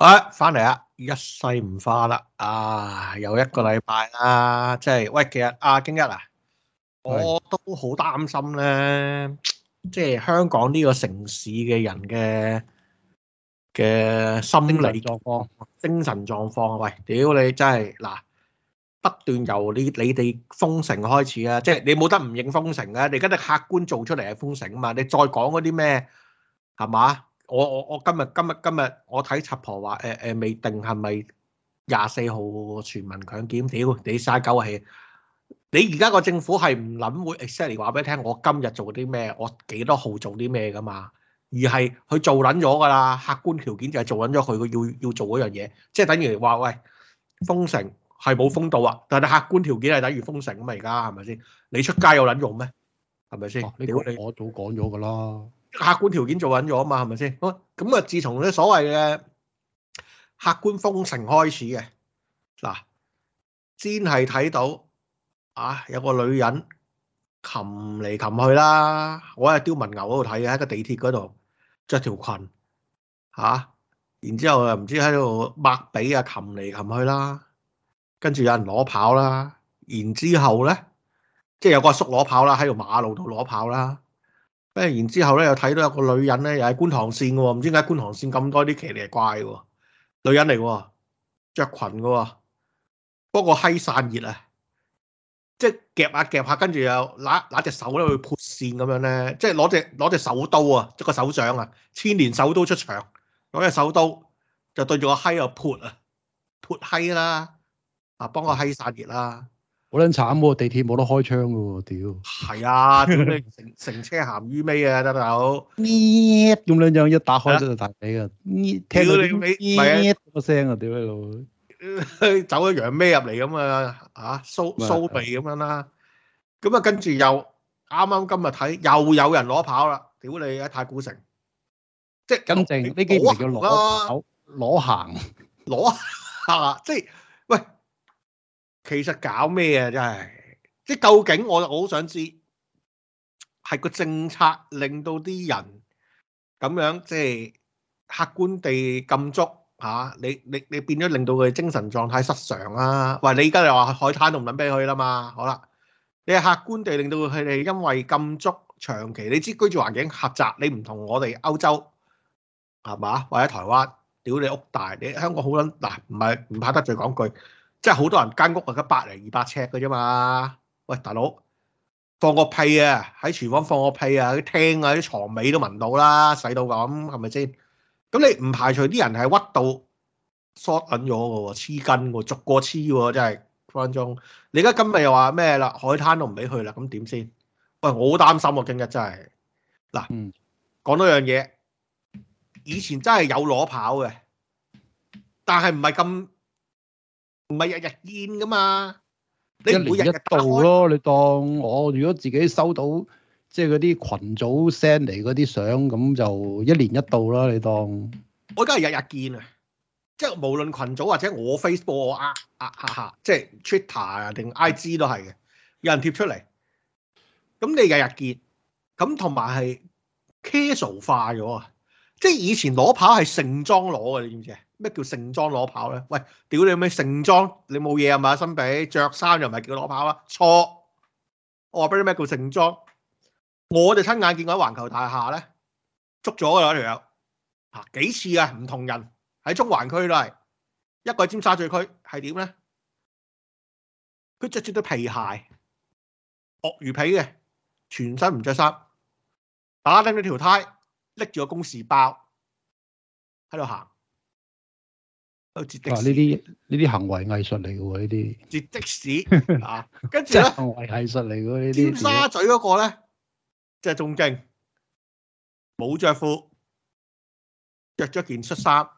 好翻嚟啦，一世唔化啦，啊，又一個禮拜啦，即、啊、係喂，其實阿、啊、京一啊，是我都好擔心咧，即係香港呢個城市嘅人嘅嘅心理狀況、精神狀況。喂，屌你真係嗱、啊，不斷由你你哋封城開始啊，即係你冇得唔認封城咧、啊，你而家你客觀做出嚟係封城啊嘛，你再講嗰啲咩，係嘛？我我我今日今日今日我睇柒婆話，誒誒未定係咪廿四號全民強檢？屌你嘥鳩氣！你而家個政府係唔諗會 exactly 話俾你聽，我今日做啲咩，我幾多號做啲咩噶嘛？而係佢做撚咗㗎啦，客觀條件就係做撚咗，佢要要做嗰樣嘢，即係等於話喂，封城係冇封到啊，但係客觀條件係等於封城咁啊，而家係咪先？你出街有撚用咩？係咪先？屌、啊、你我都了了！我早講咗㗎啦。客觀條件做緊咗啊嘛，係咪先？咁咁啊，自從咧所謂嘅客觀封城開始嘅，嗱，先係睇到啊，有個女人擒嚟擒去啦，我喺雕文牛嗰度睇嘅，喺個地鐵嗰度着條裙，吓、啊，然之後又唔知喺度拍髀啊，擒嚟擒去啦，跟住有人攞跑啦，然之後咧，即係有個叔攞跑啦，喺條馬路度攞跑啦。然之後咧，又睇到有個女人咧，又喺觀塘線嘅、喎，唔知點解觀塘線咁多啲奇奇怪嘅、喎，女人嚟嘅、喎，着裙嘅、喎，幫個閪散熱啊，即係夾下夾下，跟住又拿拿隻手咧去潑扇咁樣咧，即係攞隻攞隻手刀啊，即個手掌啊，千年手刀出場，攞隻手刀就對住個閪就潑啊，潑閪啦，啊幫個閪散熱啦。好撚慘喎，地鐵冇得開窗噶喎，屌！係啊，咁樣成成車鹹魚尾啊，得啦好。咩？咁樣樣一打開都就大髀噶。屌你尾，唔係啊，聲啊，屌你老母。走咗羊咩入嚟咁啊？吓，縮縮鼻咁樣啦。咁啊，跟住又啱啱今日睇，又有人攞跑啦，屌你喺太古城，即係真正呢幾年叫攞跑攞行攞行，即係。其實搞咩啊！真係即係究竟我我好想知係個政策令到啲人咁樣，即係客觀地禁足嚇你，你你變咗令到佢精神狀態失常啦。喂，你依家又話海灘都唔撚俾佢啦嘛。好啦，你係客觀地令到佢哋因為禁足長期，你知居住環境狹窄，你唔同我哋歐洲係嘛，或者台灣屌你屋大，你香港好撚嗱，唔係唔怕得罪講句。即係好多人間屋啊，得百零二百尺嘅啫嘛。喂，大佬放個屁啊，喺廚房放個屁啊，喺廳啊，啲床尾都聞到啦，細到咁係咪先？咁你唔排除啲人係屈到 short 緊咗喎，黐筋喎，逐個黐喎，真係。分分鐘你而家今日又話咩啦？海灘都唔俾去啦，咁點先？喂，我好擔心喎，啊，今日真係。嗱，講多樣嘢，以前真係有裸跑嘅，但係唔係咁。唔係日日見噶嘛？你每日一度咯，你當我如果自己收到即係嗰啲群組 send 嚟嗰啲相，咁就一年一度啦。你當我梗係日日見啊！即係無論群組或者我 Facebook 我啊啊吓、啊，即係 Twitter 啊定 IG 都係嘅，有人貼出嚟，咁你日日見，咁同埋係 casual 化咗啊！即係以前攞牌係盛裝攞嘅，你知唔知？咩叫盛裝裸跑咧？喂，屌你咩盛裝？你冇嘢啊嘛？新比着衫又唔係叫裸跑啊？錯！我話俾你咩叫盛裝？我就親眼見過喺環球大廈咧，捉咗噶啦條友啊！幾次啊？唔同人喺中環區都係，一個係尖沙咀區，係點咧？佢着住對皮鞋、鱷魚皮嘅，全身唔着衫，打低對條呔，拎住個公事包喺度行。哇！呢啲呢啲行為藝術嚟嘅喎，呢啲即即使啊，跟住咧行為藝術嚟嘅呢啲。尖沙咀嗰個咧，即係仲正冇著褲，著咗件恤衫，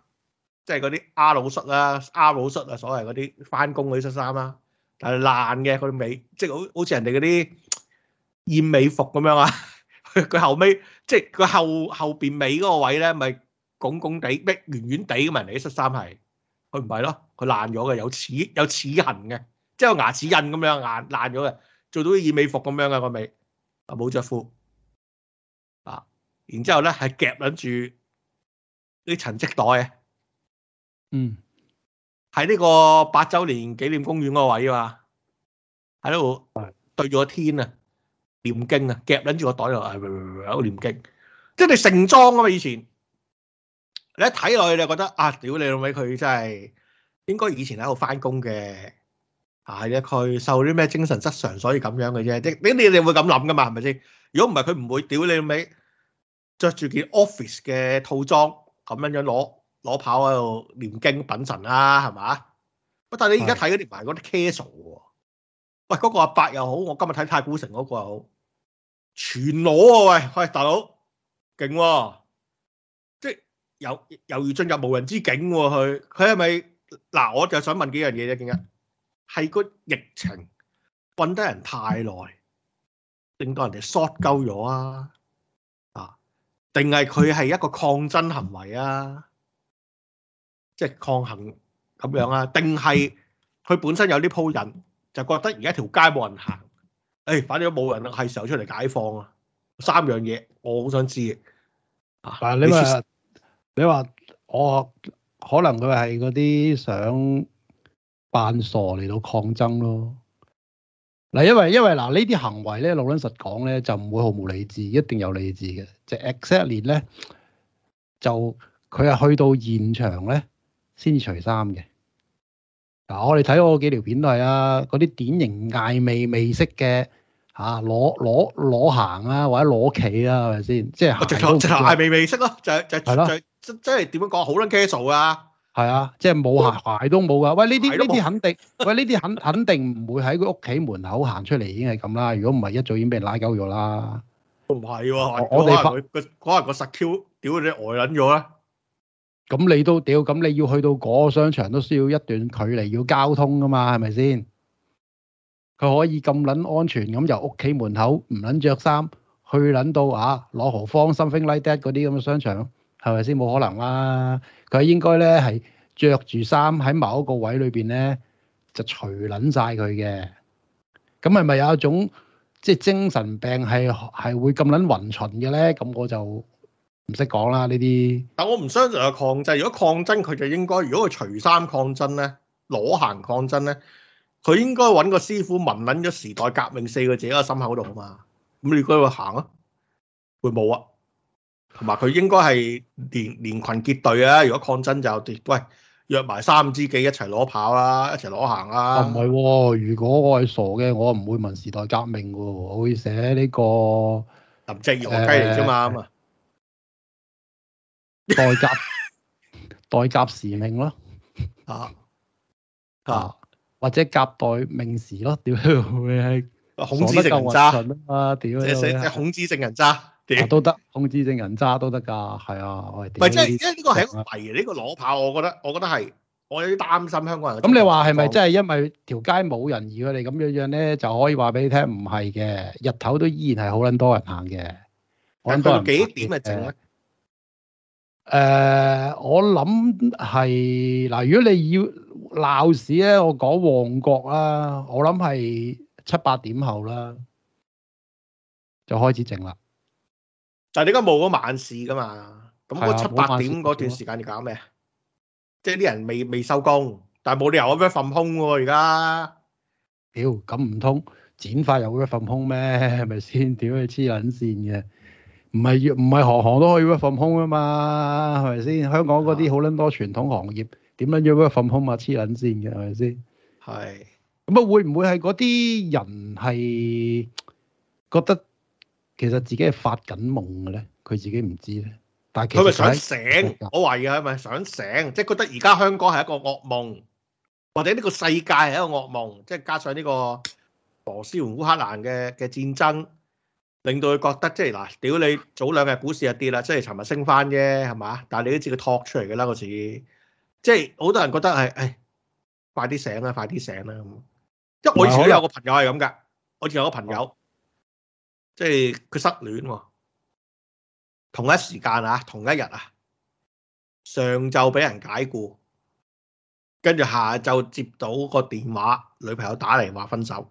即係嗰啲阿老叔啦，阿老叔啊，所謂嗰啲翻工嗰啲恤衫啦，但係爛嘅佢尾，即係好好似人哋嗰啲燕尾服咁樣啊。佢後尾即係佢後後邊尾嗰個位咧，咪拱拱地，咪圓圓地咁嚟？啲恤衫係。佢唔係咯，佢爛咗嘅，有齒有齒痕嘅，即係有牙齒印咁樣爛爛咗嘅，做到啲耳美服尾服咁樣嘅。個尾啊，冇着褲啊，然之後咧係夾撚住啲塵積袋嘅，嗯，喺呢個八周年紀念公園嗰個位嘛，喺度對咗個天啊，念經啊，夾撚住個袋度啊，有、嗯、念經，即係你盛裝啊嘛以前。一睇落去你就覺得啊，屌你老味！佢真係應該以前喺度返工嘅，啊！佢受啲咩精神失常，所以咁樣嘅啫。啲你你，你會咁諗噶嘛？係咪先？如果唔係，佢唔會屌你老味，着住件 office 嘅套裝咁樣樣攞攞跑喺度念經品神啦、啊，係嘛？是 o, 喂！但係你而家睇嗰啲唔係嗰啲 castle 喂！嗰個阿伯又好，我今日睇太古城嗰個又好，全裸喎、啊！喂，大佬，勁喎、啊！有猶如進入無人之境喎、啊，佢佢係咪嗱？我就想問幾樣嘢啫，點解係個疫情困得人太耐，令到人哋縮鳩咗啊？啊，定係佢係一個抗爭行為啊？即係抗行咁樣啊？定係佢本身有啲鋪癮，就覺得而家條街冇人行，誒、哎，反正冇人啦，係時候出嚟解放啊！三樣嘢我好想知啊！嗱，你咪～你話我可能佢係嗰啲想扮傻嚟到抗爭咯嗱，因為因為嗱呢啲行為咧，老捻實講咧就唔會毫無理智，一定有理智嘅。就 exactly 咧就佢係去到現場咧先除衫嘅嗱，我哋睇過幾條片都係啦，嗰啲典型嗌未未識嘅吓攞攞攞行啊，或者攞企啊，係咪先？即係嗌未未識咯，就就就。即即係點樣講？好撚 casual 啊！係啊，即係冇鞋鞋都冇噶。喂，呢啲呢啲肯定，喂呢啲肯肯定唔會喺佢屋企門口行出嚟，已經係咁啦。如果唔係，一早已經俾人拉狗咗啦。唔係，我話個我話個 secure，屌你呆撚咗啦。咁你都屌？咁你要去到嗰個商場都需要一段距離，要交通噶嘛？係咪先？佢可以咁撚安全咁由屋企門口唔撚著衫去撚到啊攞何方 something like that 嗰啲咁嘅商場係咪先，冇可能啦、啊？佢應該咧係着住衫喺某一個位裏邊咧，就除撚晒佢嘅。咁係咪有一種即係精神病係係會咁撚匀巡嘅咧？咁我就唔識講啦呢啲。但我唔相信佢抗爭。如果抗爭佢就應該，如果佢除衫抗爭咧，裸行抗爭咧，佢應該揾個師傅紋撚咗時代革命四個字喺個心口度好嘛？咁你嗰日行啊，會冇啊？同埋佢應該係連連群結隊啊！如果抗爭就喂約埋三知己一齊攞跑啦、啊，一齊攞行啊！唔係喎，如果我係傻嘅，我唔會問時代革命喎，我會寫呢、這個林夕鵝雞嚟啫嘛啊、呃、代甲 代甲時命咯啊啊， 啊啊或者甲代命時咯、啊，屌會係孔子聖人渣啊嘛！屌你，寫寫孔子聖人渣。啊、都得，控制住人渣都得噶，係啊，是我哋唔係即係，因為呢個係一個迷，呢、這個攞炮，我覺得，我覺得係，我有啲擔心香港人。咁你話係咪真係因為條街冇人而佢哋咁樣樣咧就可以話俾你聽？唔係嘅，日頭都依然係好撚多人行嘅。撚多幾點嘅靜咧？誒、呃，我諗係嗱，如果你要鬧市咧，我講旺角啦，我諗係七八點後啦，就開始靜啦。但係你而家冇咗晚市噶嘛？咁嗰七八點嗰段時間你搞咩？即係啲人未未收工，但係冇理由啊，咁樣份空喎？而家屌咁唔通剪髮又會咁樣份空咩？係咪先？點樣黐撚線嘅，唔係唔係行行都可以份空啊嘛？係咪先？香港嗰啲好捻多傳統行業，點捻樣份空啊？黐撚線嘅係咪先？係咁啊？會唔會係嗰啲人係覺得？其實自己係發緊夢嘅咧，佢自己唔知咧。但係佢咪想醒？我懷疑係咪想醒？即係覺得而家香港係一個噩夢，或者呢個世界係一個噩夢。即係加上呢個俄羅斯同烏克蘭嘅嘅戰爭，令到佢覺得即係嗱，屌你早兩日股市又跌啦，即係尋日升翻啫，係嘛？但係你都知佢托出嚟嘅啦，嗰時。即係好多人覺得係，誒，快啲醒啦，快啲醒啦咁。因為我以前都有個朋友係咁嘅，我以前有個朋友。即係佢失戀，啊，同一時間啊，同一日啊，上晝俾人解雇，跟住下晝接到個電話，女朋友打嚟話分手，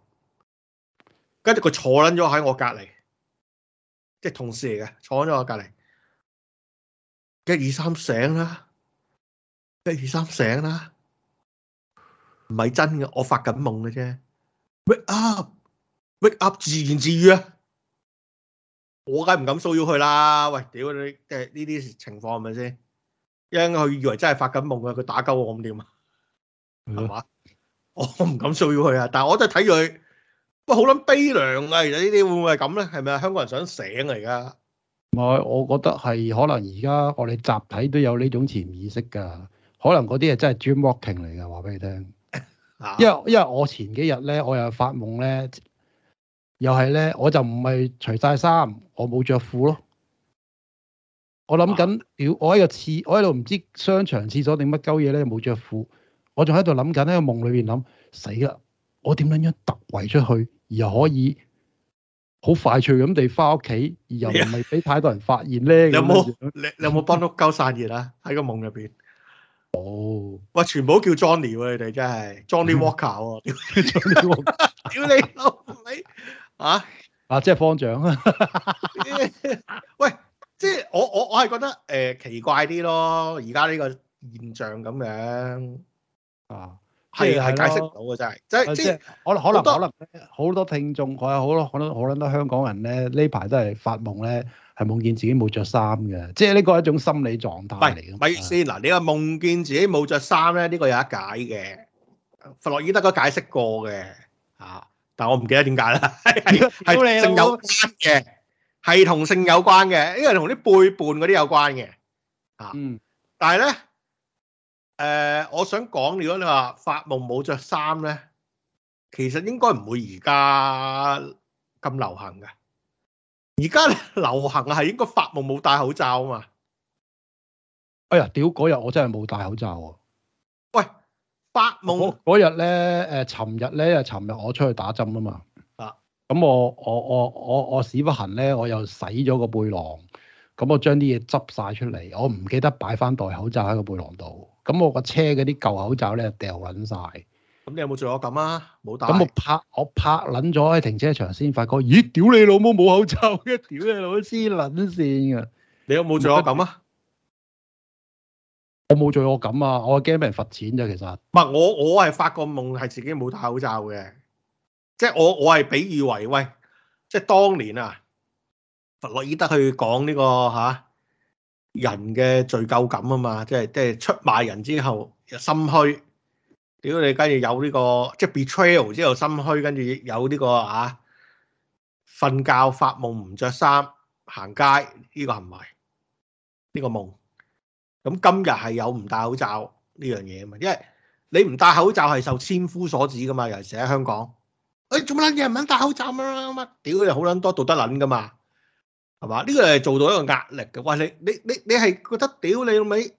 跟住佢坐捻咗喺我隔籬，即係同事嚟嘅，坐喺咗我隔籬，一二三醒啦，一二三醒啦，唔係真嘅，我發緊夢嘅啫，wake up，wake up，自言自語啊。我梗係唔敢騷擾佢啦！喂，屌你，即係呢啲情況係咪先？因為佢以為真係發緊夢㗎，佢打鳩我咁點啊？係嘛、嗯？我唔敢騷擾佢啊！但係我都睇住佢，哇，好撚悲涼啊！而家呢啲會唔會係咁咧？係咪啊？香港人想醒啊！而家唔係，我覺得係可能而家我哋集體都有呢種潛意識㗎。可能嗰啲係真係 dream working 嚟㗎，話俾你聽。因為因為我前幾日咧，我又發夢咧。又係咧，我就唔係除晒衫，我冇着褲咯。我諗緊，屌、啊！我喺個廁，我喺度唔知商場廁所定乜鳩嘢咧，冇着褲。我仲喺度諗緊喺個夢裏邊諗，死啦！我點樣樣突圍出去而又可以好快脆咁地翻屋企，而又唔係俾太多人發現咧？有冇 Yeah. 你有冇 幫屋鳩散熱啊？喺個夢入邊， 哦，喂，全部都叫 Johnny 喎，你哋真係 Johnny Walker 喎、啊，屌你老啊！啊，即係方丈啊！喂，即係我我我係覺得誒奇怪啲咯，而家呢個現象咁樣啊，係係解釋唔到嘅，真係，即係即係可能可能可能好多聽眾，我有好多好多好捻多香港人咧呢排都係發夢咧，係夢見自己冇着衫嘅，即係呢個係一種心理狀態嚟嘅。咪先嗱，你話夢見自己冇着衫咧，呢個有得解嘅，弗洛伊德都解釋過嘅，吓。但係我唔記得點解啦，係同性有關嘅，係同性有關嘅，因為同啲背叛嗰啲有關嘅，啊，但係咧，誒，我想講，如果你話發夢冇著衫咧，其實應該唔會而家咁流行嘅，而家流行係應該發夢冇戴口罩啊嘛，哎呀，屌嗰日我真係冇戴口罩喎。白夢嗰日咧，誒，尋日咧，尋日、呃、我出去打針啊嘛。啊，咁我我我我我屎忽痕咧，我又洗咗個背囊，咁我將啲嘢執晒出嚟，我唔記得擺翻袋口罩喺個背囊度。咁我個車嗰啲舊口罩咧，掉撚晒。咁、嗯、你有冇罪惡感啊？冇打。咁我拍，我拍撚咗喺停車場先發覺，咦，屌你老母冇口罩嘅，啊，屌你老閪撚線嘅。啊、你有冇罪惡感啊？ 我冇罪惡感啊！我係驚俾人罰錢啫，其實。唔係我，我係發個夢，係自己冇戴口罩嘅。即係我，我係比喻為，喂，即係當年啊，弗洛伊德去講呢、這個吓、啊、人嘅罪疚感啊嘛，即係即係出賣人之後心虛。屌你、這個，跟住有呢個即係 betrayal 之後心虛，跟住有呢個啊，瞓覺發夢唔着衫行街呢、這個行為，呢、這個夢。咁今日係有唔戴口罩呢樣嘢啊嘛，因為你唔戴口罩係受千夫所指噶嘛，尤其是喺香港。誒，做乜捻嘢唔肯戴口罩啊？乜屌你，好捻多道德捻噶嘛，係嘛？呢個係做到一個壓力嘅。喂，你你你你係覺得屌你老味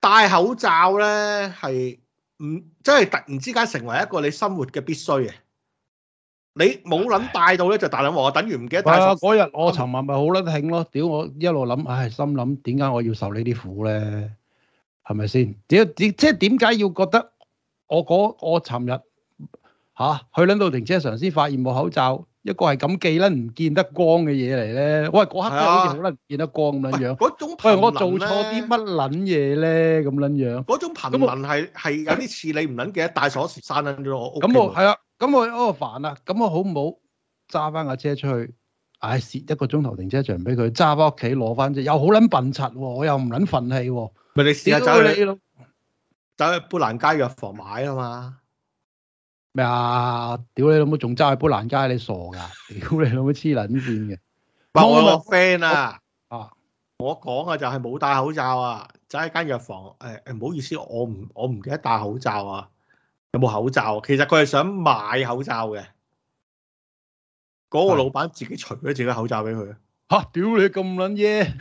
戴口罩咧係唔即係突然之間成為一個你生活嘅必須嘅？你冇捻帶到咧，就大捻話我等於唔記得帶鎖。嗰日我尋日咪好捻慶咯，屌我一路諗，唉，心諗點解我要受呢啲苦咧？係咪先？點點即係點解要覺得我嗰我尋日吓去捻到停車場先發現冇口罩，一個係咁記捻唔見得光嘅嘢嚟咧？喂，嗰刻好似好難見得光咁樣樣。嗰種頻輪咧，喂我做錯啲乜捻嘢咧？咁捻樣？嗰種頻輪係係有啲似你唔捻記得帶鎖匙閂緊咗我屋。咁我係啊。咁我嗰個煩呀，咁我好唔好揸翻架車出去？唉，蝕一個鐘頭停車場俾佢揸翻屋企攞翻隻，又好撚笨柒喎，我又唔撚忿氣喎，咪你試下你咯，走去砵蘭街藥房買啊嘛？咩啊？屌你老母，仲揸去砵蘭街？你傻噶？屌你老母黐撚線嘅！我個 friend 啊，啊，我講啊就係冇戴口罩啊，走喺間藥房，誒誒，唔好意思，我唔我唔記得戴口罩啊。有冇口罩啊？其實佢係想買口罩嘅，嗰個老闆自己除咗自己口罩俾佢。吓，屌你咁捻嘢！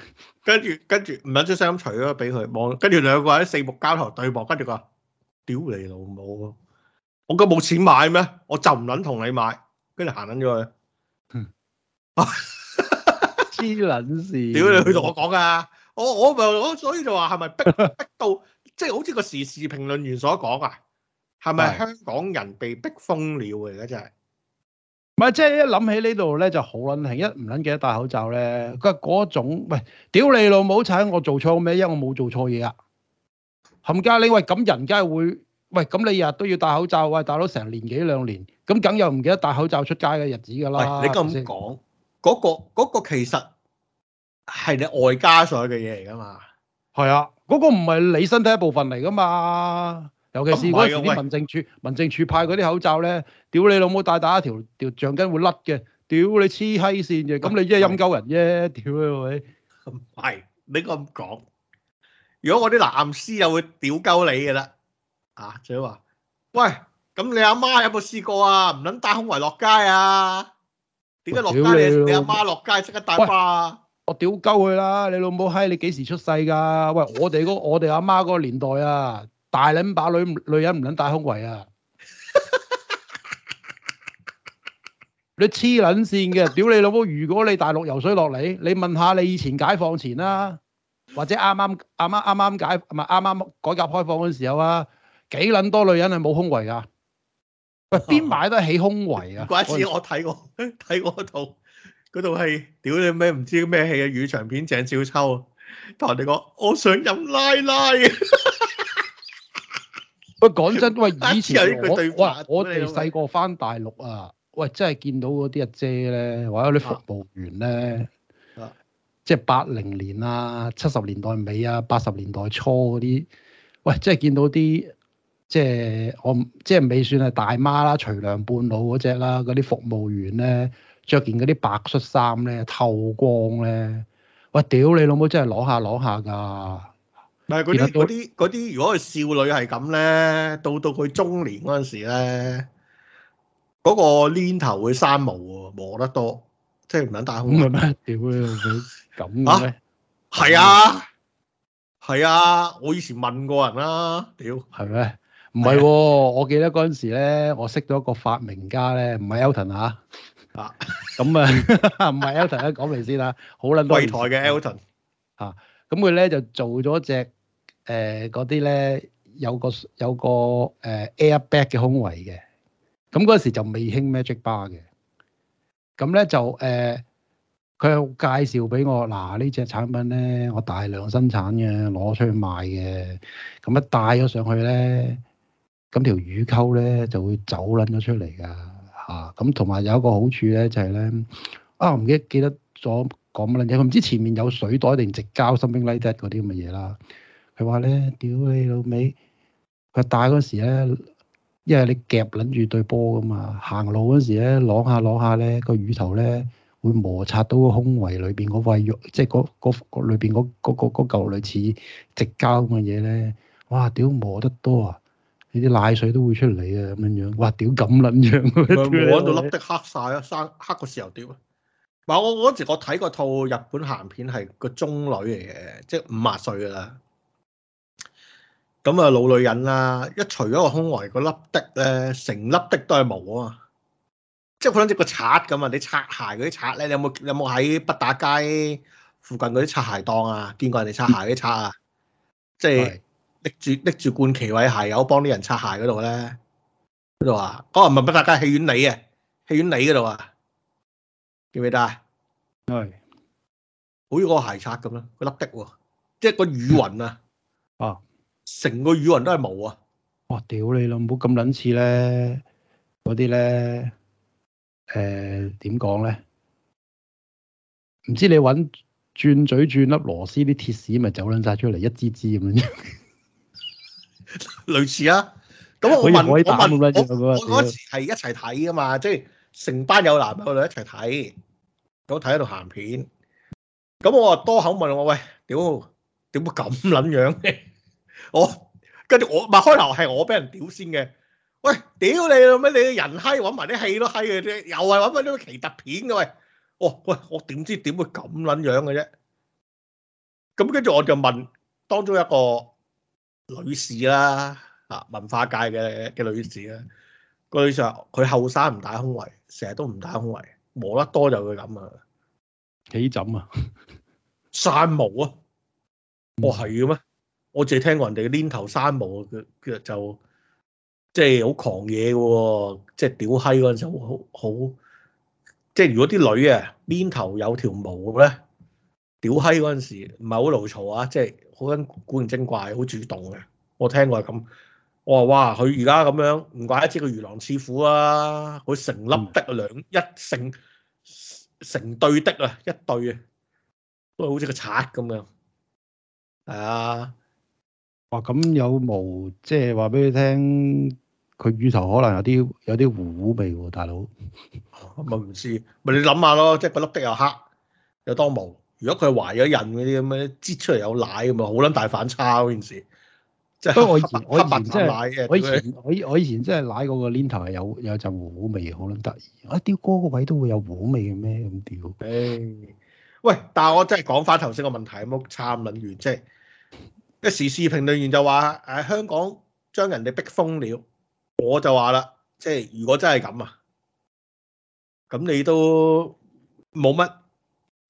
跟住跟住唔捻出聲，除咗俾佢望。跟住兩個人四目交投對望，跟住佢話：屌你老母，我咁冇錢買咩？我就唔捻同你買。跟住行捻咗去。哈！黐捻線，屌你去同我講㗎！我我咪我，所以就話係咪逼逼到，即係好似個時事評論員所講啊？係咪香港人被逼瘋了而家真係，唔係即係一諗起呢度咧就好卵勁，一唔捻記得戴口罩咧，佢嗰種喂，屌你老母，踩我做錯咩？因為我冇做錯嘢啊！冚家你喂咁，人家會喂咁，你日日都要戴口罩，喂戴佬成年幾兩年，咁梗又唔記得戴口罩出街嘅日子噶啦。你咁講，嗰個嗰個其實係你外加咗嘅嘢嚟噶嘛？係啊，嗰個唔係你身體一部分嚟噶嘛？尤其是嗰陣時啲民政處民政處派嗰啲口罩咧，屌你老母戴大一條條橡筋會甩嘅，屌你黐閪線嘅，咁你即係陰鳩人啫，屌你喂，唔係你咁講，如果我啲男師又會屌鳩你嘅啦，啊長話，喂，咁你阿媽有冇試過啊？唔撚戴胸圍落街啊？點解落街你你阿媽落街即刻戴花啊？我屌鳩佢啦，你老母閪，你幾時出世㗎？喂，我哋嗰我哋阿媽嗰個年代啊！大撚把女女人唔撚帶胸圍啊！ 你黐撚線嘅，屌你老母！如果你大陸游水落嚟，你問下你以前解放前啦、啊，或者啱啱啱啱啱啱解唔係啱啱改革開放嗰陣時候啊，幾撚多女人係冇胸圍噶？喂，邊買得起胸圍啊？怪事！我睇就我睇嗰套嗰套戲，屌你咩唔知咩戲啊？《雨場片》鄭少秋啊，同人哋講我想飲拉，拉拉。 喂，講真，喂，以前我，哇， 我哋細個翻大陸啊，喂，真係見到嗰啲阿姐咧，或者啲服務員咧，啊啊、即係八零年啊，七十年代尾啊，八十年代初嗰啲，喂，真係見到啲，即係我，即係未算係大媽啦，徐娘半老嗰隻啦，嗰啲服務員咧，着件嗰啲白恤衫咧，透光咧，喂，屌你老母，真係攞下攞下噶、啊。但係嗰啲嗰啲嗰啲，如果係少女係咁咧，到到佢中年嗰陣時咧，嗰個粘頭會生毛喎，磨得多，即係唔撚大胸嘅咩？屌嘅，咁嘅咩？係啊，係啊，我以前問過人啦，屌，係咩？唔係喎，我記得嗰陣時咧，我識咗一個發明家咧，唔係 Elton 啊，啊，咁啊，唔係 Elton 咧，講嚟先啊，好撚貴台嘅 Elton，嚇，咁佢咧就做咗隻。誒嗰啲咧有個有個誒、呃、airbag 嘅空位嘅，咁、嗯、嗰時就未興 magic bar 嘅，咁、嗯、咧就誒佢、呃、介紹俾我，嗱，呢隻產品咧我大量生產嘅，攞出去賣嘅，咁、嗯、一帶咗上去咧，咁條魚鈎咧就會走撚咗出嚟㗎嚇，咁同埋有一個好處咧就係、是、咧，啊唔記得記得咗講乜撚嘢，唔知前面有水袋定直膠 something like that 嗰啲咁嘅嘢啦。佢話咧，屌你老味，佢打嗰時咧，因為你夾撚住對波噶嘛，行路嗰時咧攞下攞下咧，個乳頭咧會摩擦到個胸圍裏邊嗰塊肉，即係嗰嗰嗰裏邊嚿類似直膠咁嘅嘢咧，哇！屌磨得多啊！你啲奶水都會出嚟啊！咁樣樣，哇！屌咁撚樣，攞到是 粒的黑晒啊！生你黑個豉油碟，啊！嗱，我嗰時我睇個套日本鹹片係個中女嚟嘅，即係五廿歲啦。咁啊老女人啦、啊，一除咗個胸圍，個粒的咧，成粒的都係毛啊！即係佢諗住個擦咁啊，你擦鞋嗰啲擦咧，你有冇有冇喺北打街附近嗰啲擦鞋檔啊？見過人哋擦鞋嗰啲擦啊？即係拎住拎住罐奇偉鞋油幫啲人擦鞋嗰度咧，嗰度啊？嗰個唔係北打街戲院裏啊，戲院裏嗰度啊，記唔記得啊？係的，好似個鞋刷咁啦，個粒的喎、個，即係個雨雲啊，哦、啊。成個語音都係冇啊！哇！屌你咯，唔好咁捻似咧，嗰啲咧，誒，點講咧？唔知你搵轉嘴轉粒螺絲啲鐵屎咪走捻晒出嚟，一支支咁樣，類似啊。咁我問，我問，我我嗰次係一齊睇噶嘛，即係成班有男有女一齊睇，咁睇喺度咸片。咁我啊多口問我喂，屌，點會咁捻樣我跟住我唔係開頭係我俾人屌先嘅，喂屌你咯咩？你個人閪揾埋啲戲都閪嘅啫，又係揾翻啲奇特片嘅喂。哦喂，我點知點會咁卵樣嘅啫？咁跟住我就問當中一個女士啦，啊文化界嘅嘅女士啦，個女士話佢後生唔戴胸圍，成日都唔戴胸圍，磨得多就會咁啊，起枕啊，散毛啊，我係嘅咩？我就聽過人哋嘅黏頭三毛嘅，就即係好狂野嘅，即係屌閪嗰陣就好好。即係如果啲女啊，黏頭有條毛咧，屌閪嗰陣時唔係好牢嘈啊，即係好鬼古靈精怪，好主動嘅。我聽過係咁，我話哇，佢而家咁樣，唔怪得之佢如狼似虎啊！佢成粒的兩一成成對的啊，一對啊，都好似個賊咁樣，係啊。哇咁有毛，即係話俾你聽，佢乳頭可能有啲有啲糊糊味喎，大佬。咪唔知，咪你諗下咯，即係個粒粒又黑又多毛。如果佢係懷咗孕嗰啲咁樣，擠出嚟有奶，咁咪好撚大反差嗰件事。即係我我以前即係、啊、我以前我、啊、我以前即係、啊、奶嗰個 link 頭係有有陣糊糊味，好撚得意。啊，丟哥個位都會有糊味嘅咩？咁屌。喂、哎，但係我真係講翻頭先個問題，唔好差咁捻即係。就是一時事評論員就話：誒、啊、香港將人哋逼瘋了，我就話啦，即係如果真係咁啊，咁你都冇乜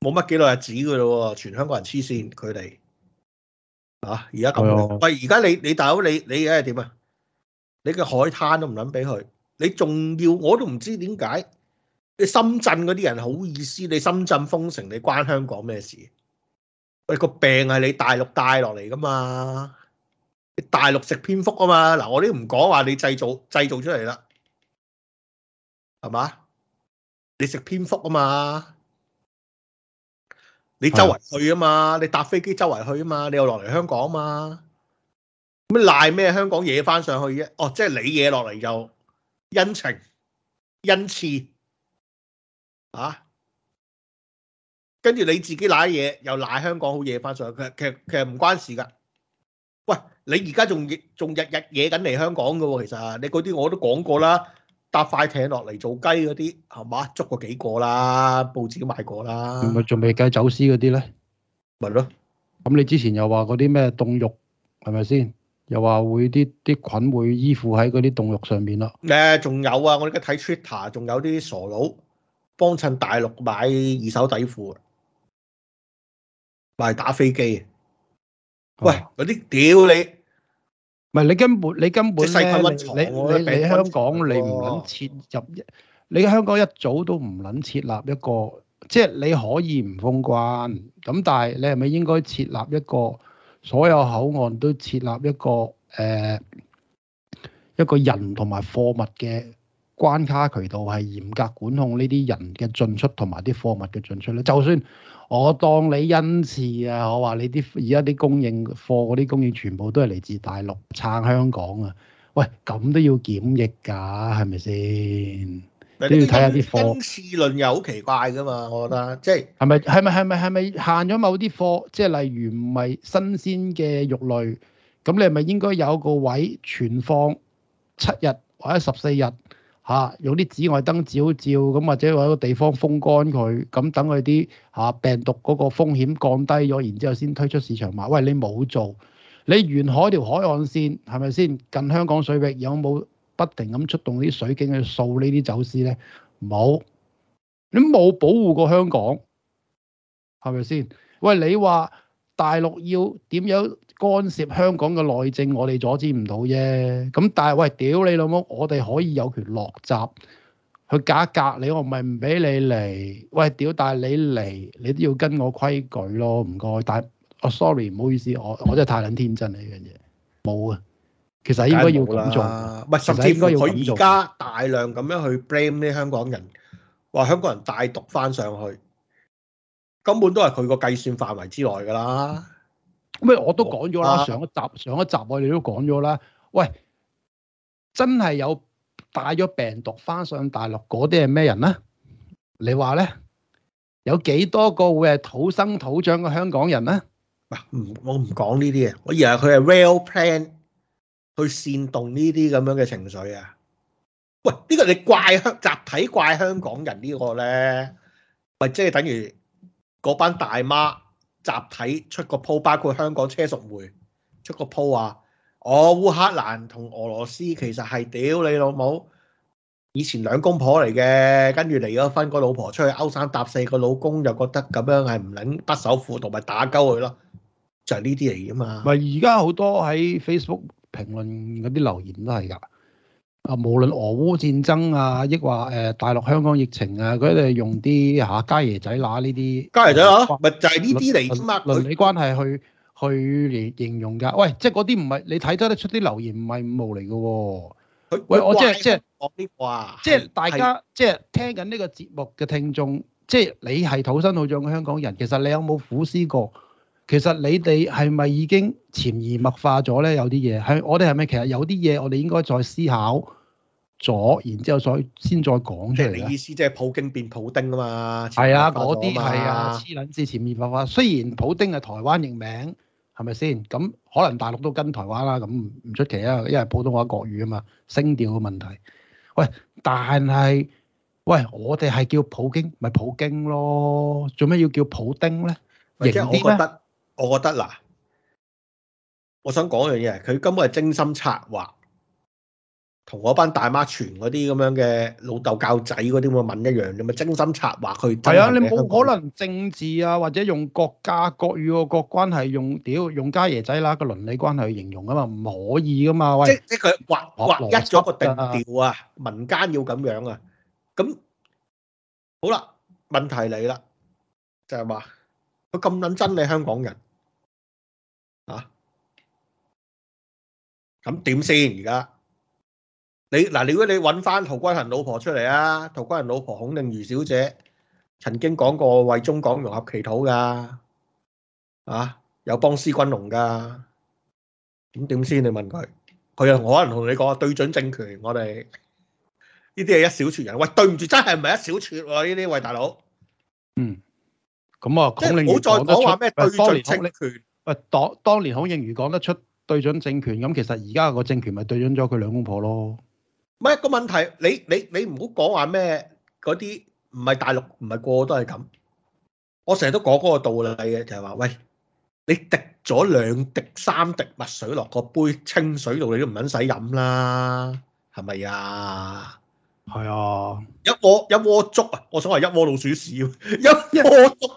冇乜幾耐日子噶咯喎，全香港人黐線佢哋啊！而家咁，而家、哎、呦喂，你你大佬你你而家係點啊？你嘅海灘都唔諗俾佢，你仲要我都唔知點解？你深圳嗰啲人好意思，你深圳封城，你關香港咩事？喂，個病係你大陸帶落嚟噶嘛？你大陸食蝙蝠啊嘛？嗱，我都唔講話你製造製造出嚟啦，係嘛？你食蝙蝠啊嘛？你周圍去啊嘛？你搭飛機周圍去啊嘛？你又落嚟香港啊嘛？咁賴咩？香港惹翻上去啫？哦，即係你惹落嚟就恩情恩賜啊？跟住你自己賴嘢，又賴香港好嘢翻上去，其實其實其實唔關事㗎。喂，你而家仲仲日日惹緊嚟香港㗎喎？其實你嗰啲我都講過啦，搭快艇落嚟做雞嗰啲係嘛？捉過幾個啦，報紙都買過啦。咪仲未計走私嗰啲咧？咪咯。咁你之前又話嗰啲咩凍肉係咪先？又話會啲啲菌會依附喺嗰啲凍肉上面啦。誒，仲有啊！我哋而家睇 Twitter，仲有啲傻佬幫襯大陸買二手底褲啊！係打飛機，喂，嗰啲屌你，唔係你根本你根本咧，你俾香港你唔撚設入一，啊、你香港一早都唔撚設立一個，即係你可以唔封關，咁但係你係咪應該設立一個所有口岸都設立一個誒、呃、一個人同埋貨物嘅關卡渠道，係嚴格管控呢啲人嘅進出同埋啲貨物嘅進出咧？就算。我當你恩賜啊！我話你啲而家啲供應貨嗰啲供應全部都係嚟自大陸撐香港啊！喂，咁都要檢疫㗎，係咪先？都要睇下啲貨。恩賜論又好奇怪㗎嘛，我覺得即係。係咪係咪係咪係咪限咗某啲貨？即係例如唔係新鮮嘅肉類，咁你係咪應該有個位存放七日或者十四日？啊！用啲紫外燈照照，咁或者有個地方風乾佢，咁等佢啲啊病毒嗰個風險降低咗，然之後先推出市場嘛？喂，你冇做，你沿海條海岸線係咪先近香港水域，有冇不停咁出動啲水警去掃呢啲走私咧？冇，你冇保護過香港，係咪先？喂，你話大陸要點樣？干涉香港嘅內政，我哋阻止唔到啫。咁但係喂，屌你老母，我哋可以有權落閘去隔格你。我唔係唔俾你嚟，喂屌！但係你嚟，你都要跟我規矩咯。唔該，但係，oh，sorry，唔好意思，我我真係太撚天真呢樣嘢。冇啊，其實應該要咁做，唔係甚至佢而家大量咁樣去 blame 啲香港人，話香港人帶毒翻上去，根本都係佢個計算範圍之內㗎啦。咩？我都講咗啦，上一集上一集我哋都講咗啦。喂，真係有帶咗病毒翻上大陸嗰啲係咩人咧？你話咧，有幾多個會係土生土長嘅香港人咧？嗱，唔我唔講呢啲嘅，我以為佢係 real plan 去煽動呢啲咁樣嘅情緒啊！喂，呢、呢個你怪香集體怪香港人個呢個咧，喂，即係等於嗰班大媽。集體出個 po 包括香港車淑梅出個 po 話，我、哦、烏克蘭同俄羅斯其實係屌你老母！以前兩公婆嚟嘅，跟住離咗婚，個老婆出去勾三搭四，個老公又覺得咁樣係唔擰不守婦，同埋打鳩佢咯，就係呢啲嚟㗎嘛。而家好多喺 Facebook 評論嗰啲留言都係㗎。啊，無論俄烏戰爭啊，抑或誒，大陸香港疫情啊，佢哋用啲吓家爺仔乸呢啲家爺仔乸，咪就係呢啲嚟嘛倫理關係去他們 去嚟形容噶。喂，即係嗰啲唔係你睇得得出啲留言唔係五毛嚟嘅、啊。喂，我即係即係講啲話，即係、就是、是大家即、就、係、是、聽緊呢個節目嘅聽眾，即、就、係、是、你係土生土長嘅香港人，其實你有冇苦思過？其實你哋係咪已經潛移默化咗咧？有啲嘢係我哋係咪其實有啲嘢我哋應該再思考咗，然之後再，再先再講出嚟。即係你意思即係普京變普丁啊嘛？係啊，嗰啲係啊，黐撚線潛移默化，潛移默化。雖然普丁係台灣譯名，係咪先？咁可能大陸都跟台灣啦，咁唔出奇啊，因為普通話國語啊嘛，聲調嘅問題。喂，但係喂，我哋係叫普京，咪、就是、普京咯？做咩要叫普丁咧？認啲咩？我覺得嗱，我想講一樣嘢，佢根本係精心策劃，同嗰班大媽傳嗰啲咁樣嘅老豆教仔嗰啲咁嘅文一樣，咁啊精心策劃去係啊，你冇可能政治啊，或者用國家國與個國關係用屌用家爺仔啦個倫理關係去形容啊嘛，唔可以噶嘛，即即佢劃劃一咗個定調啊，民間要咁樣啊，咁好啦，問題嚟啦，就係話佢咁撚憎你香港人。咁點先？而家你嗱，如果你揾翻陶君行老婆出嚟啊，陶君行老婆孔令瑜小姐，曾經講過為中港融合祈禱噶，啊，有幫施君龍噶，點點先？你問佢，佢又可能同你講對準政權，我哋呢啲係一小撮人。喂，對唔住，真係唔係一小撮呢啲喂大佬。嗯，咁啊，孔令瑜講得出。即係唔好再講話咩對準政權。喂，當當年孔令瑜講得出。對準政權咁，其實而家個政權咪對準咗佢兩公婆咯。唔係個問題，你你你唔好講話咩嗰啲唔係大陸，唔係個個都係咁。我成日都講嗰個道理嘅，就係話，喂，你滴咗兩滴三滴墨水落個杯清水度，你都唔肯使飲啦，係咪啊？係啊，一鍋一鍋粥啊！我想話一鍋老鼠屎，一鍋粥。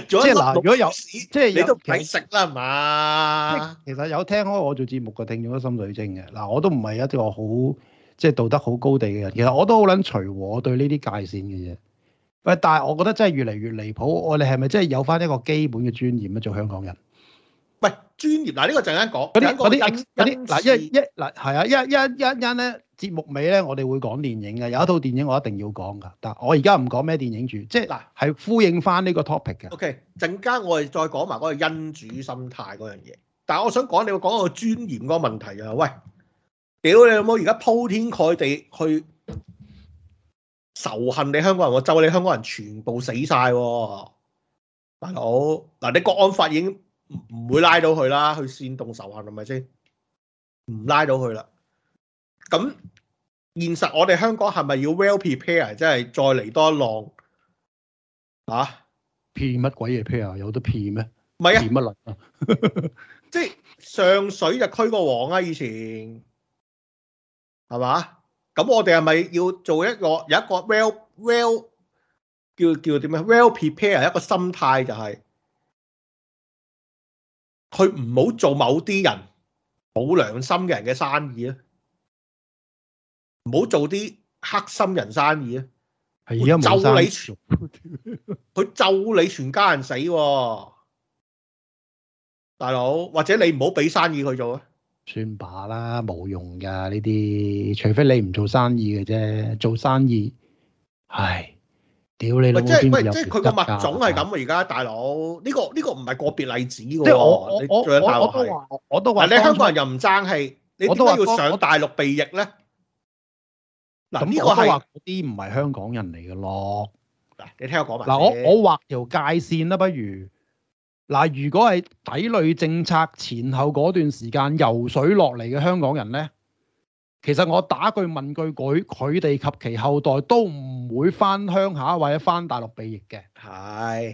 即係嗱，如果有，即係你都唔使食啦，係嘛？其實有聽開我做節目嘅聽眾都心水清嘅，嗱我都唔係一個好即係道德好高地嘅人，其實我都好撚隨和，對呢啲界線嘅啫。喂，但係我覺得真係越嚟越離譜，我哋係咪真係有返一個基本嘅尊嚴咧？做香港人？喂，專業嗱，啊、呢個陣間講嗰啲啲嗱一一嗱係啊一一一一因咧節目尾咧我哋會講電影嘅有一套電影我一定要講㗎，但我而家唔講咩電影住，即係嗱係呼應翻呢個 topic 嘅。OK，陣間我哋再講埋嗰個因主心態嗰樣嘢，但係我想講你要講個尊嚴個問題啊！喂，屌你老母，而家鋪天蓋地去仇恨你香港人，我咒你香港人全部死曬，啊，大佬嗱你國安法已唔唔會拉到佢啦，去煽動仇恨係咪先？唔拉到佢啦。咁現實我哋香港係咪要 well prepare，即係再嚟多一浪啊？騙乜鬼嘢 prepare？有得騙咩？唔係啊，騙乜撚啊？即係上水就驅個王啊！以前係嘛？咁我哋係咪要做一個有一個 well well 叫叫點咩？well prepare 一個心態就係、是。佢唔好做某啲人冇良心嘅人嘅生意啊！唔好做啲黑心人生意啊！佢咒你全，佢咒你全家人死啊，大佬或者你唔好俾生意佢做啊！算罷啦，冇用噶呢啲，除非你唔做生意嘅啫，做生意，唉。屌你老母！即係，喂，即係佢個物種係咁啊！而家大佬呢個呢個唔係個別例子喎。即係我我我都話，我都話。嗱，你香港人又唔爭氣，我都話你點解要上大陸避疫咧？嗱，呢我都話嗰啲唔係香港人嚟嘅咯。嗱，你聽我講埋。嗱，我我畫條界線啦，不如嗱，如果係底類政策前後嗰段時間游水落嚟嘅香港人咧？其實我打句問句句，佢哋及其後代都唔會翻鄉下或者翻大陸避疫嘅。係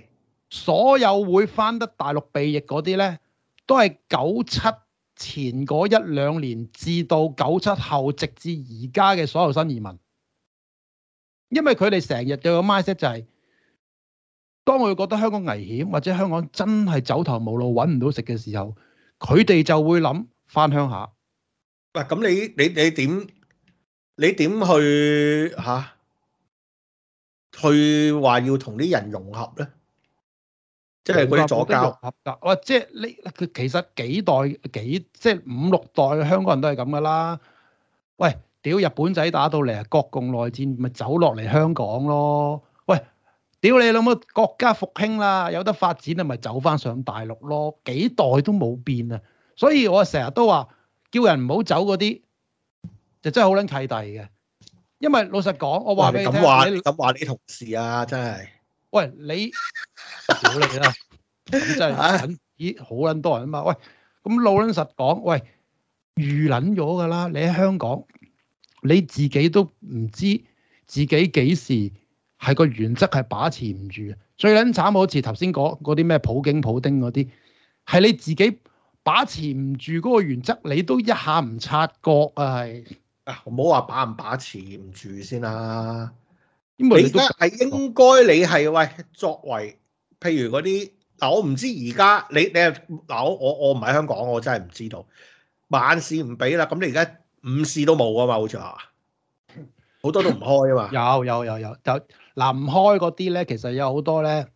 是，所有會翻得大陸避疫嗰啲呢，都係九七前嗰一兩年至到九七後直至而家嘅所有新移民。因為佢哋成日嘅 message 就係，當佢覺得香港危險或者香港真係走投無路揾唔到食嘅時候，佢哋就會諗翻鄉下。.嗱，咁、啊、你你你點你點去吓、啊？去話要同啲人融合咧，即係佢左膠。我即係呢，佢其實幾代幾，即係五六代香港人都係咁噶啦。喂，屌日本仔打到嚟，國共內戰咪走落嚟香港咯？喂，屌你老母，國家復興啦，有得發展你咪走翻上大陸咯。幾代都冇變啊，所以我成日都話。叫人唔好走嗰啲，就真係好撚契弟嘅。因為老實講，我話你聽，你咁話你同事啊，真係是。喂， 你啦，真係咦，好撚多人啊嘛。喂，咁老撚實講，喂，預撚咗噶啦。你喺香港，你自己都唔知自己幾時係個原則係把持唔住。最撚慘好似頭先講嗰啲咩普京、普丁嗰啲，係你自己。把持唔住嗰個原則，你都一下唔察覺啊！係啊，唔好話把唔把持唔住先啦，啊。因為你而家係應該你係喂，作為譬如嗰啲嗱，我唔知而家你你係嗱，我我我唔喺香港，我真係唔知道。晚市唔俾啦，咁你而家午市都冇啊嘛，好似 話，好多都唔開啊嘛。有有有有嗱，唔開嗰啲咧，其實有好多咧，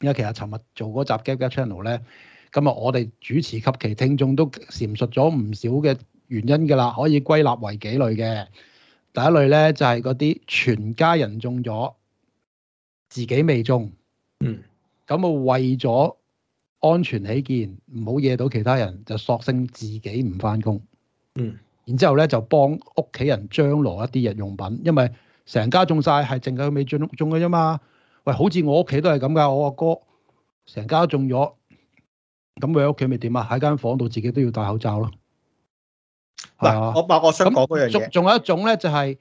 因為其實尋日做嗰集 Game Channel 咧。咁啊！今日我哋主持及其聽眾都闡述咗唔少嘅原因㗎啦，可以歸納為幾類嘅。第一類咧就係嗰啲全家人中咗，自己未中。嗯。咁啊，為咗安全起見，唔好惹到其他人，就索性自己唔返工。嗯。然之後咧，就幫屋企人張羅一啲日用品，因為成家中晒係淨係佢未中中嘅啫嘛。喂，好似我屋企都係咁㗎，我阿哥成家都中咗。咁佢喺屋企咪點啊？喺間房度自己都要戴口罩咯。嗱，我我我想講嗰樣嘢，仲有一種咧就係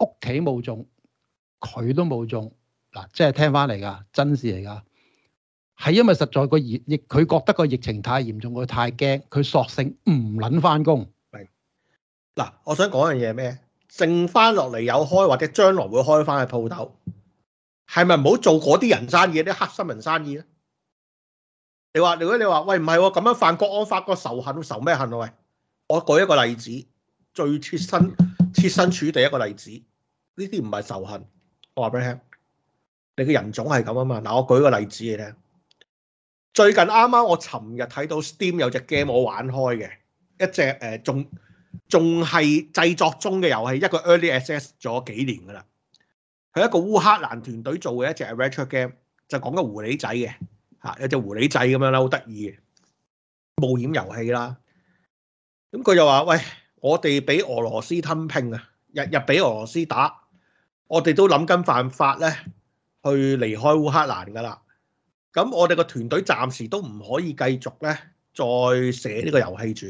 屋企冇種，佢都冇種。嗱，即係聽翻嚟噶，真事嚟噶，係因為實在個疫佢覺得個疫情太嚴重，佢太驚，佢索性唔捻翻工。明嗱，我想講樣嘢咩？剩翻落嚟有開或者將來會開翻嘅鋪頭，係咪唔好做嗰啲人生意，啲黑心人生意咧？你話如果你話喂唔係喎咁樣犯國安法個仇恨，仇咩恨啊？喂，我舉一個例子，最切身、切身處地一個例子。呢啲唔係仇恨，我話俾你聽。你嘅人種係咁啊嘛。嗱，我舉個例子你聽。最近啱啱我尋日睇到 Steam 有隻 game 我玩開嘅，一隻誒、呃、仲仲係製作中嘅遊戲，一個 early access 咗幾年噶啦。佢一個烏克蘭團隊做嘅一隻 retro game，就講緊狐狸仔嘅。啊！有隻狐狸仔咁樣啦，好得意。冒險遊戲啦，咁佢就話：喂，我哋俾俄羅斯吞拼啊！日日俾俄羅斯打，我哋都諗緊辦法咧，去離開烏克蘭噶啦。咁我哋個團隊暫時都唔可以繼續咧，再寫呢個遊戲住。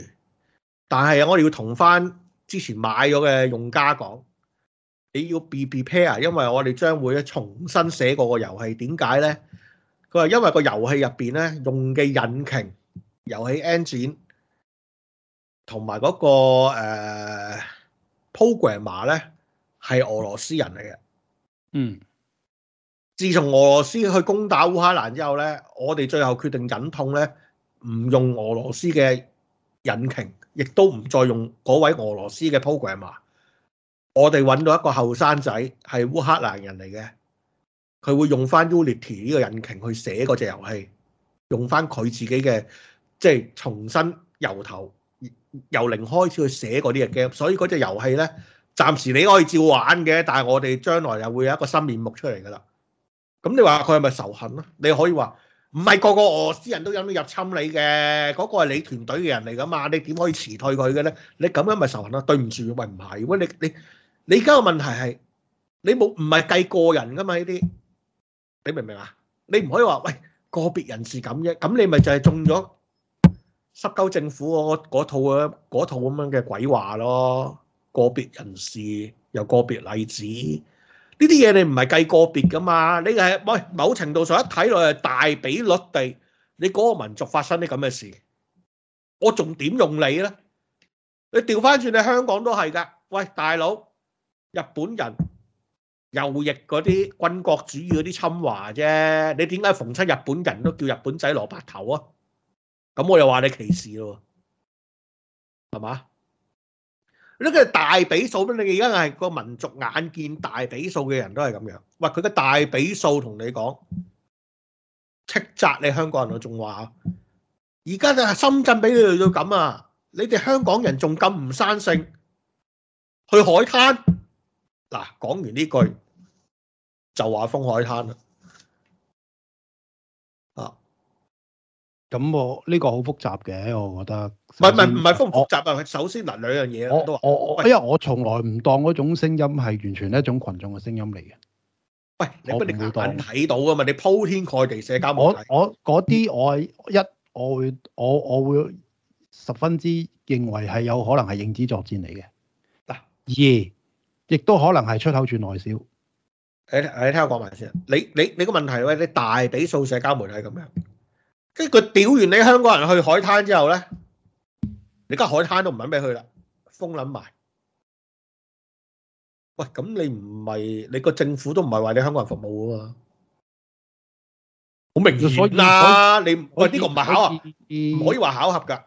但係我哋要同翻之前買咗嘅用家講，你要備備 pair，因為我哋將會咧重新寫過個遊戲。點解咧？佢因為個遊戲入邊咧，用嘅引擎、遊戲 engine 同埋嗰個、呃、programmer 咧，係俄羅斯人嚟嘅。嗯，自從俄羅斯去攻打烏克蘭之後咧，我哋最後決定忍痛咧，唔用俄羅斯嘅引擎，亦都唔再用嗰位俄羅斯嘅 programmer。我哋揾到一個後生仔，係烏克蘭人嚟嘅。佢會用翻 Unity 呢個引擎去寫嗰隻遊戲，用翻佢自己嘅，即係重新由頭由零開始去寫嗰啲嘅 game，所以嗰隻遊戲咧，暫時你可以照玩嘅，但係我哋將來又會有一個新面目出嚟㗎啦。咁你話佢係咪仇恨咧？你可以話唔係個個俄斯人都想入侵你嘅，嗰個係你團隊嘅人嚟㗎嘛，你點可以辭退佢嘅咧？你咁樣咪仇恨呀？對唔住，喂，唔係！如果你你你而家個問題係你冇唔係計個人㗎嘛？呢啲你明唔明啊？你唔可以話，喂，個別人士咁啫，咁你咪就係中咗濕鳩政府嗰嗰套啊，嗰套咁樣嘅鬼話咯。個別人士又個別例子，呢啲嘢你唔係計個別噶嘛，你係喂，某程度上一睇落係大比率地，你嗰個民族發生啲咁嘅事，我仲點用你咧？你調翻轉你香港都係噶，喂，大佬，日本人。右翼嗰啲軍國主義嗰啲侵華啫，你點解逢親日本人都叫日本仔蘿蔔頭啊？咁我又話你歧視咯，係嘛？呢個係大比數啦，你而家係個民族眼見大比數嘅人都係咁樣。喂，佢嘅大比數同你講斥責你香港人，仲話而家啊深圳比你到咁啊，你哋香港人仲咁唔生性去海灘嗱？講完呢句。就話風海灘啦，啊！咁我呢個好複雜嘅，我覺得唔係唔係唔係咁複雜啊！我我首先嗱，兩樣嘢我都話我我，說我因為我從來唔當嗰種聲音係完全一種群眾嘅聲音嚟嘅。喂，你唔會睇到噶嘛？你鋪天蓋地社交網我我嗰啲我一我會我我會十分之認為係有可能係認知作戰嚟嘅嗱，二亦都可能係出口轉內銷。你你聽我講埋先，你你你個問題喂，你大比數社交媒體咁樣，即係佢屌完你香港人去海灘之後咧，你而家海灘都唔諗俾去啦，封撚埋。喂，咁你唔係你個政府都唔係為你香港人服務㗎嘛？好明顯啦，你喂呢個唔係考啊，唔可以話巧合噶。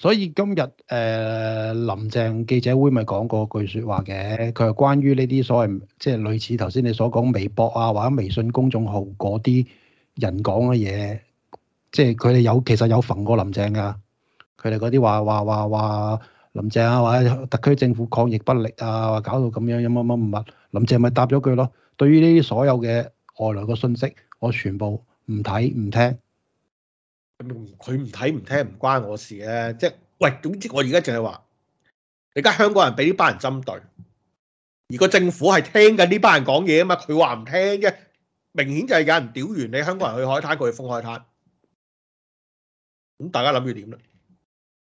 所以今日誒、呃、林鄭記者會咪講過句説話嘅，佢係關於呢啲所謂即係類似頭先你所講微博啊或者微信公眾號嗰啲人講嘅嘢，即係佢哋有其實有馮過林鄭噶，佢哋嗰啲話話話話林鄭啊或者特區政府抗疫不力啊，話搞到咁樣一乜乜乜，林鄭咪答咗句咯，對於呢啲所有嘅外來嘅信息，我全部唔睇唔聽。佢唔睇唔聽唔關我事咧、啊，即係喂，總之我而家淨係話，你家香港人俾呢班人針對，而個政府係聽緊呢班人講嘢啊嘛，佢話唔聽啫，明顯就係有人屌完你香港人去海灘，過去封海灘，咁大家諗住點咧？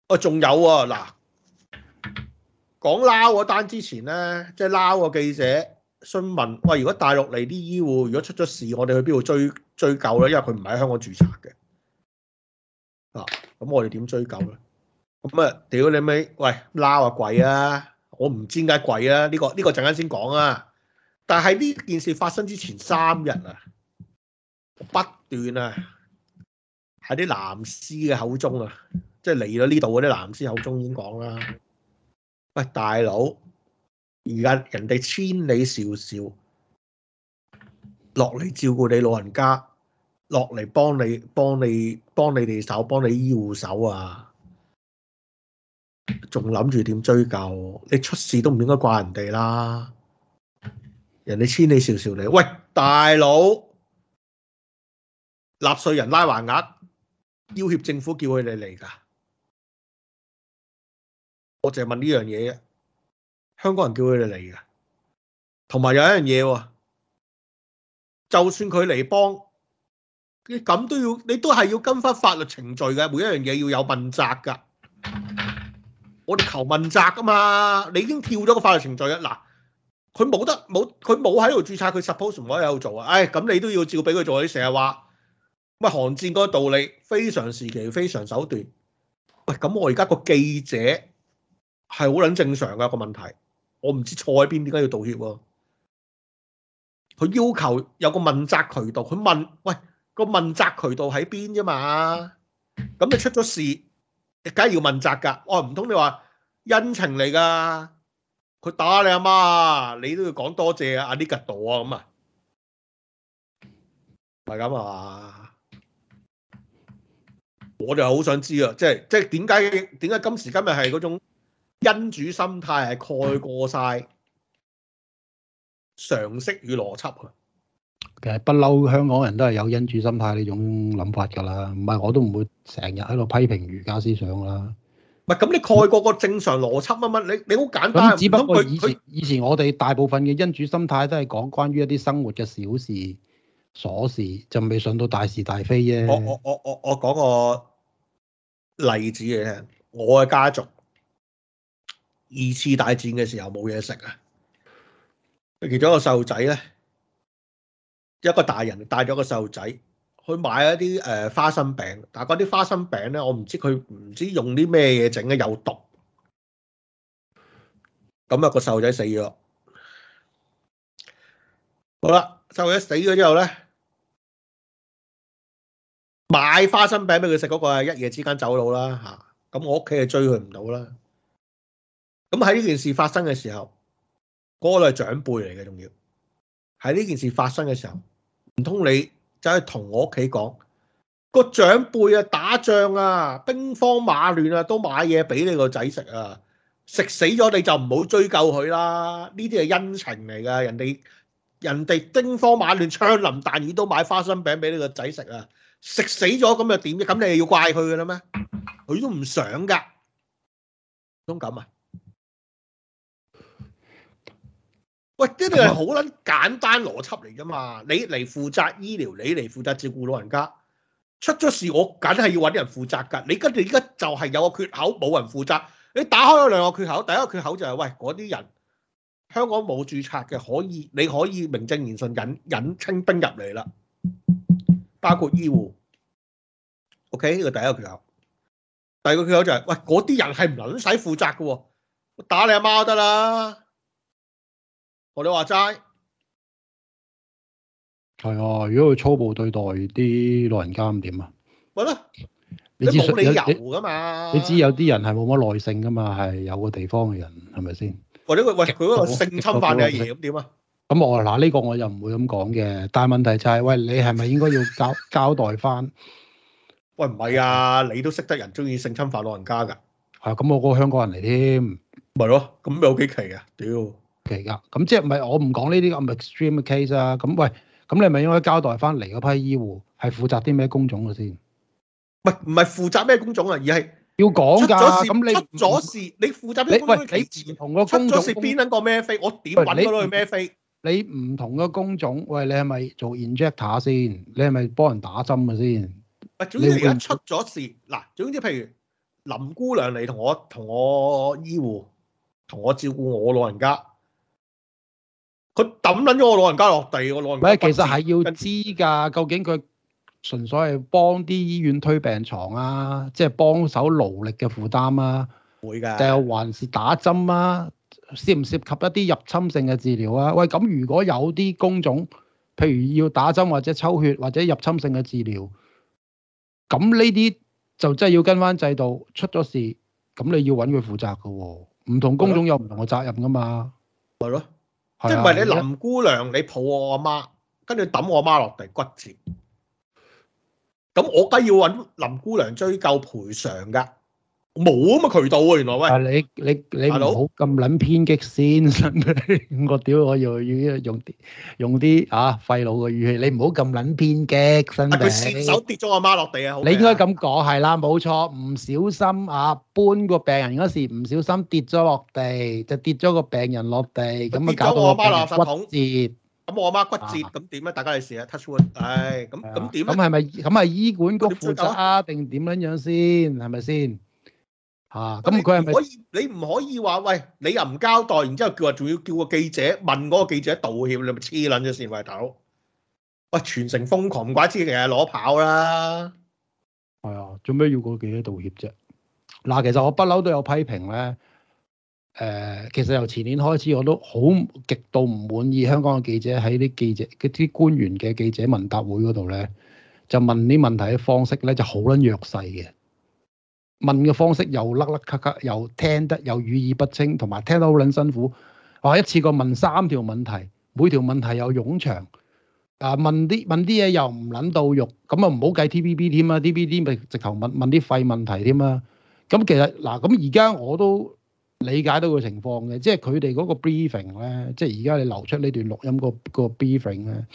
哦，仲有啊嗱，講撈嗰單之前咧，即係撈個記者詢問喂，如果大陸嚟啲醫護如果出咗事，我哋去邊度追追究咧？因為佢唔喺香港註冊嘅。啊！咁我哋點追究咧？咁啊，屌你咪喂撈啊貴啊！我唔知點解貴啊！呢個呢個陣間先講啊！但係呢件事發生之前三日啊，不斷啊喺啲男司嘅口中啊，即係嚟咗呢度嗰啲男司口中已經講啦。喂大佬，而家人哋千里迢迢落嚟照顧你老人家。落嚟幫你幫你幫你哋手幫你醫護手啊！仲諗住點追究？你出事都唔應該怪人哋啦，人哋千你少少你。喂，大佬，納稅人拉橫額要挾政府叫佢哋嚟噶，我淨係問呢樣嘢嘅。香港人叫佢哋嚟嘅，同埋有，有一樣嘢喎，就算佢嚟幫。你咁都要，你都係要跟翻法律程序嘅，每一樣嘢要有問責噶。我哋求問責噶嘛，你已經跳咗個法律程序啦。嗱，佢冇得冇，佢冇喺度註冊，佢 suppose 唔可以喺度做啊。唉、哎，咁你都要照俾佢做。你成日話，喂，寒戰嗰個道理，非常時期非常手段。喂，咁我而家個記者係好捻正常噶個問題，我唔知錯喺邊點解要道歉喎、啊。佢要求有個問責渠道，佢問喂。個問責渠道喺邊啫嘛？咁你出咗事，梗係要問責噶。我唔通你話恩情嚟噶？佢打你阿媽，你都要講多謝啊，阿呢個度啊？咁啊，係咁係嘛？我就好想知啊，即係即係點解點解今時今日係嗰種恩主心態係蓋過晒常識與邏輯啊？其實不嬲，香港人都係有恩主心態呢種諗法噶啦，唔係我都唔會成日喺度批評儒家思想啦。唔係咁，你蓋過個正常邏輯乜乜？你你好簡單。嗯、只不過以前他以前我哋大部分嘅恩主心態都係講關於一啲生活嘅小事瑣事，就未上到大是大非啫。我我我我我講個例子嘅，我嘅家族二次大戰嘅時候冇嘢食啊，其中一個細路仔咧。一個大人帶咗個細路仔去買一啲誒花生餅，但係嗰啲花生餅咧，我唔知佢唔知用啲咩嘢整嘅，有毒，咁啊，個細路仔死咗。好啦，細路仔死咗之後咧，買花生餅俾佢食嗰個係一夜之間走佬啦吓，咁我屋企係追佢唔到啦。咁喺呢件事發生嘅時候，嗰個都係長輩嚟嘅，仲要喺呢件事發生嘅時候。唔通你就係同我屋企講個長輩啊，打仗啊，兵荒馬亂啊都買嘢俾你個仔食啊，食死咗你就唔好追究佢啦？呢啲係恩情嚟噶。人哋人哋兵荒馬亂槍林彈雨都買花生餅俾你個仔食啊，食死咗咁又點啫？咁你就要怪佢噶啦咩？佢都唔想噶，通咁啊。喂，呢啲係好捻簡單邏輯嚟噶嘛？你嚟負責醫療，你嚟負責照顧老人家，出咗事我梗係要搵啲人負責噶。你跟住而家就係有個缺口，冇人負責。你打開咗兩個缺口，第一個缺口就係、是、喂嗰啲人，香港冇注冊嘅，可以你可以名正言順引引清兵入嚟啦，包括醫護。OK 呢個第一個缺口，第二個缺口就係、是、喂嗰啲人係唔撚使負責噶，我打你阿媽得啦。我你話齋係啊！如果佢粗暴對待啲老人家咁點啊？喂，你冇理由噶嘛？你知有啲人係冇乜耐性噶嘛？係有個地方嘅人係咪先？或者佢喂佢嗰個性侵犯你阿爺咁點啊？咁我嗱呢個我又唔會咁講嘅。但係問題就係喂，你係咪應該要交交代翻？喂唔係啊！你都識得人中意性侵犯老人家㗎？係咁，我嗰個香港人嚟添。係咯，咁咪好幾奇啊？屌！嘅咁即係唔係我唔講呢啲咁 extreme 嘅 case，啊？咁喂，咁你係咪應該交代翻嚟嗰批醫護係負責啲咩工種嘅先？唔係唔係負責咩工種啊？而係要講噶，咁你出咗事，你負責啲工，你唔同個工種出咗事，邊一個咩飛？我點搵佢去咩飛？你唔同個工種，喂，你係咪做 injector 先？你係咪幫人打針嘅先？總之而家出咗事嗱，總之譬如林姑娘嚟同我同我醫護同我照顧我老人家。佢抌撚咗我老人家落地，我老人家其實係要知㗎，究竟佢純粹係幫啲醫院推病床啊，即係幫手勞力嘅負擔啊，會㗎？定係還是打針啊？涉唔涉及一啲入侵性嘅治療啊？喂，咁如果有啲工種，譬如要打針或者抽血或者入侵性嘅治療，咁呢啲就真係要跟翻制度，出咗事咁你要揾佢負責嘅喎。哦，唔同工種有唔同嘅責任㗎嘛，係咯。即係唔係你林姑娘，你抱我阿媽，媽，跟住抌我阿媽，媽落地骨折，咁我梗係要揾林姑娘追究賠償噶。冇啊嘛渠道啊，原來喂！你你你唔好咁捻偏激先，我屌我又要用啲用啲啊，廢老嘅語氣，你唔好咁捻偏激先。啊、失手跌咗我媽落地啊，你應該咁講係啦，冇錯，唔小心啊搬個病人嗰時唔小心跌咗落地，就跌咗個病人落地，咁啊搞到我阿媽骨折，咁、啊啊、我阿媽骨折，咁點、哎、啊？大家你試下 touch 我，係咁咁點啊？咁係咪咁係醫管局負責啊？定點樣樣先？係咪先？啊！咁佢係咪可以，你唔可以話喂，你又唔交代，然之後叫話仲要叫個記者問嗰個記者道歉，你咪黐撚咗線埋頭。喂，全城瘋狂，唔怪之佢哋係攞跑啦。係啊、哎，做咩要個記者道歉啫？嗱、啊，其實我不嬲都有批評咧。誒、呃，其實由前年開始，我都好極度唔滿意香港嘅記者喺啲記者啲官員嘅記者問答會嗰度咧，就問啲問題嘅方式咧就好撚弱勢嘅。問嘅方式又甩甩咳咳，又聽得又語意不清，同埋聽得好撚辛苦。哇！一次過問三條問題，每條問題有冗長。啊，問啲問啲嘢又唔捻到肉，咁啊唔好計 TVB 添啊，TVB 咪直頭問問啲廢問題添啊。咁其實嗱，咁而家我都理解到個情況嘅，即係佢哋嗰個 briefing 咧，即係而家你流出呢段錄音個個 briefing 咧。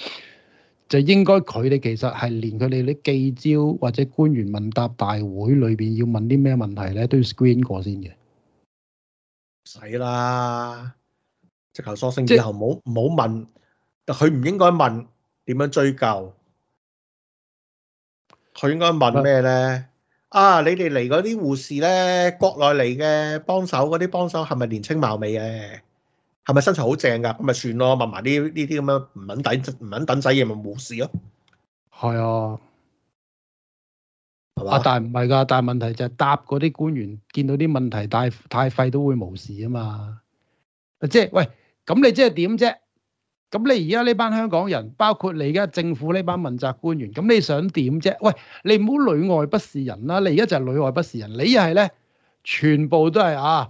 就應該佢哋其實係連佢哋啲記招或者官員問答大會裏邊要問啲咩問題咧，都要 screen 過先嘅。使啦，直頭索性以後唔好即問。佢唔應該問點樣追究，佢應該問咩咧？啊，你哋嚟嗰啲護士咧，國內嚟嘅幫手嗰啲幫手係咪年青貌美嘅？係咪身材好正噶？咁咪算咯，問埋呢呢啲咁樣唔穩底、唔穩等仔嘢咪冇事咯？係是啊,吧啊，係但係唔係噶，但係問題就係、是、答嗰啲官員見到啲問題大太費都會冇事啊嘛！啊即係喂，咁你即係點啫？咁、啊、你而家呢班香港人，包括你而家政府呢班問責官員，咁你想點啫？喂，你唔好裏外不是人啦！你而家就係裏外不是人，你又係咧全部都係啊,啊，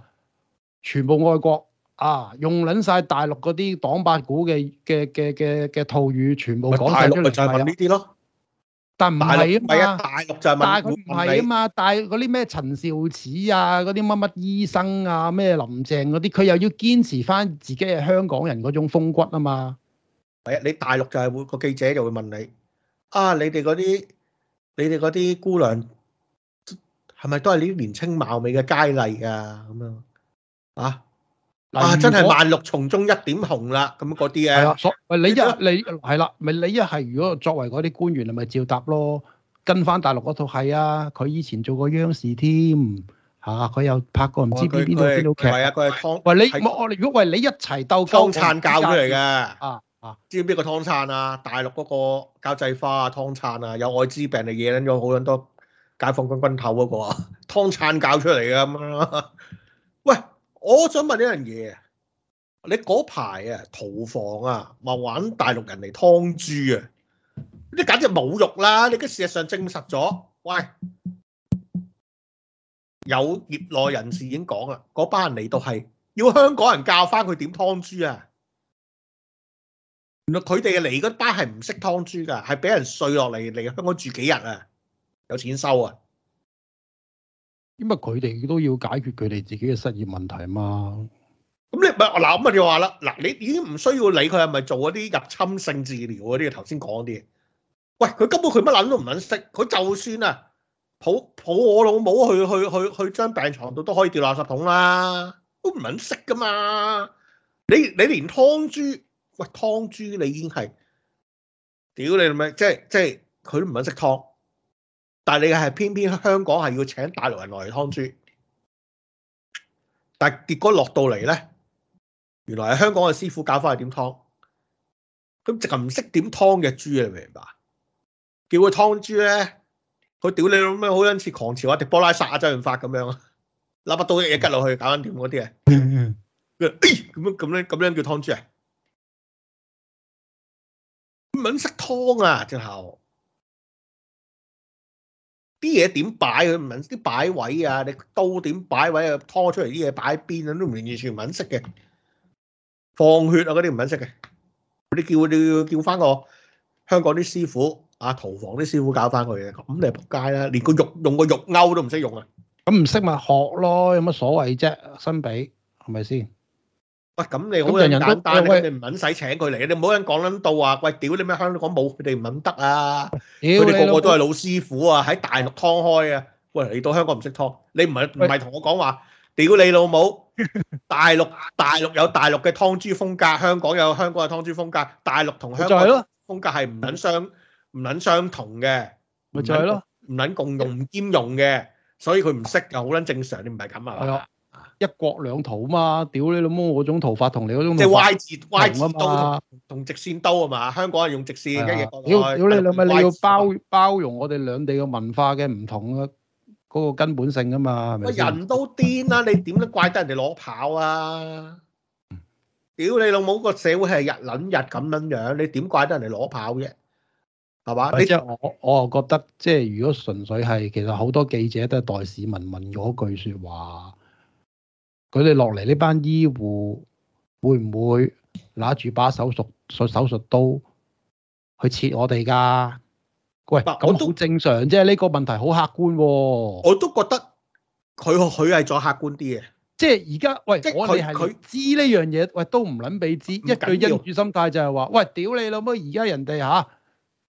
全部愛國。啊！用撚晒大陸嗰啲黨八股嘅嘅嘅嘅嘅套語，全部講曬出嚟。大陸咪就係問呢啲咯？但唔係啊嘛，大陸就係問唔係啊嘛。大陸但係嗰啲咩陳肇始啊，嗰啲乜乜醫生啊，咩林鄭嗰啲，佢又要堅持翻自己係香港人嗰種風骨啊嘛。係啊，你大陸就係會個記者就會問你：啊，你哋嗰啲，你哋啲姑娘，係咪都係呢啲年青貌美嘅佳麗啊？咁樣啊？.啊！真係萬綠叢中一點紅啦，咁嗰啲啊，你一你係啦，咪你一係如果作為嗰啲官員，係咪照答咯，跟翻大陸嗰套係啊，佢以前做過央視添，吓，佢又拍過唔知邊邊套邊套劇，係啊，佢係湯喂你，我我如果喂你一齊鬥，湯燦教出嚟嘅啊啊，知唔知邊個湯燦啊？大陸嗰個交際花啊，湯燦啊，有愛滋病嘅嘢，緊咗好咁多解放軍軍頭嗰個啊。湯 燦教出嚟嘅咁啊，喂。我想問呢樣嘢，你嗰排啊，屠房啊，話玩大陸人嚟劏豬啊！你簡直侮辱啦！你嘅事實上證實咗，喂，有業內人士已經講啦，嗰班人嚟都係要香港人教翻佢點劏豬啊！原來佢哋嚟嗰班係唔識劏豬㗎，係俾人碎落嚟嚟香港住幾日啊！有錢收啊！因為佢哋都要解決佢哋自己嘅失業問題嘛。咁、嗯、你咪嗱咁啊？你話啦，嗱你已經唔需要理佢係咪做嗰啲入侵性治療嗰啲頭先講啲嘢。喂，佢根本佢乜撚都唔肯識，佢就算啊抱抱我老母去去去去，去，去，去，去張病床度都可以掉垃圾桶啦、啊，都唔肯識噶嘛。你你連劏豬喂劏豬，你已經係屌你咪即係即係佢都唔肯識劏。但你係偏偏香港係要請大陸人嚟劏豬，但結果落到嚟咧，原來係香港嘅師傅搞翻係點劏。咁直就唔識點劏嘅豬，你明唔明白？叫佢劏豬咧，佢屌你老味，好似狂潮啊、迪波拉殺啊、周潤發咁樣啊，拿把刀一嘢吉落去搞緊點嗰啲啊。咁樣咁樣咁樣叫劏豬啊？唔識劏啊，正後。啲嘢點擺佢唔肯啲擺位啊，你刀點擺位啊，拖出嚟啲嘢擺邊啊，都唔完全唔肯識嘅。放血啊嗰啲唔肯識嘅，嗰啲叫你叫叫翻個香港啲師傅，阿、啊、屠房啲師傅搞翻佢嘅。咁你仆街啦，連個肉用個肉勾都唔識用啊。咁唔識咪學咯，有乜所謂啫？新比係咪先？是喂，咁你好人簡單，你唔使請佢嚟嘅，你唔好咁講到話，喂，屌你咩香港冇，佢哋唔得啊！屌你老母，佢哋個個都係老師傅啊，喺大陸劏開嘅，喂，嚟到香港唔識劏，你唔係唔係同我講話，屌你老母，大陸大陸有大陸嘅劏豬風格，香港有香港嘅劏豬風格，大陸同香港嘅劏豬風格係唔卵相唔卵相同嘅，咪就係咯，唔卵共用唔兼容嘅，所以佢唔識噶，好卵正常，你唔係咁啊嘛。一國兩套嘛，屌你老母！我種屠法同你嗰種字、同啊刀同直線刀啊嘛。香港係用直線嘅，屌你老母！你要包包容我哋兩地嘅文化嘅唔同啊，嗰個根本性啊嘛，係咪人都癲啦，你點都怪得人哋攞跑啊！屌你老母！個社會係日撚日咁撚樣，你點怪得人哋攞跑啫，啊？係嘛？呢即係我， 我覺得即係如果純粹係，其實好多記者都係代市民問嗰句説話。佢哋落嚟呢班醫護會唔會拿住把手術手手術刀去切我哋㗎？喂，咁都正常啫，呢個問題好客觀喎。我都覺得佢佢係再客觀啲嘅，即係而家喂，即係佢佢知呢樣嘢，喂都唔撚俾知，一句陰住心態就係話：喂，屌你老母！而家人哋吓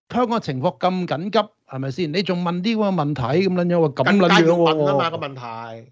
香港情況咁緊急，係咪先？你仲問啲咁嘅問題咁撚樣？咁撚樣問啊嘛個問題。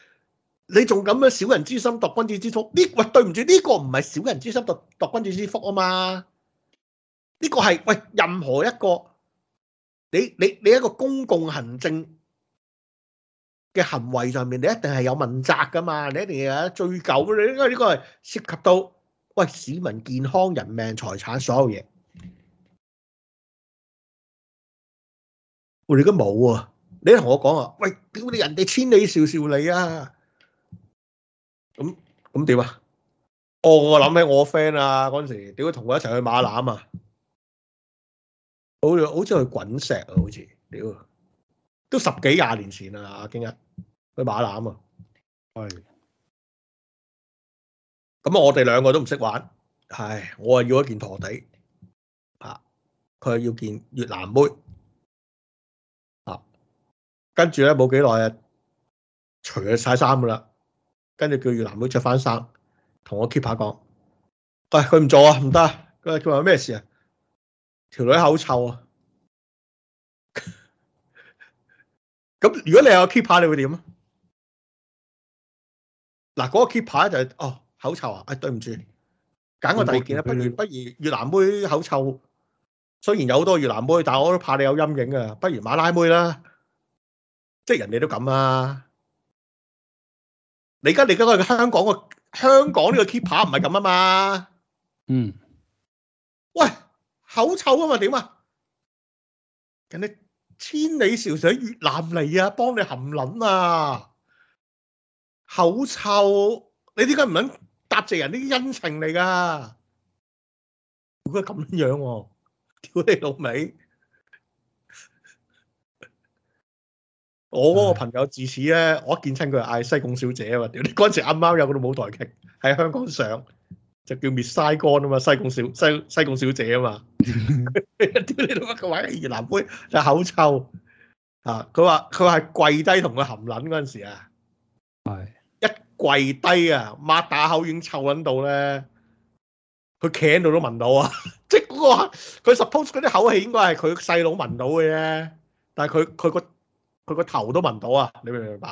你仲咁樣小人之心度君子之腹？呢喂，對唔住，呢個唔係小人之心度度君子之腹啊嘛！呢個係喂，任何一個你你你一個公共行政嘅行為上面，你一定係有問責噶嘛？你一定係追究你，應該呢個係涉及到喂市民健康、人命、財產所有嘢。我哋而家冇啊！你同我講啊！喂，屌你人哋千里迢迢嚟啊！咁咁點啊？哦，我諗起我 friend 啊，嗰陣時屌同佢一齊去馬欄啊，好似好似去滾石啊，好似屌，都十幾廿年前啦，啊，阿京一去馬欄啊，係，哎，咁啊，我哋兩個都唔識玩，係，我啊要一件陀地，啊，佢要件越南妹啊，跟住咧冇幾耐啊，除咗晒衫噶啦。跟住叫越南妹着翻衫，同我 keep 派講，喂佢唔做啊，唔得，啊。佢話咩事啊？條女口臭啊，咁 如果你有個 keep 派你會點啊？嗱、那個就是，嗰個 keep 派就係哦口臭啊，誒、哎、對唔住，揀個第二件啦，嗯，不如不如越南妹口臭，雖然有好多越南妹，但係我都怕你有陰影啊，不如馬拉妹啦，即係人哋都咁啊。你而家你而家香港個香港呢個 keeper 唔係咁啊嘛，嗯，喂口臭啊嘛點啊？人哋千里迢水越南嚟啊，幫你含撚啊，口臭你點解唔肯答謝人呢啲恩情嚟㗎？如果咁樣喎、啊，屌你老味。我嗰個朋友自此咧，我一見親佢就嗌西貢小姐啊！我屌你嗰陣時啱啱有嗰套舞台劇喺香港上，就叫 Miss Saigon 啊嘛，西貢小西西貢小姐啊嘛！屌你老北個位越南妹就口臭啊！佢話佢話跪低同佢含撚嗰陣時啊，係一跪低啊，擘大口已經臭撚到咧，佢企度都聞到啊！即係我佢 suppose 嗰啲口氣應該係佢細佬聞到嘅啫，但係佢佢個。佢個頭都聞到啊！你明唔明白？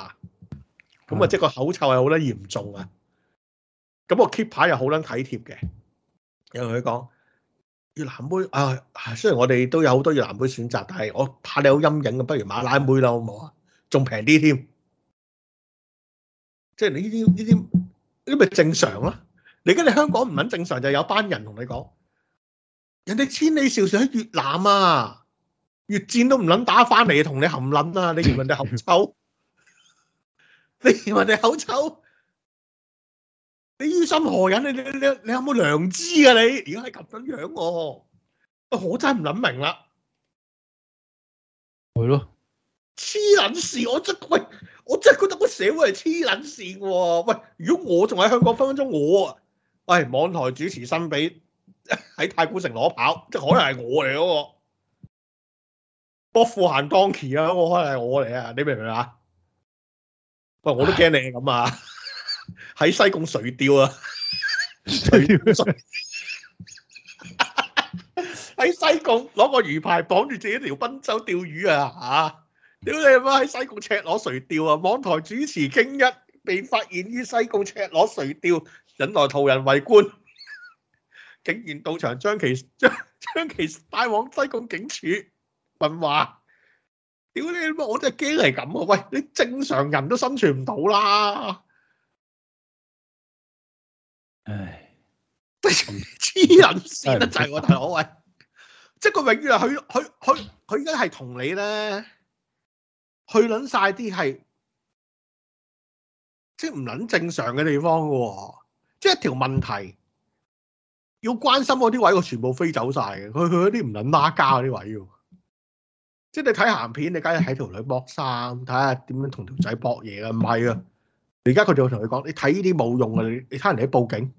咁啊的，即係個口臭係好撚嚴重啊！咁我 keep 牌又好撚體貼嘅，又同佢講越南妹啊，雖然我哋都有好多越南妹選擇，但係我怕你好陰影啊，不如馬拉妹啦好唔好啊？仲平啲添。即係你呢啲呢啲呢，咪正常咯？你而家你香港唔肯正常，就有班人同你講，人哋千里迢迢喺越南啊！越戰都唔撚打翻嚟，同你含捻啊！你認為你含臭？你認為你口臭？你於心何忍？你你你你，你有冇良知啊？你而家係咁樣樣，我我真係唔撚明啦。係咯，黐捻事！我真喂的，我真係覺得個社會係黐捻事喎。喂，如果我仲喺香港分分鐘，我、哎、喂網台主持新俾喺太古城攞跑，即係可能係我嚟嗰個。我富行當期啊！我可能係我嚟啊！你明唔明啊？喂，我都驚你咁啊！喺西貢垂釣啊，垂釣喺西貢攞個魚牌綁住自己條賓州釣魚啊！吓、啊，屌你媽喺西貢赤裸垂釣啊！網台主持經一被發現於西貢赤裸垂釣，引來途人圍觀，竟然到場將其將將其帶往西貢警署。問話，屌你媽！我真係驚嚟咁啊！喂，你正常人都生存唔到啦！唉，真係痴人先得滯喎，大佬喂！即係佢永遠係去去去，佢而家係同你咧去捻晒啲係，即係唔捻正常嘅地方嘅、哦，即係一條問題要關心嗰啲位，我全部飛走晒嘅。佢去嗰啲唔捻拉家嗰啲位。 你睇鹹片，你梗係睇條女剝衫，睇下點樣同條仔搏嘢呀，唔係啊！而家佢就會同你講，你睇呢啲冇用啊！你你睇人哋報警，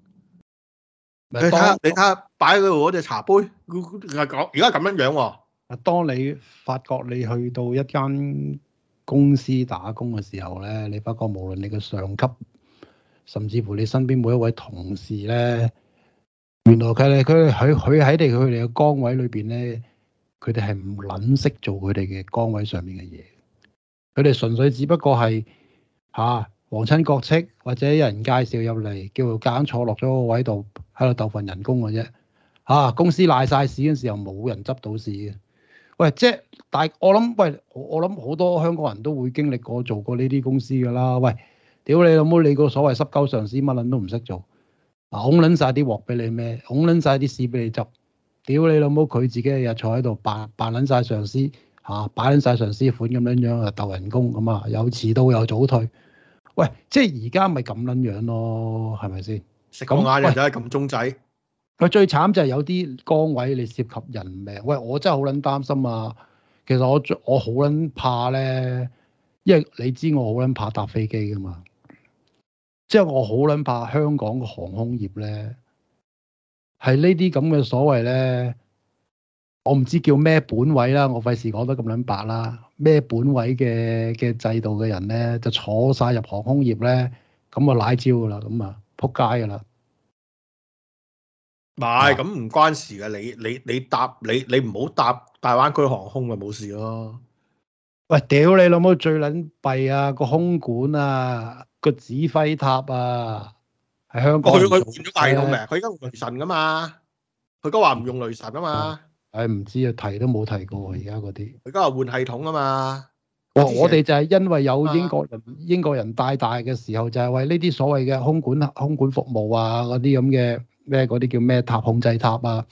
你睇你睇下擺喺度嗰隻茶杯，定係講而家咁樣樣喎。啊！當你發覺你去到一間公司打工嘅時候咧，你發覺無論你嘅上級，甚至乎你身邊每一位同事咧，原來佢哋佢哋喺佢喺你佢哋嘅崗位裏邊咧。佢哋係唔撚識做佢哋嘅崗位上面嘅嘢，佢哋純粹只不過係嚇、啊、皇親國戚或者有人介紹入嚟，叫夾硬坐落咗個位度喺度鬥份人工嘅啫。嚇、啊、公司賴晒屎嘅陣時候，又冇人執到屎嘅。喂，即係但我諗，喂我諗好多香港人都會經歷過做過呢啲公司㗎啦。喂，屌你老母，你個所謂濕鳩上司乜撚都唔識做，啊，恐撚晒啲鑊俾你咩？恐撚晒啲屎俾你執。屌你老母，佢自己日日坐喺度扮扮捻曬上司嚇，擺捻曬上司款咁樣樣啊，鬥人工咁啊，有遲到有早退。喂，即係而家咪咁捻樣咯，係咪先？食個嗌就睇咁中仔。那喂，最慘就係有啲崗位你涉及人命。喂，我真係好捻擔心啊。其實我我好捻怕咧，因為你知我好捻怕搭飛機噶嘛。即係我好捻怕香港嘅航空業咧。係呢啲咁嘅所謂咧，我唔知叫咩本位啦，我費事講得咁撚白啦。咩本位嘅嘅制度嘅人咧，就坐晒入航空業咧，咁啊奶招噶啦，咁啊仆街噶啦。唔係，咁唔關事嘅。你你你搭你你唔好搭大灣區航空咪冇事咯。喂，屌你老母最撚弊啊！個空管啊，個指揮塔啊！喺香港佢佢換咗系統嘅，佢而家雷神噶嘛？佢都話唔用雷神噶嘛？唉、哎，唔知啊，提都冇提過。而家嗰啲佢而家話換系統啊嘛。哦、我哋就係因為有英國人、啊、英國人帶大嘅時候，就係為呢啲所謂嘅空管空管服務啊，嗰啲咁嘅咩嗰啲叫咩塔控制塔啊，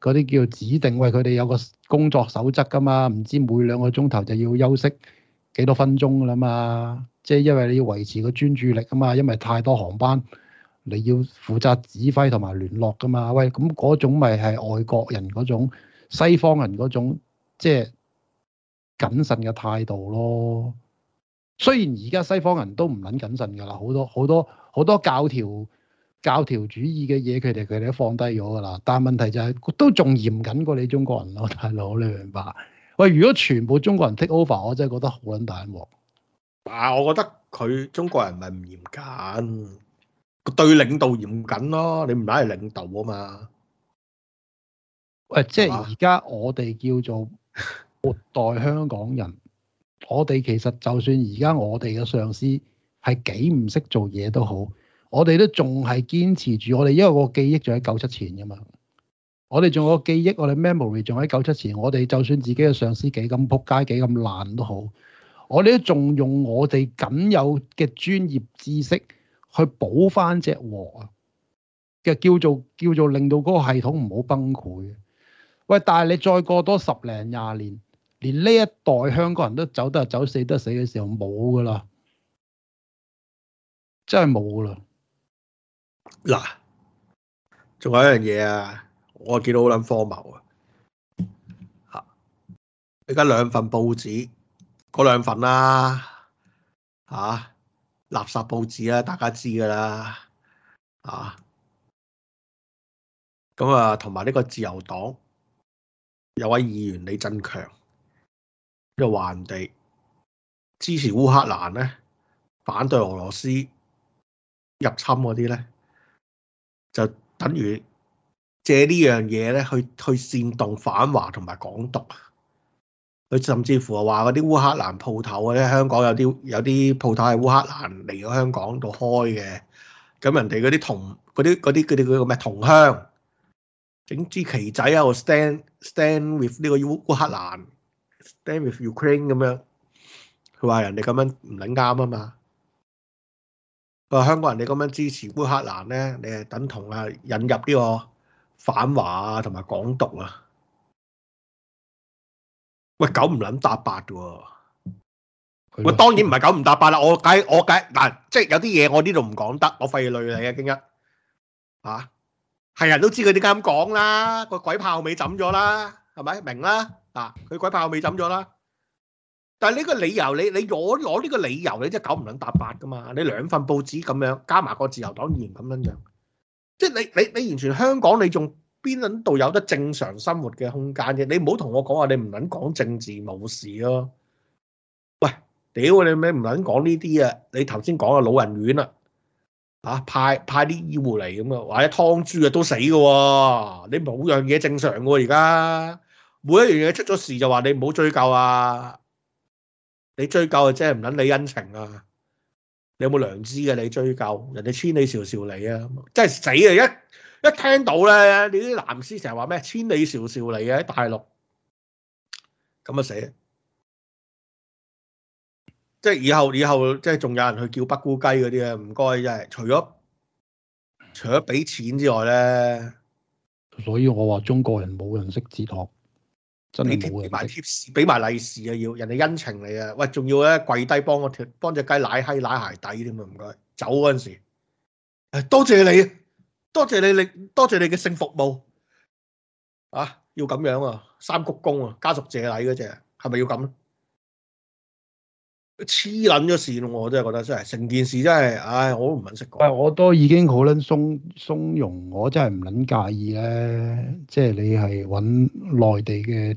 嗰啲叫指定，喂，佢哋有個工作守則噶嘛？唔知每兩個鐘頭就要休息幾多分鐘噶啦嘛？即、就、係、是、因為你要維持個專注力啊嘛，因為太多航班。你要負責指揮同埋聯絡㗎嘛？喂，咁嗰種咪係外國人嗰種西方人嗰種即係謹慎嘅態度咯。雖然而家西方人都唔撚謹慎㗎啦，好多好多好多教條教條主義嘅嘢，佢哋佢哋都放低咗㗎啦。但係問題就係、是、都仲嚴謹過你中國人咯，大佬你明白？喂，如果全部中國人 take over，我真係覺得好撚大鑊、啊。我覺得佢中國人唔係唔嚴謹。對領導嚴謹咯，你唔係領導啊嘛？喂、啊，即係而家我哋叫做末代香港人，我哋其實就算而家我哋嘅上司係幾唔識做嘢都好，我哋都仲係堅持住我哋，因為個記憶仲喺九七前噶嘛。我哋仲有個記憶，我哋 memory 仲喺九七前。我哋就算自己嘅上司幾咁仆街，幾咁爛都好，我哋都仲用我哋僅有嘅專業知識。去補返隻鑊啊！嘅叫做叫做令到嗰個系統唔好崩潰。喂，但係你再過多十零廿年，連呢一代香港人都走得走死得死嘅時候冇噶啦，真係冇噶啦。嗱，仲有一樣嘢啊，我見到好撚荒謬啊！嚇，而家兩份報紙嗰兩份啦、啊，嚇、啊。垃圾報紙啊，大家知㗎喇，啊，咁啊，同埋呢個自由黨有位議員李振強又話人哋支持烏克蘭咧，反對俄羅斯入侵嗰啲咧，就等於借呢樣嘢咧去去煽動反華同埋港獨。佢甚至乎話嗰啲烏克蘭鋪頭啊，香港有啲有啲鋪頭係烏克蘭嚟咗香港度開嘅，咁人哋嗰啲同嗰啲嗰啲啲叫咩同鄉，整支旗仔喺度。Stand stand with 呢個烏克蘭，stand with Ukraine 咁樣，佢話人哋咁樣唔撚啱啊嘛，佢話香港人哋咁樣支持烏克蘭咧，你係等同啊引入呢個反華啊同埋港獨啊。喂，九唔撚搭八嘅喎，喂，當然唔係九唔搭八啦，我解我解，嗱，即係有啲嘢我呢度唔講得，我費累你啊，經一，嚇，係人都知佢點解咁講啦，個鬼炮尾枕咗啦，係咪明啦？嗱，佢鬼炮尾枕咗啦，但係你個理由，你你攞攞呢個理由，你即係九唔撚搭八噶嘛？你兩份報紙咁樣加埋個自由黨議員咁樣樣，即係你你你完全香港你仲～邊撚度有得正常生活嘅空間啫？你唔好同我講話，你唔撚講政治冇事咯、啊。喂，屌你咩唔撚講呢啲啊？你頭先講啊老人院啦、啊，啊派派啲醫護嚟咁啊，或者劏豬啊都死噶、啊。你冇樣嘢正常噶、啊，而家每一樣嘢出咗事就話你唔好追究啊。你追究啊，真係唔撚理恩情啊。你有冇良知嘅、啊？你追究人哋千里迢迢嚟啊，真係死啊一！一聽到咧，你啲藍絲成日話咩千里迢迢嚟嘅喺大陸，咁啊死！即係以後，以後即係仲有人去叫北菇雞嗰啲咧，唔該真係。除咗除咗俾錢之外咧，所以我話中國人冇人識節儉，真係俾埋貼士，俾埋利是啊！要人哋恩情嚟啊！喂，仲要咧跪低幫我條幫隻雞奶閪奶鞋底添啊！唔該，走嗰陣時，誒多謝你啊！多謝你，你多謝你嘅性服務啊，要咁樣啊，三鞠躬啊，家屬謝禮嗰隻係咪要咁咧，啊？黐捻咗事咯，我真係覺得真係成件事真係，唉，哎，我都唔肯食。我我都已經好捻鬆鬆容，我真係唔捻介意咧，啊。即、就、係、是、你係搵內地嘅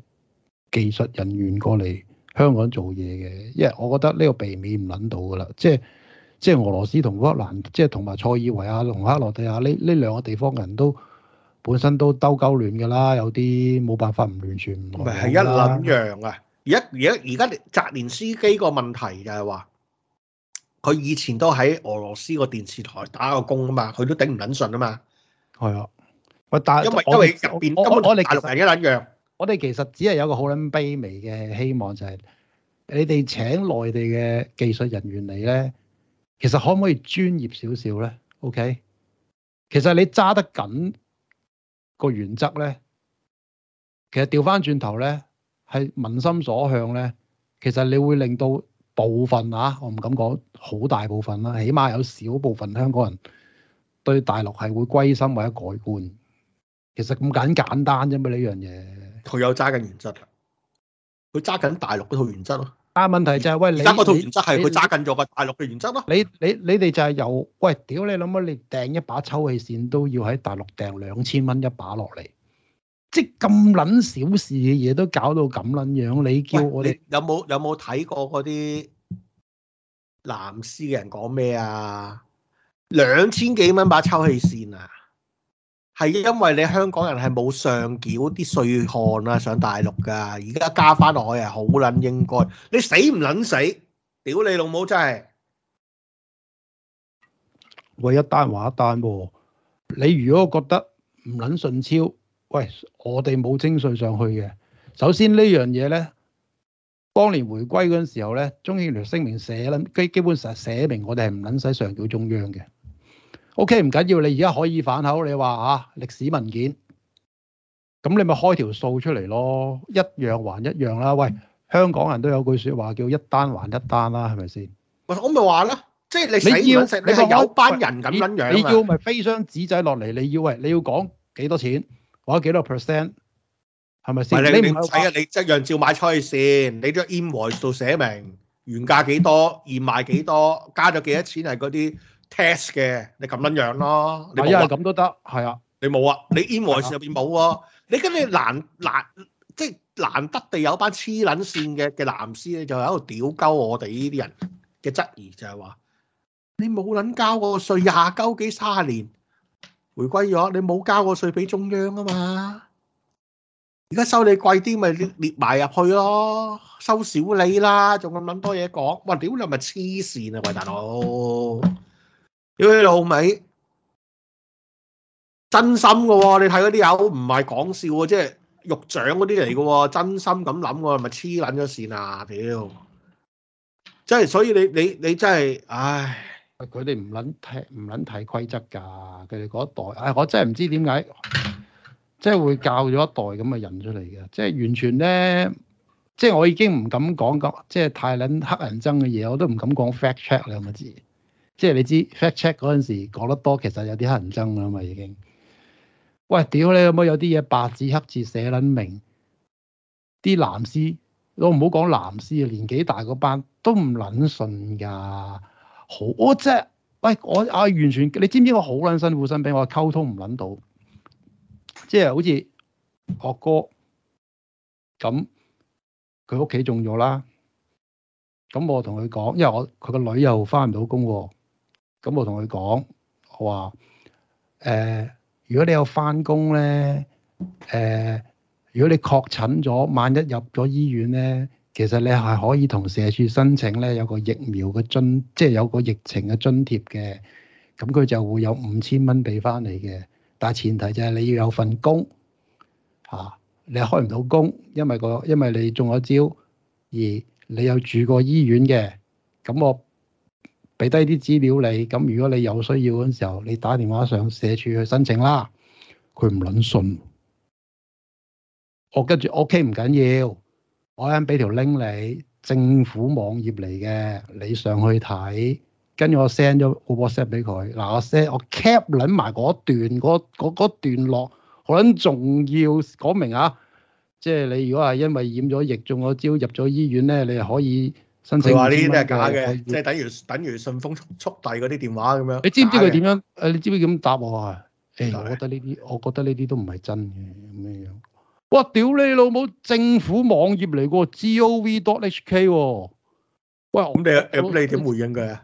技術人員過嚟香港做嘢嘅，因為我覺得呢個避免唔捻到噶啦，即、就、係、是。即係俄羅斯同烏克蘭，即係同埋塞爾維亞同克羅地亞呢？呢兩個地方人都本身都兜鳩亂嘅啦，有啲冇辦法唔完全唔同。唔係一撚樣啊！而家而家而家澤連斯基個問題就係話，佢以前都喺俄羅斯個電視台打過工啊嘛，佢都頂唔撚順啊嘛。係啊，喂，但因為因為入邊根本我哋大陸人一撚樣。我哋其,其實只係有個好撚卑微嘅希望，就係、是、你哋請內地嘅技術人員嚟咧。其實可唔可以專業少少咧？OK，其實你揸得緊個原則咧，其實調翻轉頭咧係民心所向咧，其實你會令到部分啊，我唔敢講好大部分啦，起碼有少部分香港人對大陸係會歸心或者改觀。其實咁簡簡單啫嘛呢樣嘢，佢有揸緊原則，佢揸緊大陸嗰套原則咯。但係問題就係、是，喂，而家嗰套原則，係佢揸緊咗個大陸嘅原則咯。你你你哋就係由，喂，屌你諗下，你掟一把抽氣扇都要喺大陸掟兩千蚊一把落嚟，即係咁捻小事嘅嘢都搞到咁捻樣，你叫我哋有冇有冇睇過嗰啲藍絲嘅人講咩啊？兩千幾蚊把抽氣扇啊！係因為你香港人係冇上繳啲稅項啦，上大陸噶，而家加翻落去係好撚應該，你死唔撚死，屌你老母真係，為一單還一單喎。你如果覺得唔撚順超，喂，我哋冇徵稅上去嘅。首先呢樣嘢咧，當年回歸嗰陣時候咧，中英聯合聲明寫啦，基基本上寫明我哋係唔撚使上繳中央嘅。O.K. 唔緊要，你而家可以反口，你話嚇、啊、歷史文件，咁你咪開條數出嚟咯，一樣還一樣啦。喂，香港人都有句説話叫一單還一單啦，係咪先？我咪話咯，即係你死死你要你咪有班人咁樣你要咪飛箱紙仔落嚟，你要喂你要講幾多錢，或者幾多 percent，係咪先？是是你唔使啊？你一樣照買菜先，你都喺 invoice 度寫明原價幾多，而賣幾多，加咗幾多錢係嗰啲。 test 嘅，你咁樣樣咯，你因為咁都得？係啊，你冇啊，你 email 入邊冇啊，你咁你難難即係難得地有班黐撚線嘅嘅男士咧，就喺度屌鳩我哋呢啲人嘅質疑，就係話你冇撚交個稅廿鳩幾卅年，回歸咗，你冇交個稅俾中央啊嘛，而家收你貴啲，咪列埋入去咯，收少你啦，仲咁撚多嘢講，哇屌你咪黐線啊，喂大佬！屌你老味，真心噶喎，哦！你睇嗰啲友唔係講笑啊，即係肉獎嗰啲嚟噶喎，真心咁諗喎，咪黐捻咗線啊！屌，即係所以你你你真係，唉，佢哋唔捻睇唔捻睇規則噶，佢哋嗰一代，唉，哎，我真係唔知點解，即係會教咗一代咁嘅人出嚟嘅，即係完全咧，即係我已經唔敢講咁，即係太捻黑人憎嘅嘢，我都唔敢講 fact check 兩個字。即係你知 fact check 嗰陣時講得多，其實有啲乞人憎啦嘛。已經喂，屌你有冇有啲嘢白紙黑字寫撚明，啲藍絲我唔好講藍絲啊，年紀大嗰班都唔撚信㗎。好，我即係喂，我啊，完全你知唔知我好撚辛苦身，身畀我溝通唔撚到，即係好似學哥咁，佢屋企中咗啦。咁我同佢講，因為我佢個女又翻唔到工喎。咁我同佢講，我話：誒，如果你有返工咧，誒，如果你確診咗，萬一入咗醫院咧，其實你係可以同社署申請咧，有個疫苗嘅津，即係有個疫情嘅津貼嘅。咁佢就會有五千蚊俾返你嘅。但係前提就係你要有份工，嚇，你開唔到工，因為個因為你中咗招，而你有住過醫院嘅，咁我。俾低啲資料你，咁如果你有需要嗰陣時候，你打電話上社署去申請啦。佢唔撚信，我跟住 O K 唔緊要，我啱俾條 link 你，政府網頁嚟嘅，你上去睇。跟住我 send 咗個 WhatsApp 俾佢。嗱我 send 我 cap 撚埋嗰段，嗰段落，我撚仲要講明啊，即係你如果係因為染咗疫中咗招入咗醫院咧，你係可以。申佢話呢啲都係假嘅，即係等於等於順豐速速遞嗰啲電話咁樣。你知唔知佢點樣？誒，你知唔知點答我啊？誒，我覺得呢啲，我覺得呢啲都唔係真嘅咁樣。哇！屌你老母，政府網頁嚟喎，gov.hk 喎。喂，咁你咁你點回應佢啊？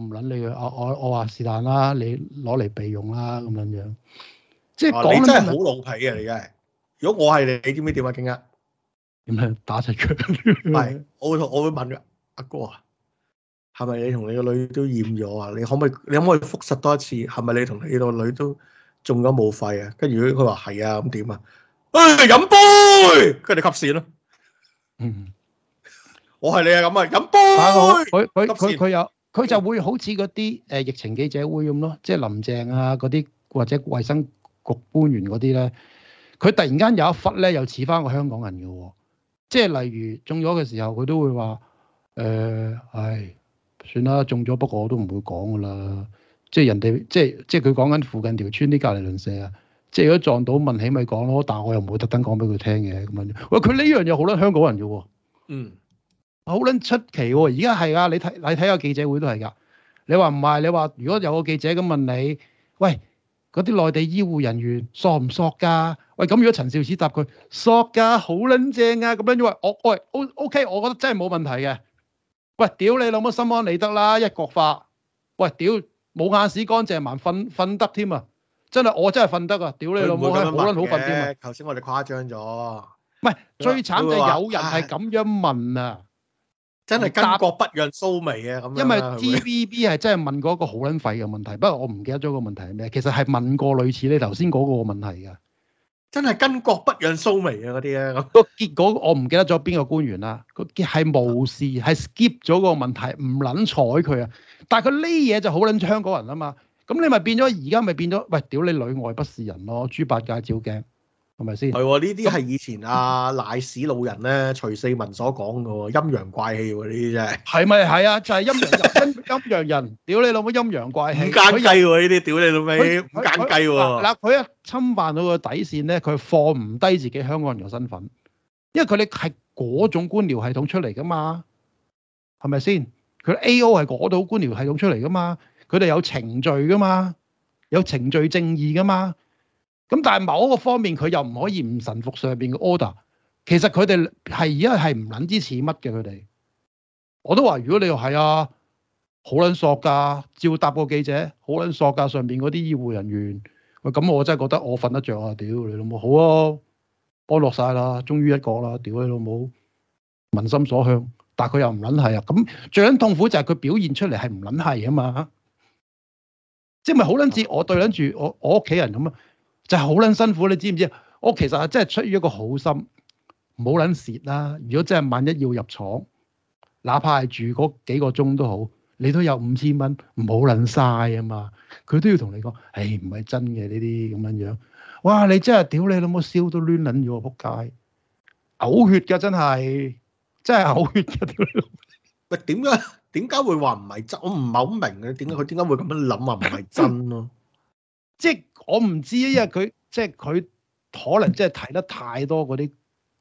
唔撚你。佢，我我我話是但啦，你攞嚟備用啦，咁樣樣。即係講真係好老皮啊！你而家，如果我係你，你知唔知點啊？點啊？點解打實腳？ 係我會我會問嘅阿哥啊，係咪你同你個女都染咗啊？你可唔可以你可唔可以複述多一次？係咪你同你個女都中咗武肺啊？跟住佢話係啊，咁點啊？誒，飲杯，跟住收線。咯嗯，哎、嗯我係你啊，咁啊，飲杯。佢佢佢佢有佢就會好似嗰啲誒疫情記者會咁咯，即係林鄭啊嗰啲或者衛生局官員嗰啲咧，佢突然間有一忽咧又似翻個香港人嘅，哦。即係例如中咗嘅時候，佢都會話：誒、呃，唉，算啦，中咗，不過我都唔會講噶啦。即係人哋，即係即係佢講緊附近條村啲隔離鄰舍啊。即係如果撞到問起，咪講咯。但我又唔會特登講俾佢聽嘅咁樣。喂，佢呢樣嘢好撚香港人嘅喎。嗯，好撚出奇喎！而家係啊，你睇你睇下記者會都係㗎。你話唔係？你話如果有個記者咁問你：喂，嗰啲內地醫護人員索唔索㗎？喂，咁如果陳肇始答佢索㗎，好撚正啊！咁樣因為我，喂 O，O，K，我覺得真係冇問題嘅。喂，屌你老母，心安理得啦，一國法。喂，屌，冇眼屎乾淨埋，瞓瞓得添啊！真係，我真係瞓得啊！屌你老母，好撚好瞓添啊！頭先我哋誇張咗，唔係最慘就有人係咁樣問啊！真係巾幗不讓須眉啊！咁樣，因為 TVB 係真係問過一個好撚廢嘅問題，不過我唔記得咗個問題係咩，其實係問過類似你頭先嗰個問題嘅。真係巾幗不讓鬚眉啊！嗰啲咧，個結果我唔記得咗邊個官員啦。佢係無視，係 skip 咗個問題，唔撚睬佢啊！但係佢呢嘢就好撚香港人啊嘛。咁你咪變咗，而家咪變咗，喂，屌你女外不是人咯，豬八戒照鏡。係咪先？係呢啲係以前阿瀨屎老人咧，徐四民所講嘅喎，陰陽怪氣喎，呢啲真係。係咪？係啊，就係、是、陰陽陰 陰陽人，屌你老母陰陽怪氣。唔間雞喎呢啲，屌你老味，唔間雞喎。嗱，佢一侵犯到個底線咧，佢放唔低自己香港人嘅身份，因為佢哋係嗰種官僚系統出嚟噶嘛，係咪先？佢 A O 係嗰度官僚系統出嚟噶嘛，佢哋有程序噶嘛，有程序正義噶嘛。咁但係某一個方面，佢又唔可以唔臣服上邊嘅 order。其實佢哋係而家係唔撚知似乜嘅佢哋。我都話：如果你又係啊，好撚索㗎，照答個記者，好撚索㗎。上邊嗰啲醫護人員喂，咁我真係覺得我瞓得着啊！屌你老母，好啊，安落晒啦，終於一個啦！屌你老母，民心所向，但係佢又唔撚係啊！咁最撚痛苦就係佢表現出嚟係唔撚係啊嘛，即係咪好撚似我對撚住我我屋企人咁啊？就係好撚辛苦，你知唔知啊？我其實係真係出於一個好心，唔好撚蝕啦。如果真係萬一要入廠，哪怕係住嗰幾個鐘都好，你都有五千蚊，唔好撚晒啊嘛。佢都要同你講，誒唔係真嘅呢啲咁樣樣。哇！你真係屌你老母燒都攣撚咗，仆街，嘔血嘅真係，真係嘔血嘅 喂，點解點解會話唔係真？我唔係好明嘅、啊，點解佢點解會咁樣諗話唔係真咯、啊？ 即我唔知啊，因為佢即係佢可能即係睇得太多嗰啲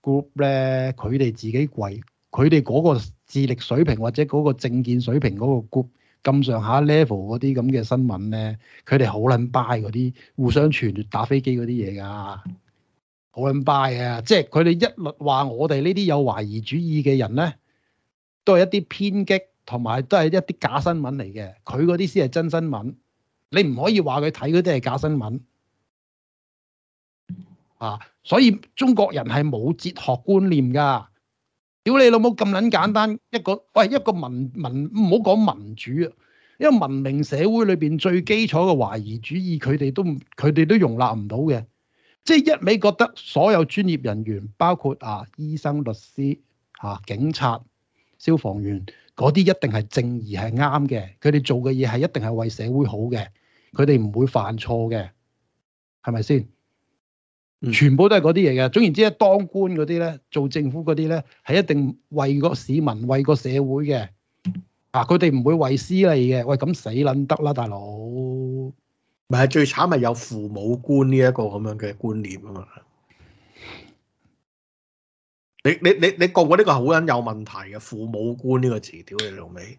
group 咧，佢哋自己貴，佢哋嗰個智力水平或者嗰個政見水平嗰個 group 咁上下 level 嗰啲咁嘅新聞咧，佢哋好撚拜嗰啲互相傳閱打飛機嗰啲嘢㗎，好撚拜 y 啊！即係佢哋一律話我哋呢啲有懷疑主義嘅人咧，都係一啲偏激，同埋都係一啲假新聞嚟嘅。佢嗰啲先係真新聞。你唔可以話佢睇嗰啲係假新聞，啊！所以中國人係冇哲學觀念噶，屌你老母咁捻簡單一個喂一個民民唔好講民主啊，因為文明社會裏邊最基礎嘅懷疑主義佢哋都佢哋都容納唔到嘅，即係一味覺得所有專業人員包括啊醫生、律師、啊警察、消防員嗰啲一定係正義，係啱嘅，佢哋做嘅嘢係一定係為社會好嘅。佢哋唔會犯錯嘅，係咪先？全部都係嗰啲嘢嘅。總言之咧，當官嗰啲咧，做政府嗰啲咧，係一定為個市民、為個社會嘅。嗱、啊，佢哋唔會為私利嘅。喂，咁死撚得啦，大佬！咪係最慘，咪有父母官呢一個咁樣嘅觀念啊嘛！你你你你覺唔覺呢個好撚有問題嘅父母官呢個詞彙，屌你老味？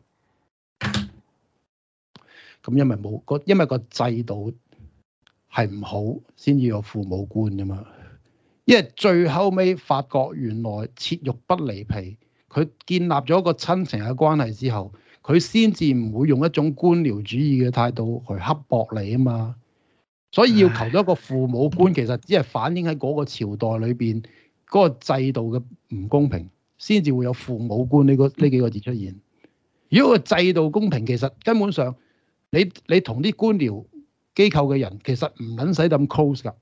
咁因為冇個因為個制度係唔好，先至有父母官噶嘛。因為最後尾發覺原來切肉不離皮，佢建立咗一個親情嘅關係之後，佢先至唔會用一種官僚主義嘅態度去刻薄你啊嘛。所以要求到一個父母官，其實只係反映喺嗰個朝代裏邊嗰個制度嘅唔公平，先至會有父母官呢個呢幾個字出現。如果個制度公平，其實根本上。你你同啲官僚機構嘅人其實唔卵使咁 close 噶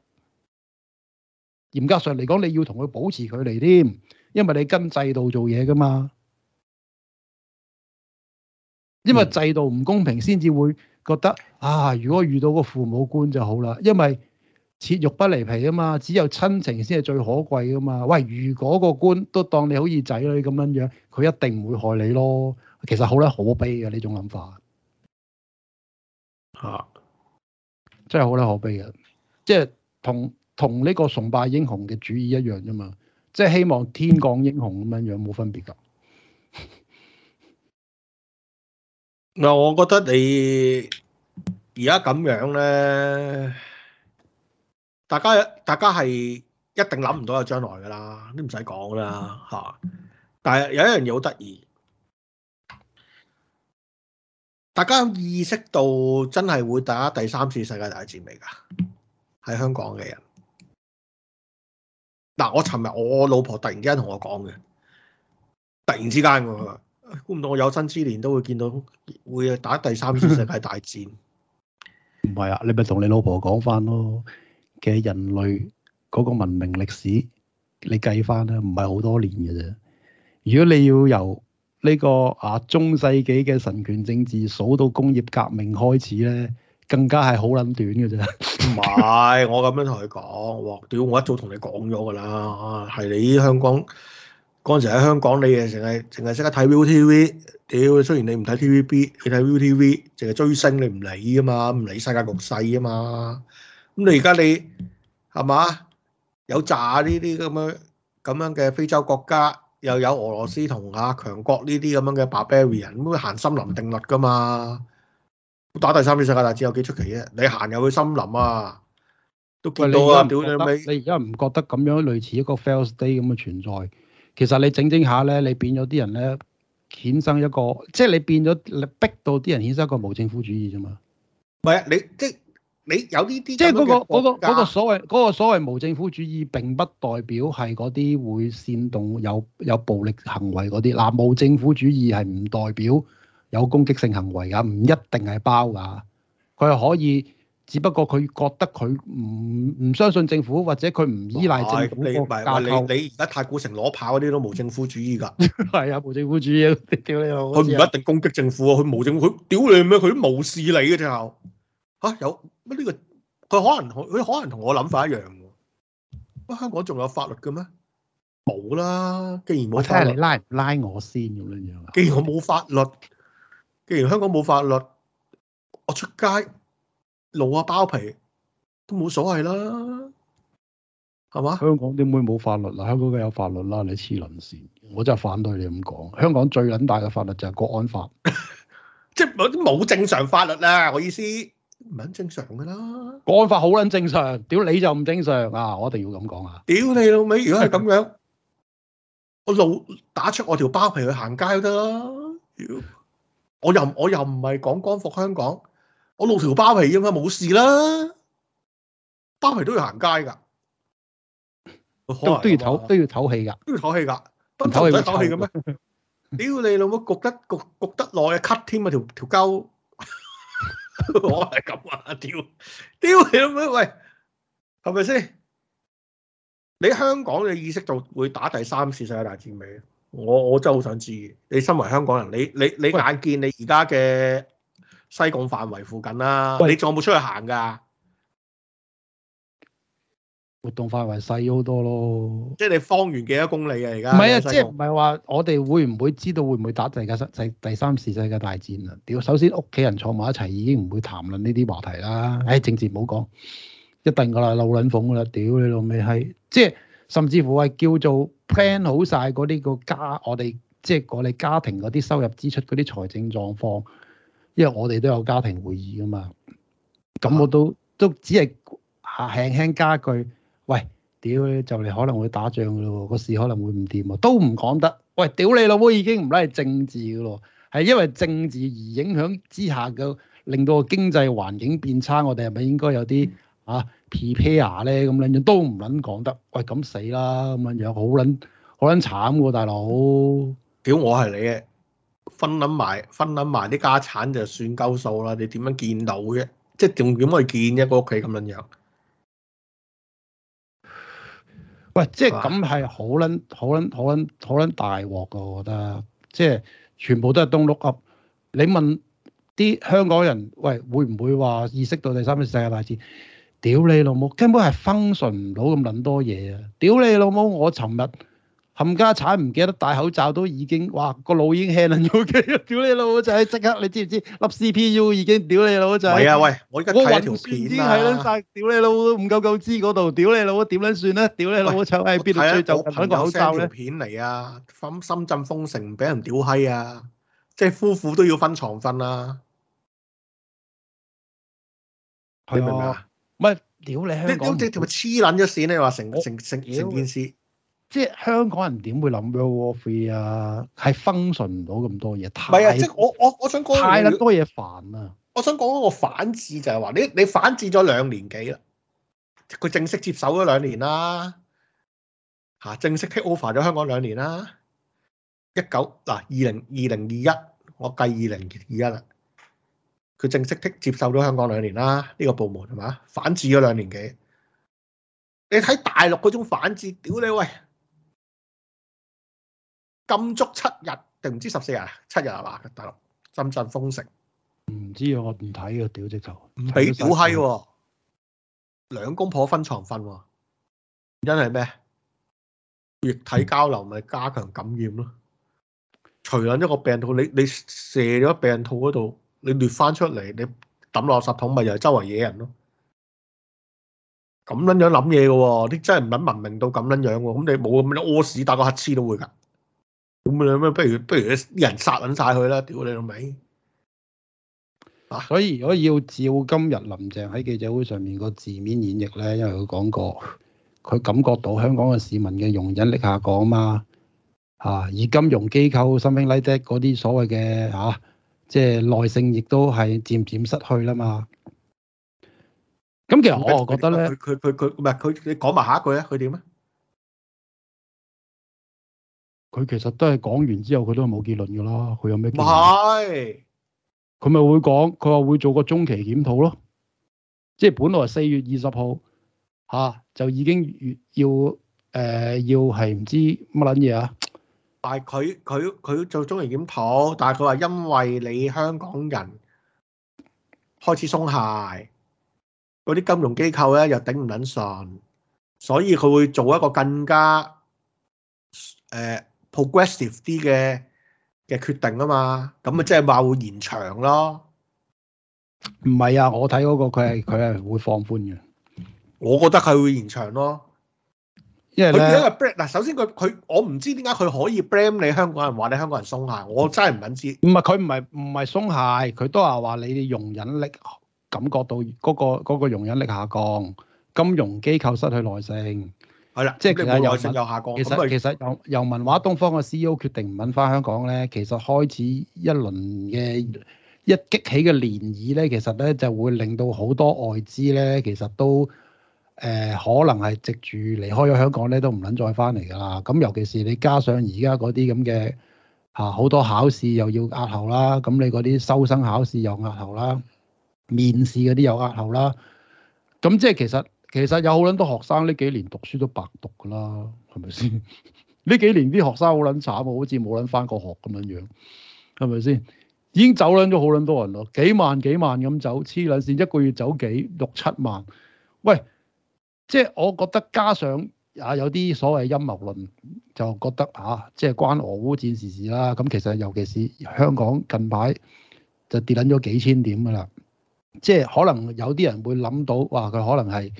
嚴格上嚟講，你要同佢保持距離添，因為你跟制度做嘢噶嘛，因為制度唔公平，先至會覺得啊，如果遇到個父母官就好啦，因為切肉不離皮啊嘛，只有親情先係最可貴噶嘛。喂，如果個官都當你好似仔女咁樣樣，佢一定唔會害你咯。其實好咧，可悲嘅呢種諗法。啊！真係好啦，可悲啊！即係同同呢個崇拜英雄嘅主意一樣啫嘛！即係希望天降英雄咁樣樣，冇分別噶。嗱、 呃，我覺得你而家咁樣咧，大家大家係一定諗唔到有將來噶啦，都唔使講啦吓。但係有一樣嘢好得意。大家意識到真係會打第三次世界大戰未㗎？喺香港嘅人嗱、啊，我尋日我老婆突然之間同我講嘅，突然之間估唔到我有生之年都會見到會打第三次世界大戰。唔係 啊，你咪同你老婆講翻咯。嘅人類嗰個文明歷史，你計翻啦，唔係好多年嘅啫。如果你要由呢個啊中世紀嘅神權政治，數到工業革命開始咧，更加係好捻短嘅啫。唔係，我咁樣同佢講，屌，我一早同你講咗㗎啦，係你香港嗰陣時喺香港你，你誒淨係淨係識得睇 ViuTV，屌，雖然你唔睇 TVB，你睇 ViuTV，淨係追星，你唔理啊嘛，唔理世界局勢啊嘛。咁你而家你係嘛？有炸呢啲咁樣咁樣嘅非洲國家。又有俄羅斯同阿強國呢啲咁樣嘅 barbarian 人，咁會行森林定律噶嘛？打第三次世界大戰有幾出奇啫？你行入去森林啊？都見到啊！屌你咪，你而家唔覺得咁樣類似一個 failed state 咁嘅存在？其實你整整下咧，你變咗啲人咧，衍生一個，即係你變咗，你逼到啲人衍生一個無政府主義啫嘛？唔係啊，你即係。你有呢啲，即係嗰個嗰個嗰個所謂嗰個所謂無政府主義，並不代表係嗰啲會煽動有有暴力行為嗰啲。嗱，無政府主義係唔代表有攻擊性行為㗎，唔一定係包㗎。佢係可以，只不過佢覺得佢唔唔相信政府，或者佢唔依賴政府架構。哎、你而家、哎、太古城攞炮嗰啲都無政府主義㗎，係啊，無政府主義。屌你老！佢唔一定攻擊政府啊，佢無政府，佢屌你咩？佢都無視你嘅啫。吓、啊、有乜呢、這個？佢可能佢可能同我諗法一樣喎、啊。乜、啊、香港仲有法律嘅咩？冇啦！既然我聽你拉拉我先咁樣樣既然我冇法律，既然香港冇法，法律，我出街露下、啊、包皮都冇所謂啦，係嘛？香港點會冇法律嗱？香港梗有法律啦！你黐捻線，我真係反對你咁講。香港最撚大嘅法律就係國安法， 即係啲冇正常法律啦！我意思。唔係很正常嘅啦，講法好撚正常，屌你就唔正常啊！我一定要咁講啊！屌你老味，如果係咁樣， 我露打出我條包皮去行街都得啦。我又我又唔係講光復香港，我露條包皮應該冇事啦。包皮都要行街㗎，都，都要唞的都要唞氣㗎，都要唞氣㗎，唔唞氣，氣要唞氣嘅咩？屌 你老母，焗得焗焗得耐啊，咳添啊，條條狗！ 我係咁啊，屌、啊，屌你老母喂，係咪先？你香港嘅意識就會打第三次世界大戰未？我我真係好想知。你身為香港人，你你你眼見你而家嘅西貢範圍附近啦、啊，你仲有冇出去行噶？活動範圍細好多咯，即係你方圓幾多公里啊而家？唔係啊，啊方即係唔係話我哋會唔會知道會唔會打第個世第三次世界大戰啊？屌，首先屋企人坐埋一齊已經唔會談論呢啲話題啦。誒，政治唔好講，一定噶啦，漏卵風噶啦，屌你老味閪，即係甚至乎係叫做 plan 好晒嗰啲個家，我哋即係我哋家庭嗰啲收入支出嗰啲財政狀況，因為我哋都有家庭會議噶嘛。咁我都都只係輕輕加句。屌你，就嚟可能會打仗噶咯，個市可能會唔掂啊，都唔講得。喂，屌你老母，已經唔係政治噶咯，係因為政治而影響之下嘅，令到個經濟環境變差。我哋係咪應該有啲啊 prepare 咧咁樣樣，都唔撚講得。喂，咁死啦咁樣樣，好撚好撚慘噶，大佬。屌我係你嘅，分撚埋分撚埋啲家產就算夠數啦。你點樣見到嘅？即係點樣去見一個屋企咁樣樣。喂，即係咁係好撚好撚好撚好撚大鑊噶，我覺得，即係全部都係 Don't Look Up。你問啲香港人，喂，會唔會話意識到第三次世界大戰？屌你老母，根本係 function 唔到咁撚多嘢啊！屌你老母，我尋日。冚家鏟唔記得戴口罩都已經，哇個腦已經 heat 撚咗幾日，屌你老母仔！即刻你知唔知粒 CPU 已經屌你老母仔？係啊喂，我而家睇條片啊，係啦，曬屌你老母，唔夠夠知嗰度，屌你老母點樣算咧？屌你老母臭閪，邊度最就緊個口罩咧？片嚟啊，咁深圳封城唔俾人屌閪啊，即係夫婦都要分牀瞓啦。明唔明啊？唔係屌你香港，點點點條黐撚咗線咧？你話成成成成件事。即係香港人點會諗 real warfare 啊？係 function 唔到咁多嘢，係啊！即係我我我想講，太太多嘢煩啦！我想講嗰個反制就係話，你你反制咗兩年幾啦？佢正式接手咗兩年啦，嚇，正式 take over 咗香港兩年啦。一九嗱，二零二零二一，我計二零二一啦。佢正式 take 接手咗香港兩年啦，呢個部門係嘛？反制咗兩年幾？你睇大陸嗰種反制，屌你喂！禁足七日定唔知十四日？七日係嘛？大陸深圳封城，唔知啊！我唔睇啊！屌隻球，俾屌閪喎，兩公婆分床瞓喎、啊，原因係咩？液體交流咪加強感染咯。除緊一個病套，你你射咗病套嗰度，你甩翻出嚟，你抌落垃圾桶咪又係周圍惹人咯。咁撚樣諗嘢嘅喎，你真係唔撚文明到咁撚樣喎。咁你冇咁你屙屎打個乞嗤都會㗎。咁咩？不如不如人殺撚晒佢啦！屌你老味、啊、所以如果要照今日林鄭喺記者會上面個字面演繹咧，因為佢講過，佢感覺到香港嘅市民嘅容忍力下降嘛，吓、啊、以金融機構、新興 leader 嗰啲所謂嘅吓、啊，即係耐性亦都係漸漸失去啦嘛。咁其實喂我又覺得咧，佢佢佢唔係佢，你講埋下一句啊？佢點啊？佢其實都係講完之後，佢都係冇結論㗎啦。佢有咩？唔係，佢咪會講，佢話會做個中期檢討咯。即係本來四月二十號嚇，就已經要誒、呃、要係唔知乜撚嘢啊。但係佢佢佢做中期檢討，但係佢話因為你香港人開始鬆懈，嗰啲金融機構咧又頂唔撚順順，所以佢會做一個更加誒。呃 Progressive 啲嘅嘅決定啊嘛，咁啊即係話會延長咯。唔係啊，我睇嗰個佢係佢係會放寬嘅。我覺得佢會延長咯，因為咧嗱，首先佢佢我唔知點解佢可以 blame 你香港人話你香港人鬆懈，我真係唔想知。唔係佢唔係唔係鬆懈，佢都係話你哋容忍力感覺到嗰個嗰個容忍力下降，金融機構失去耐性。係啦，即係佢有由下降。其實其實由由文華東方嘅 C E O 決定唔揾翻香港咧，其實開始一輪嘅一激起嘅漣漪咧，其實咧就會令到好多外資咧，其實都誒、呃、可能係藉住離開咗香港咧，都唔撚再翻嚟噶啦。咁尤其是你加上而家嗰啲咁嘅嚇好多考試又要押後啦，咁你嗰啲收生考試又押後啦，面試嗰啲又押後啦，咁即係其實。其實有好撚多學生呢幾年讀書都白讀㗎啦，係咪先？呢 幾年啲學生好撚慘喎，好似冇撚翻過學咁樣樣，係咪先？已經走撚咗好撚多人咯，幾萬幾萬咁走，黐撚線一個月走幾六七萬。喂，即係我覺得加上啊，有啲所謂陰謀論，就覺得啊，即係關俄烏戰事事啦。咁其實尤其是香港近排就跌撚咗幾千點㗎啦。即係可能有啲人會諗到，話佢可能係。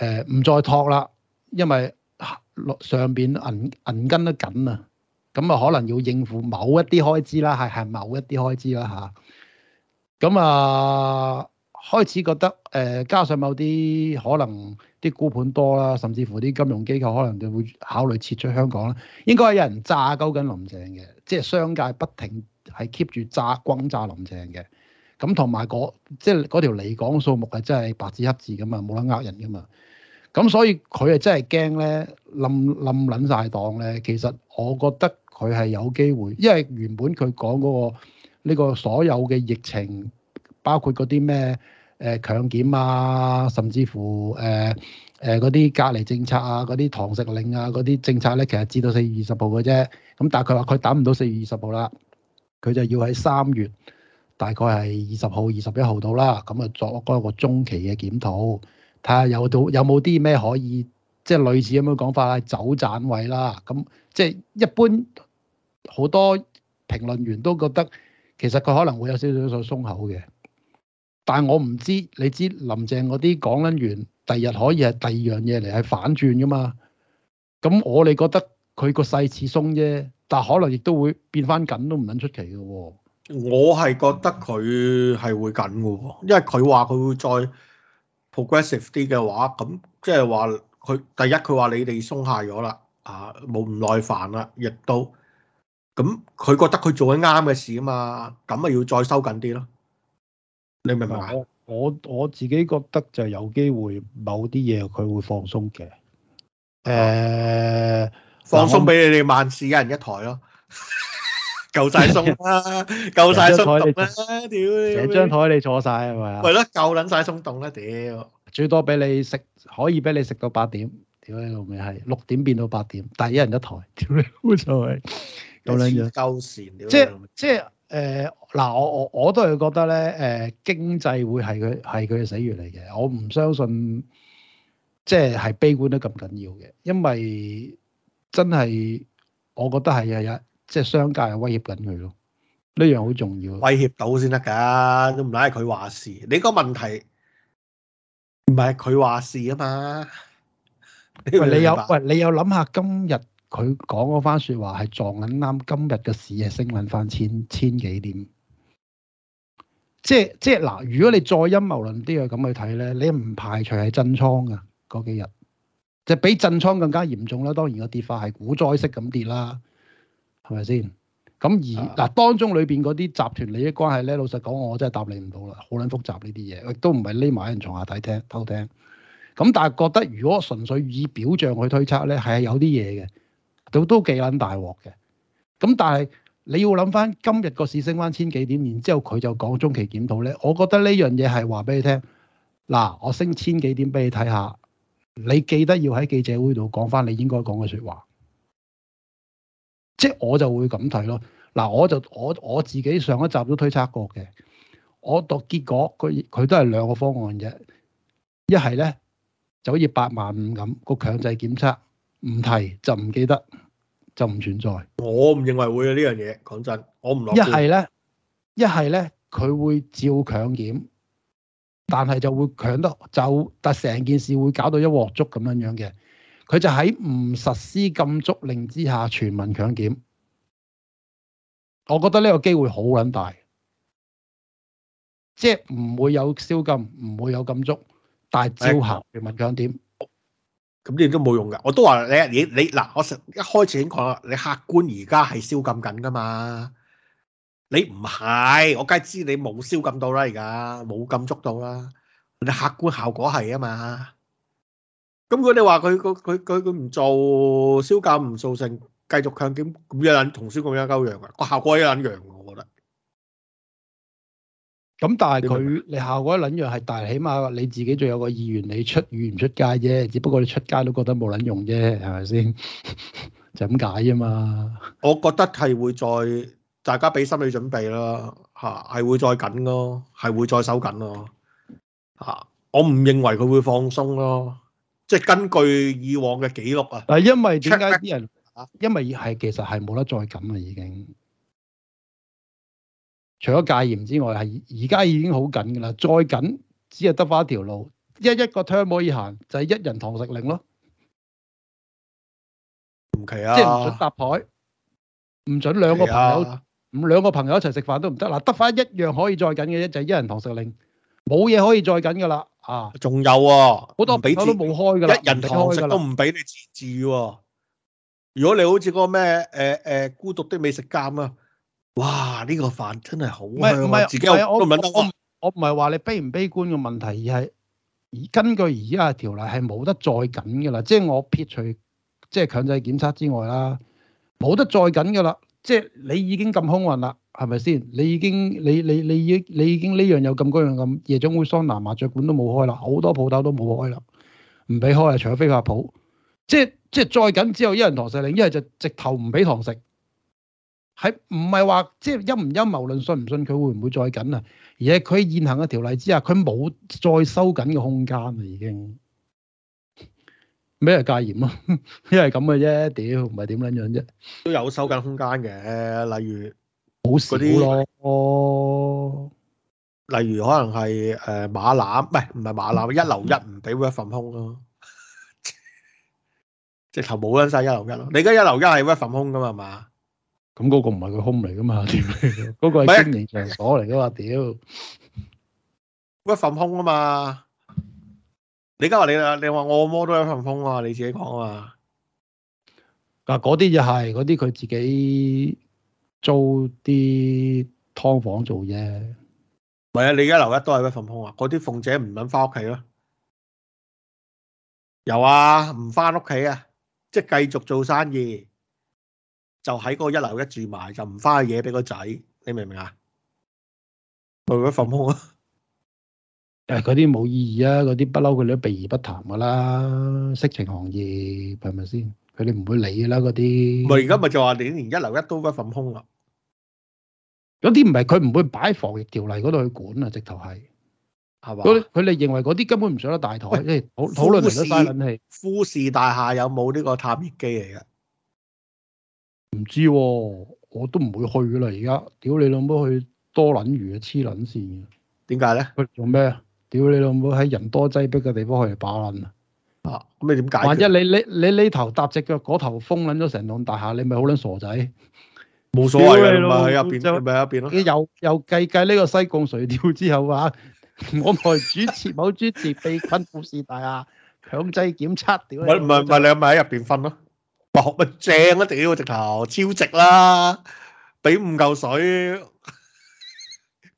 誒唔、呃、再托啦，因為上邊銀銀根得緊啊，咁啊可能要應付某一啲開支啦，係係某一啲開支啦吓，咁啊開始覺得誒、呃，加上某啲可能啲沽盤多啦，甚至乎啲金融機構可能就會考慮撤出香港啦。應該有人炸鳩緊林鄭嘅，即係商界不停係 keep 住炸轟炸林鄭嘅。咁同埋嗰即係嗰條離港數目係真係白紙黑字噶嘛，冇得呃人噶嘛。咁、嗯、所以佢係真係驚咧冧冧撚晒檔咧。其實我覺得佢係有機會，因為原本佢講嗰個呢、呢個所有嘅疫情，包括嗰啲咩誒強檢啊，甚至乎誒誒嗰啲隔離政策啊，嗰啲堂食令啊，嗰啲政策咧，其實至到四月二十號嘅啫。咁但係佢話佢等唔到四月二十號啦，佢就要喺三月大概係二十號、二十一號到啦。咁啊作嗰個中期嘅檢討。睇下有到有冇啲咩可以即係類似咁樣講法啦，走盞位啦，咁即係一般好多評論員都覺得其實佢可能會有少少所鬆口嘅，但我唔知你知林鄭嗰啲講緊完，第二日可以係第二樣嘢嚟係反轉噶嘛？咁我哋覺得佢個勢似鬆啫，但係可能亦都會變翻緊都唔撚出奇嘅喎、哦。我係覺得佢係會緊嘅喎，因為佢話佢會再。Progressive 啲嘅話，咁即係話佢第一佢話你哋鬆懈咗啦，啊冇唔耐煩啦，亦都咁佢覺得佢做緊啱嘅事啊嘛，咁咪要再收緊啲咯。你明唔明？我我我自己覺得就有機會某啲嘢佢會放鬆嘅。誒、啊，呃、放鬆俾你哋萬事一人一台咯。夠晒鬆啦，夠晒鬆動啦，屌你！成張台你坐晒係咪啊？係咯喂，夠捻晒鬆動啦，屌！最多俾你食，可以俾你食到八點，屌你老味係六點變到八點，但係一人一台，屌你冇所謂，夠捻嘢。夠善，即係即係誒，嗱、就是就是呃，我我我都係覺得咧，誒，經濟會係佢係佢嘅死穴嚟嘅，我唔相信即係係悲觀得咁緊要嘅，因為真係我覺得係日日。即係商界係威脅緊佢咯，呢樣好重要。威脅到先得噶，都唔賴佢話事。你個問題唔係佢話事啊嘛？喂，你有喂，你有諗下今日佢講嗰番說話係撞緊啱今日嘅市，係升緊翻千千幾點？即係即係嗱，如果你再陰謀論啲去咁去睇咧，你唔排除係震倉噶嗰幾日，就係比震倉更加嚴重啦。當然個跌法係股災式咁跌啦。係咪先？咁而嗱，當中裏邊嗰啲集團利益關係咧，老實講，我真係答你唔到啦，好撚複雜呢啲嘢，亦都唔係匿埋喺人床下底聽偷聽。咁但係覺得，如果純粹以表象去推測咧，係有啲嘢嘅，都都幾撚大鑊嘅。咁但係你要諗翻今日個市升翻千幾點，然之後佢就講中期檢討咧，我覺得呢樣嘢係話俾你聽。嗱，我升千幾點俾你睇下，你記得要喺記者會度講翻你應該講嘅說話。即係我就會咁睇咯。嗱，我就我我自己上一集都推測過嘅。我讀結果佢佢都係兩個方案嘅。一係咧就好似八萬五咁，個強制檢測唔提就唔記得就唔存在。我唔認為會有呢樣嘢。講真，我唔樂觀。一係咧，一係咧，佢會照強檢，但係就會強得就但成件事會搞到一鑊粥咁樣樣嘅。佢就喺唔實施禁足令之下，全民強檢。我覺得呢個機會好撚大，即係唔會有宵禁，唔會有禁足，但係招行全民強檢，咁呢、哎、都冇用㗎。我都話你，你嗱，我一開始已經講啦，你客觀而家係宵禁緊㗎嘛？你唔係，我梗係知你冇宵禁到啦，而家冇禁足到啦。你客觀效果係啊嘛。咁如果你話佢佢佢佢佢唔做消減唔數成，繼續強檢，咁有人同孫國英鳩樣嘅，個效果一捻樣我覺得。咁但係佢，是是你效果一捻樣係，但係起碼你自己仲有個意願，你出唔出街啫，只不過你出街都覺得冇捻用啫，係咪先？ 就咁解啫嘛。我覺得係會再大家俾心理準備咯，嚇係會再緊咯、啊，係會再收緊咯、啊，嚇、啊啊、我唔認為佢會放鬆咯、啊。即係根據以往嘅記錄啊！嗱，因為點解啲人啊？因為係其實係冇得再緊啦，已經。除咗戒嚴之外，係而家已經好緊㗎啦。再緊只係得翻一條路，一一個 turn 可以行就係、是、一人堂食令咯。唔奇啊！即係唔準搭台，唔準兩個朋友唔、啊、兩個朋友一齊食飯都唔得。嗱，得翻一樣可以再緊嘅，就係、是、一人堂食令。冇嘢可以再緊嘅啦，啊，仲有喎、啊，好多都俾，都冇開嘅，一人哋堂食都唔俾你自住喎。如果你好似嗰個咩誒誒孤獨的美食家咁啊，哇！呢、這個飯真係好味啊，是自己是我唔係話你悲唔悲觀嘅問題，而係而根據而家嘅條例係冇得再緊嘅啦。即、就、係、是、我撇除即係、就是、強制檢測之外啦，冇得再緊嘅啦。即、就、係、是、你已經咁空運啦。係咪先？你已經你你你已你已經呢樣有咁嗰樣咁，夜總會、桑拿、麻雀館都冇開啦，好多鋪頭都冇開啦，唔俾開啊，除咗飛髮鋪，即即再緊之後一人堂食令，一係就直頭唔俾堂食。喺唔係話即陰唔陰謀論信唔信佢會唔會再緊啊？而且佢現行嘅條例之下，佢冇再收緊嘅空間啦，已經咩係戒嚴咯，啊？因係咁嘅啫，屌唔係點撚樣啫？都有收緊空間嘅，例如。好嗰啲咯，例如可能係誒馬籃，唔係唔係馬籃，一樓一唔俾一份空咯，直頭冇捻晒一樓一咯。你而家一樓一係一份空噶嘛？係嘛，咁嗰個唔係佢空嚟噶嘛？點？嗰個係經營場所嚟噶嘛？屌，一份空啊嘛！你而家話你你話按摩都一份空啊？你自己講啊嘛？嗱，嗰啲就係嗰啲佢自己。租啲劏房做嘢，係啊！你一樓一都係一份空啊！嗰啲鳳姐唔肯翻屋企咯，有啊，唔翻屋企啊，即係繼續做生意，就喺嗰一樓一住埋，就唔翻嘢俾個仔，你明唔明啊？係咪一份空啊！誒，嗰啲冇意義啊！嗰啲不嬲，佢哋都避而不談噶啦，色情行業係咪先？是佢哋唔會理噶啦，嗰啲。唔係而家咪就話你連一樓一都一份空啊！有啲唔係佢唔會擺喺防疫條例嗰度去管啊，直頭係，係嘛？佢哋吧認為嗰啲根本唔上得大台，即係討討論嚟得翻卵氣。富士大廈有冇呢個探熱機嚟噶？唔知，啊，我都唔會去噶啦。而家屌你老母去多撚魚嘅黐撚線！點解咧？做咩？屌你老母喺人多擠逼嘅地方去把撚啊！啊！咁你點解？或者你呢？你呢頭搭隻腳，嗰頭封捻咗成棟大廈，你咪好捻傻仔？冇所謂咯，咪喺入邊咯，咪喺入邊咯。又又計計呢個西貢垂釣之後啊，我台主持冇主持被困富士大廈強制檢測，屌就！唔係唔係唔係，你咪喺入邊瞓咯，博咪正啊！屌直頭超值啦，俾五嚿水。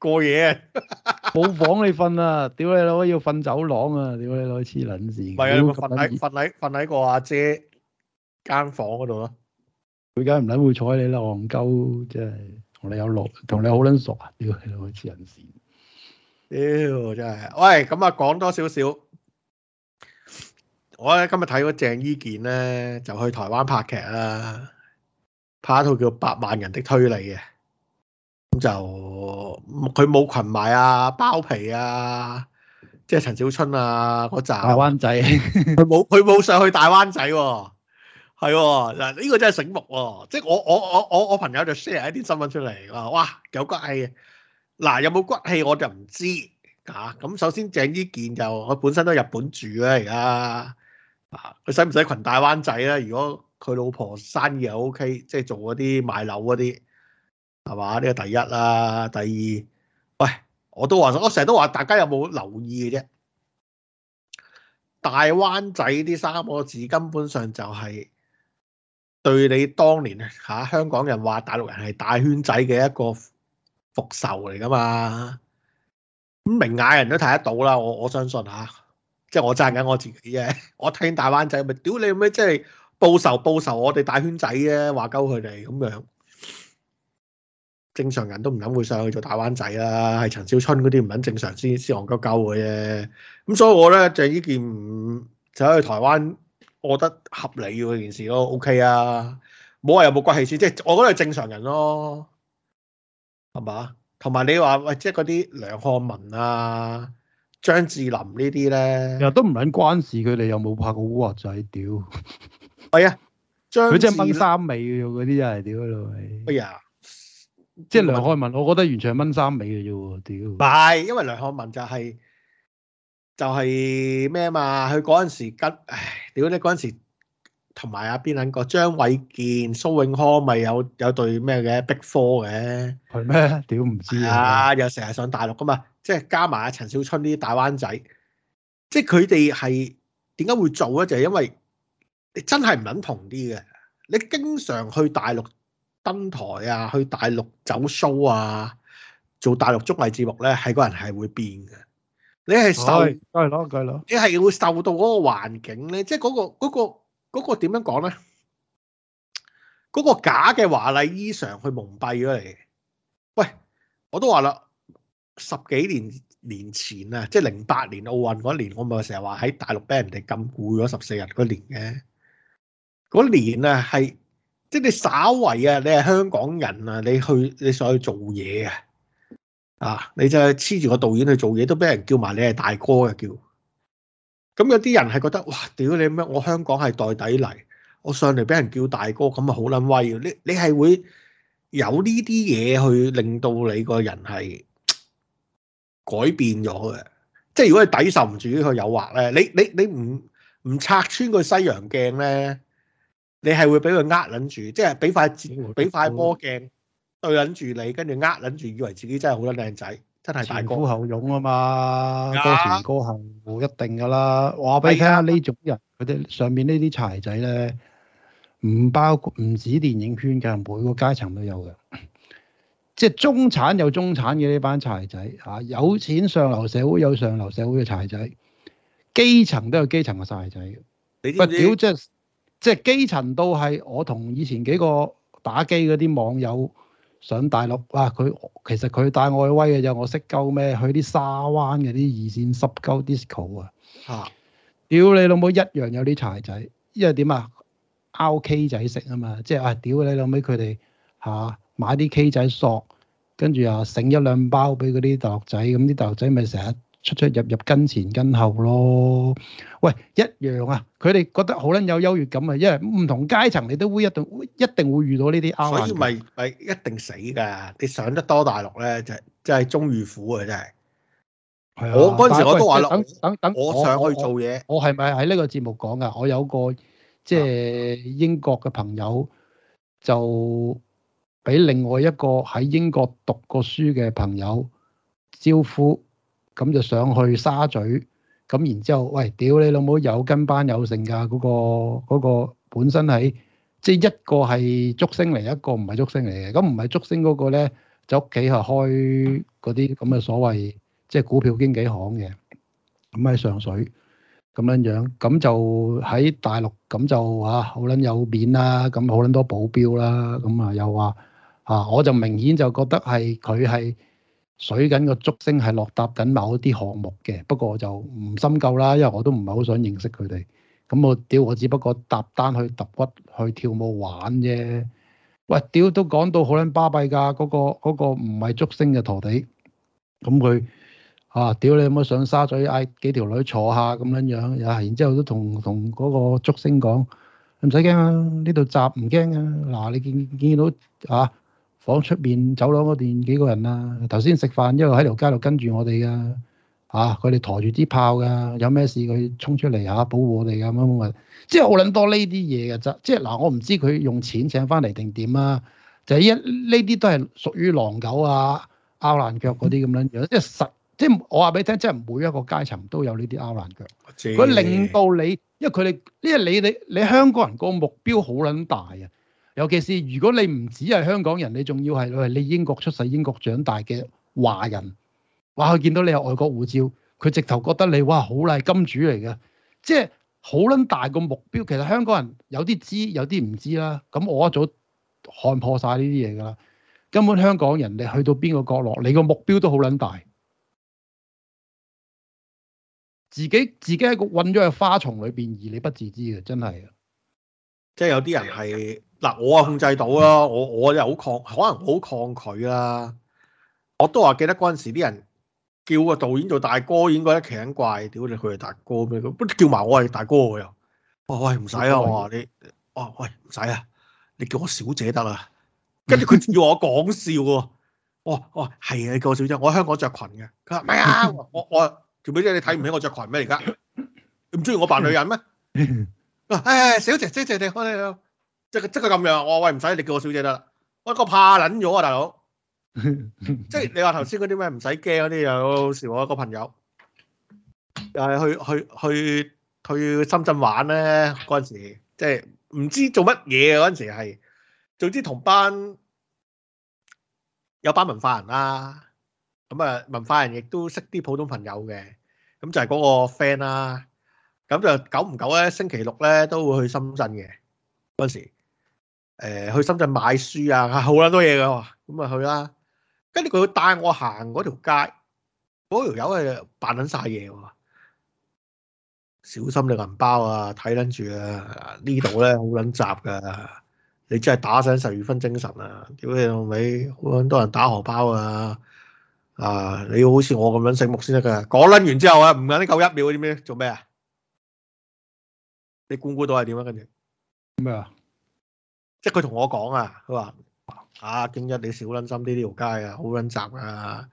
過夜冇、啊、 房你瞓啊！屌你老，要瞓走廊啊！屌你老，黐撚線！唔係啊，瞓喺瞓喺瞓喺個阿姐間房嗰度咯。佢梗唔撚會坐喺你咯，戇鳩即係同你有落同、啊、你好撚熟啊！屌你老，黐撚線！屌真係，喂咁啊，講多少少。我咧今日睇到鄭伊健咧就去台灣拍劇啦，拍一套叫《百萬人的推理》嘅。咁就佢冇群埋啊，包皮啊，即係陳小春啊嗰扎大灣灣仔， 佢冇佢冇上去大灣仔喎、哦，係嗱呢個真係醒目喎、哦，即係我我我我我朋友就 share 一啲新聞出嚟話，哇有骨氣嘅，嗱有冇骨氣我就唔知吓。咁、啊、首先鄭伊健就佢本身都喺日本住啦，而家啊佢使唔使群大灣仔咧？如果佢老婆生意又 OK，即係做嗰啲賣樓嗰啲。係嘛？呢個第一啦，第二喂，我都話，我成日都話，大家有冇留意嘅啫？大灣仔呢三個字根本上就係對你當年吓、啊、香港人話大陸人係大圈仔嘅一個復仇嚟噶嘛？咁明眼人都睇得到啦，我我相信吓、啊，即係我讚緊我自己啫。我聽大灣仔咪屌你咩？即係報仇報仇，我哋大圈仔啊，話鳩佢哋咁樣。正常人都唔撚會上去做大灣仔啦，係陳小春嗰啲唔撚正常先先戇鳩鳩嘅啫。咁所以我咧、嗯、就呢件就喺去台灣、OK 啊，我覺得合理喎，件事都 OK 啊。冇話有冇關係先，即係我覺得係正常人咯，係嘛？同埋你話喂，即係嗰啲梁漢文啊、張智霖呢啲咧，又都唔撚關事，佢哋又冇拍過古惑仔，屌！係 啊， 張佢真係掹三尾嘅嗰啲又係屌咯，哎呀～即係梁漢文，我覺得完全係蚊三尾嘅啫喎，屌！唔係，因為梁漢文就係就係咩嘛？佢嗰陣時跟，唉，屌你嗰陣時，同埋阿邊撚個張衛健、蘇永康咪有有對咩嘅逼科嘅？係咩？屌唔知啊！又成日上大陸噶嘛？即係加埋阿陳小春呢啲大灣仔，即係佢哋係點解會做咧？就係因為你真係唔撚同啲嘅，你經常去大陸。登台啊，去大陸走 show 啊，做大陸綜藝節目咧，係個人係會變嘅。你係受，攰攞攰攞，你係會受到嗰個環境咧，即係嗰個嗰個嗰個點樣講咧？嗰個假嘅華麗衣裳去蒙蔽咗你。喂，我都話啦，十幾年年前啊，即係零八年奧運嗰年，我咪成日話喺大陸俾人哋禁錮咗十四日嗰年嘅，嗰年啊係。即係你稍為啊，你係香港人啊，你去你上去做嘢啊，啊，你就係黐住個導演去做嘢，都俾人叫埋你係大哥嘅、啊、叫。咁有啲人係覺得哇，屌你咩？我香港係代底嚟，我上嚟俾人叫大哥，咁啊好撚威啊。你你係會有呢啲嘢去令到你個人係改變咗嘅。即係如果係抵受唔住呢個誘惑咧，你你你唔唔拆穿個西洋鏡咧？你係會俾佢呃撚住，即係俾塊紙，俾塊玻璃鏡對撚住你，跟住呃撚住，以為自己真係好多靚仔，真係前呼後擁啊嘛，高前高後唔一定噶啦。話俾你聽下呢種人，佢啲上面呢啲柴仔咧，唔包括唔止電影圈嘅，每個階層都有嘅。即係中產有中產嘅呢班柴仔，嚇、有錢上流社會有上流社會嘅柴仔，基層都有基層嘅柴仔嘅。你知唔知？即係基層都係我同以前幾個打機嗰啲網友上大陸，哇！佢其實佢帶我去威嘅啫，我識鳩咩？去啲沙灣嘅啲二線濕鳩 disco 啊！嚇、啊！屌你老母一樣有啲柴仔，因為點啊？拗 K 仔食啊嘛！即係啊！屌你老味，佢哋嚇買啲 K 仔索，跟住又醒一兩包俾嗰啲大陸仔，咁、嗯、啲大陸仔咪成日。出出入入跟前跟後咯，喂，一樣啊！佢哋覺得好撚有優越感啊，因為唔同階層你都會一定一定會遇到呢啲啱嘅，所以咪係一定死噶！你上得多大陸咧，就係就係中遇苦啊！真係，我嗰陣時我都話，等等等，我上去做嘢。我係咪喺呢個節目講噶？我有個即係英國嘅朋友，就俾另外一個喺英國讀過書嘅朋友招呼。咁就上去沙咀，咁然之後，喂，屌你老母，有跟班有剩噶，嗰個，嗰個本身喺，即係一個係竹星嚟，一個唔係竹星嚟嘅，咁唔係竹星嗰個咧，就屋企係開嗰啲咁嘅所謂，即係股票經紀行嘅，咁喺上水，咁樣樣，咁就喺大陸，咁就啊，好捻有面啦，咁好捻多保鏢啦，咁啊又話，啊，我就明顯就覺得係佢係。水緊個竹星係落搭緊某一啲項目嘅，不過我就唔深究啦，因為我都唔係好想認識佢哋。咁我屌我只不過搭單去揼骨去跳舞玩啫。喂，屌都講到好撚巴閉㗎，嗰個嗰個唔係竹星嘅陀地，咁佢啊屌你有冇上沙咀嗌幾條女坐下咁樣樣啊？然之後都同同嗰個竹星講，唔使驚啊，呢度閘唔驚啊。嗱你見見，見到啊？房出面走廊嗰邊幾個人啊？頭先食飯，一路喺條街度跟住我哋噶嚇，佢、啊、哋抬住啲炮噶，有咩事佢衝出嚟嚇、啊、保護我哋噶咁樣，即係好撚多呢啲嘢嘅啫。即係嗱，我唔知佢用錢請翻嚟定點啊？就係呢啲都係屬於狼狗啊、拗爛腳嗰啲咁樣即係實，即係我話俾你聽，即係每一個階層都有呢啲拗爛腳。佢令到你，因為佢哋，因為你哋，你香港人個目標好撚大啊！尤其是如果你唔止係香港人，你仲要係你英國出世、英國長大嘅華人，哇，佢見到你係外國護照，佢直頭覺得你哇好啦，金主嚟嘅，即係好撚大個目標。其實香港人有啲知，有啲唔知啦。咁我一早看破晒呢啲嘢㗎啦。根本香港人你去到邊個角落，你個目標都好撚大，自己自己喺個混咗嘅花叢裏邊而你不自知嘅，真係。即係有啲人係。嗱，lire, 我啊控制到咯，我我又好抗，可能好抗拒啦、啊。我都話記得嗰陣時啲人叫個導演做大哥，已經覺得奇撚怪，屌你佢係大哥咩，喔？不叫埋我係大哥喎又。哦、欸、喂，唔使啊！我話你，哦喂，唔使啊！你叫我小姐得啦。跟住佢仲要我講笑喎。哦、喔、哦，係啊，欸、你叫我小姐，我喺香港着裙嘅。佢話唔係啊，我我最屘即係你睇唔起我着裙咩？而家你唔中意我扮女人咩？誒、欸，小姐，小姐，小姐、哎、小姐你好即係即係咁樣，我、哦、喂，唔使你叫我小姐得啦、哎。我個怕撚咗啊，大佬！即係 你話頭先嗰啲咩唔使驚嗰啲，有時我一個朋友又係去去去去深圳玩咧嗰陣時，即係唔知做乜嘢嗰陣時係，總之同班有班文化人啦、啊，咁啊文化人亦都識啲普通朋友嘅，咁就係嗰個 friend 啦、啊。咁就久唔久咧，星期六咧都會去深圳嘅嗰陣時。誒去深圳買書啊，好撚多嘢㗎，咁咪去啦。跟住佢帶我行嗰條街，嗰條友係扮撚晒嘢喎，小心你銀包啊，睇撚住啊。呢度咧好撚雜㗎，你真係打醒十二分精神啊！屌你老味，好撚多人打荷包啊！啊，你要好似我咁樣醒目先得㗎。講撚完之後啊，唔撚夠一秒點咩？做咩啊？你估估到係點啊？跟住咩啊？即係佢同我講啊，佢話啊，經一你少捻心啲呢條街啊，好捻雜啊，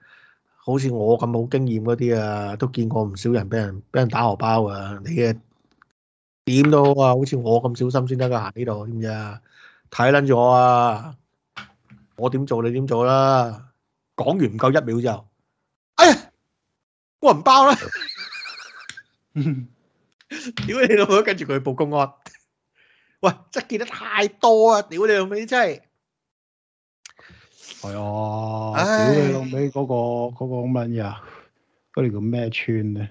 好似我咁冇經驗嗰啲啊，都見過唔少人俾人俾人打荷包啊。你嘅點都好啊，好似我咁小心先得噶行呢度，知唔知啊？睇捻住我啊，我點做你點做啦？講完唔夠一秒就，哎呀，我唔包啦。屌你老母，跟住佢去報公安。喂，真係見得太多啊！屌你老味、哎哎，真係係啊！屌你老味，嗰、那個嗰、那個乜嘢啊？嗰條叫咩村咧？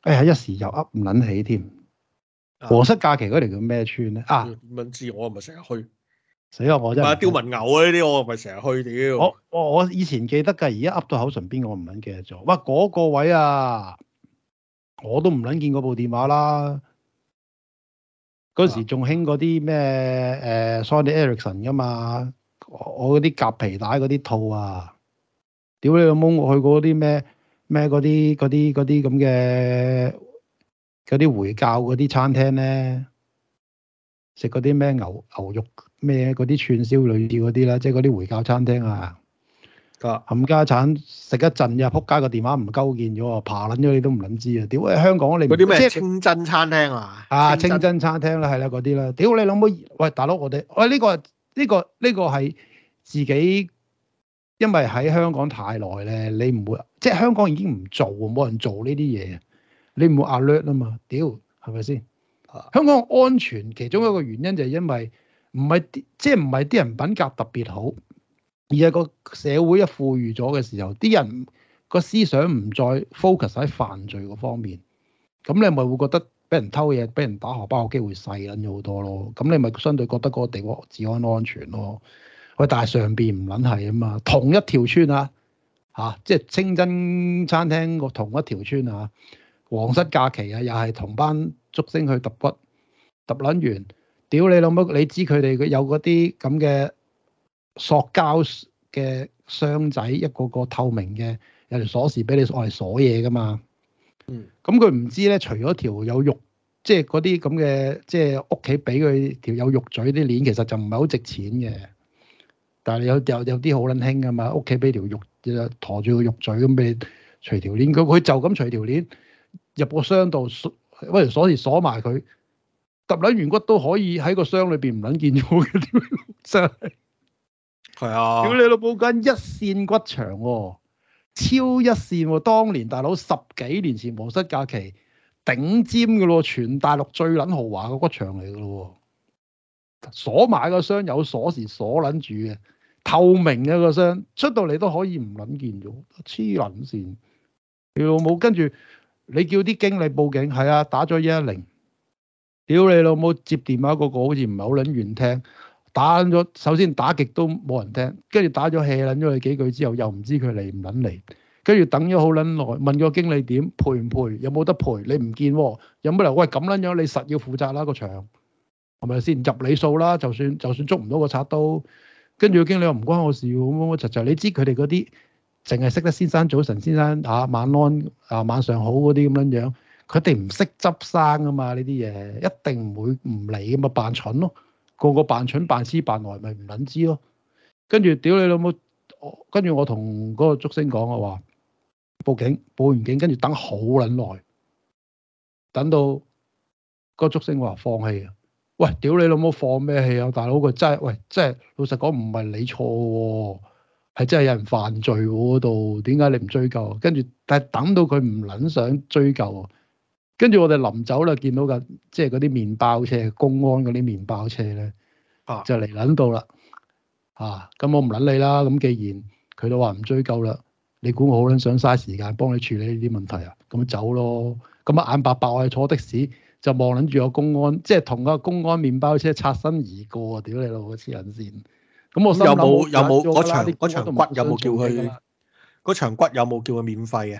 哎呀，一時又 up 唔撚起添。皇室假期嗰條叫咩村咧？知我啊，點知？我咪成日去，死啦！我真係丟、啊、文牛啊！呢啲我咪成日去屌。我我，我以前記得噶，而家 up 到口唇邊，我唔撚記得咗。喂，嗰、那個位啊，我都唔撚見嗰部電話啦。嗰陣時仲興嗰啲咩？誒 Sony Ericsson 㗎嘛？我嗰啲夾皮帶嗰啲套啊！屌你個閪，我去過啲咩咩嗰啲嗰啲嗰啲咁嘅嗰啲回教嗰啲餐廳咧，食嗰啲咩牛牛肉咩嗰啲串燒類似嗰啲啦，即係嗰啲回教餐廳啊！冚家鏟食一陣又撲街個電話唔鳩見咗，爬撚咗你都唔撚知啊！屌喂，香港你唔即係清真餐廳啊啊，清真，清真餐廳啦，係啦，嗰啲啦，屌你老母！喂，大佬，我哋喂呢、這個呢、這個呢、這個係自己，因為喺香港太耐咧，你唔會即係香港已經唔做，冇人做呢啲嘢，你唔會 alert 啊嘛？屌係咪先？的香港安全其中一個原因就係因為唔係即係唔係啲人品格特別好。而係個社會一富裕咗嘅時候，啲人個思想唔再 focus 喺犯罪個方面，咁你咪會覺得俾人偷嘢、俾人打荷包嘅機會細撚咗好多咯。咁你咪相對覺得嗰個地方治安安全咯。喂，但係上邊唔撚係啊嘛，同一條村啊，吓、啊，即係清真餐廳個同一條村啊，皇室假期啊，又係同班竹星去揼骨，揼撚完，屌你老母，你知佢哋有嗰啲咁嘅。塑膠嘅箱仔，一個個透明嘅，有條鎖匙俾你，我係鎖嘢噶嘛。嗯，咁佢唔知咧，除咗條有肉，即係嗰啲咁嘅，即係屋企俾佢條有肉嘴啲鏈，其實就唔係好值錢嘅。但係有有有啲好撚輕噶嘛，屋企俾條肉，就陀住個肉嘴咁俾你，除條鏈佢佢就咁除條鏈入個箱度，攞條鎖匙鎖埋佢，揼撚完骨都可以喺個箱裏邊唔撚見咗嘅箱。係啊！屌你老母，緊一線骨牆喎，哦，超一線喎！當年大佬十幾年前模薪假期頂尖嘅咯，全大陸最撚豪華嘅骨牆嚟嘅咯，鎖埋個箱有鎖匙鎖撚住嘅，透明嘅個箱出到嚟都可以唔撚見咗，黐撚線！屌老母，跟住你叫啲經理報警，係啊，打咗一一零，屌你老母接電話嗰個好似唔係好撚願聽。打咗首先打極都冇人聽，跟住打咗 h e 撚咗佢幾句之後，又唔知佢嚟唔撚嚟，跟住等咗好撚耐，問個經理點賠唔賠，有冇得賠？你唔見喎，有乜由喂咁撚樣，你實要負責啦、那個場，係咪先入你數啦？就算就算捉唔到個擦刀，跟住個經理又唔關我事，咁我就就你知佢哋嗰啲淨係識得先生早晨，先生啊晚安啊晚上好嗰啲咁樣樣，佢哋唔識執生啊嘛呢啲嘢，一定唔會唔理咁嘛，扮蠢咯～個個扮蠢扮黐扮呆，咪唔撚知咯。跟住屌你老母！跟住我同嗰個竹升講，我話報警，報完警，跟住等好撚耐，等到嗰個竹升話放棄。喂，屌你老母放咩氣啊！大佬佢真係，喂，真係老實講唔係你錯喎、啊，係真係有人犯罪嗰度、啊，點解你唔追究？跟住，但係等到佢唔撚想追究、啊。跟住我哋臨走咧，見到嘅即係嗰啲麪包車、公安嗰啲麪包車咧，就嚟撚到啦！啊，咁、啊、我唔撚你啦。咁既然佢都話唔追究啦，你估我好撚想嘥時間幫你處理呢啲問題啊？咁走咯。咁啊眼白白，我係坐的士就望撚住個公安，即係同個公安麪包車擦身而過啊！屌你老母黐撚線！咁我有冇有冇嗰場骨有冇叫佢嗰場骨有冇叫佢免費嘅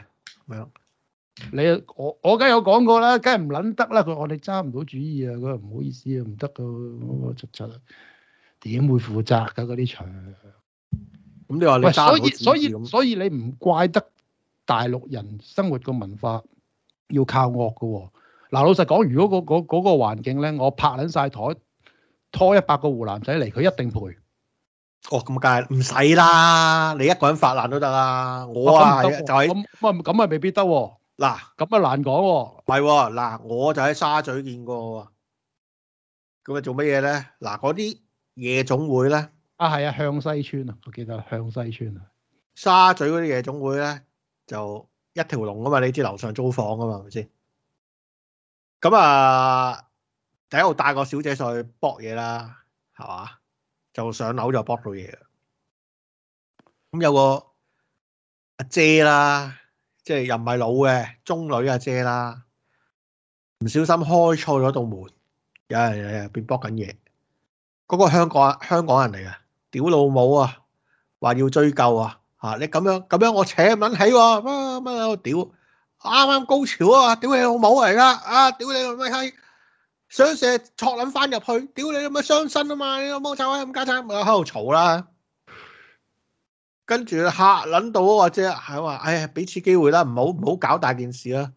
咁樣？ 你我我梗係有講過啦，梗係唔捻得啦。佢我哋揸唔到主意啊！佢話唔好意思族族啊，唔得個我個出錯，點會負責噶嗰啲場？咁你話你揸唔到主意？所以所以所以你唔怪得大陸人生活個文化要靠惡噶。嗱，老實講，如果嗰嗰嗰個環境咧，我拍捻晒台拖一百個湖南仔嚟，佢一定賠。哦，咁梗係唔使啦，你一個人發爛都得啦。我啊，哦、就咁咁啊，未必得。嗱，咁啊難講喎、哦，唔係，嗱，我就喺沙咀見過，咁啊做乜嘢咧？嗱，嗰啲夜總會咧，啊係啊，向西村啊，我記得向西村啊，沙咀嗰啲夜總會咧就一條龍啊嘛，你知樓上租房啊嘛，係咪先？咁啊，第一度帶個小姐上去搏嘢啦，係嘛，就上樓就搏到嘢啦，咁有個阿姐啦。即係又唔係老嘅中女阿姐啦，唔小心開錯咗道門，有人喺入邊剝緊嘢。嗰個香港香港人嚟噶，屌老母啊，話要追究啊，吓、啊、你咁樣咁樣我扯唔捻起喎，乜乜啊屌，啱啱高潮啊，屌你老母嚟啦，啊屌你老咪閪，想射錯捻翻入去，屌你咪傷身啊嘛，你冇臭閪冚家鏟咪喺度嘈啦。跟住客諗到，啊，或者係話，哎俾次機會啦，唔好唔好搞大件事啦。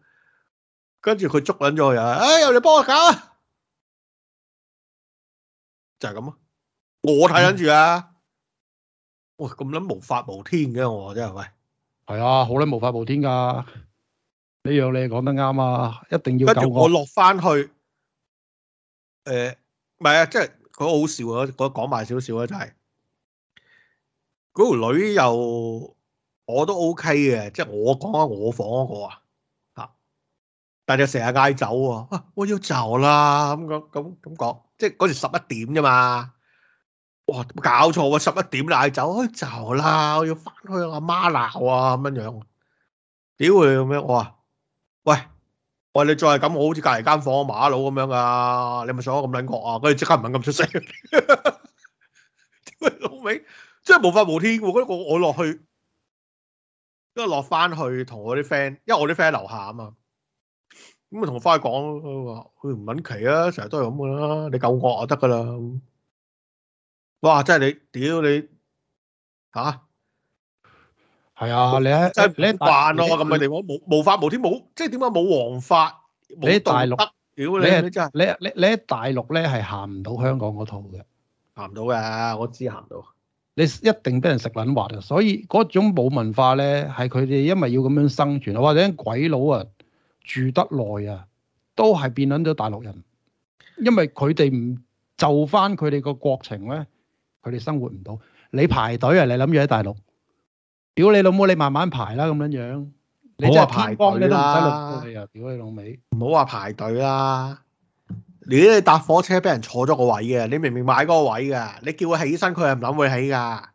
跟住佢捉撚咗佢又，哎，又嚟幫我搞，啊，就係咁咯。我睇撚住啊，哇、嗯，咁撚無法無天嘅我、啊、真係喂，係啊，好撚，無法無天噶，呢樣你講得啱啊，一定要。跟住我落翻去，誒、呃，唔係啊，即係佢好笑啊，講講埋少少啊，就係、是。嗰條女又我都 OK 嘅，即係我講下我房嗰個啊，嚇！但係成日嗌走啊，我要走啦咁講咁咁講，即係嗰時十一點啫嘛，哇！搞錯喎，十一點嗌走，走啦，我要翻去阿媽鬧啊咁樣樣，屌佢咁樣，我話喂，我話你再係咁，我好似隔離間房馬佬咁樣啊！你咪想我咁撚惡啊？跟住即刻唔肯咁出聲，屌 你老味！即係無法無天喎！我我我落去，去跟住落翻去同我啲 friend，因為我啲 friend 喺樓下啊嘛，咁啊同我翻去講，佢話佢唔揾奇啊，成日都係咁噶啦，你夠惡啊得噶啦！哇！真係你屌你吓？係啊！你真慣啊你喺大陸咁嘅地方，無在無法無天，冇即係點解冇王法？你喺大陸屌你，在你真係你你你喺大陸咧係行唔到香港嗰套嘅，行唔到嘅，我知行唔到。你一定俾人食卵滑啊！所以嗰種冇文化咧，係佢哋因為要咁樣生存，或者鬼佬啊住得耐啊，都係變咗大陸人。因為佢哋唔就翻佢哋個國情咧，佢哋生活唔到。你排隊啊！你諗住喺大陸，屌你老母！你慢慢排啦咁、啊、樣、啊、樣。你真係排隊啦、啊！屌你老味，唔好話排隊啦、啊！如果你搭火車俾人坐咗個位嘅，你明明買嗰個位噶，你叫佢起身，佢係唔諗會起噶。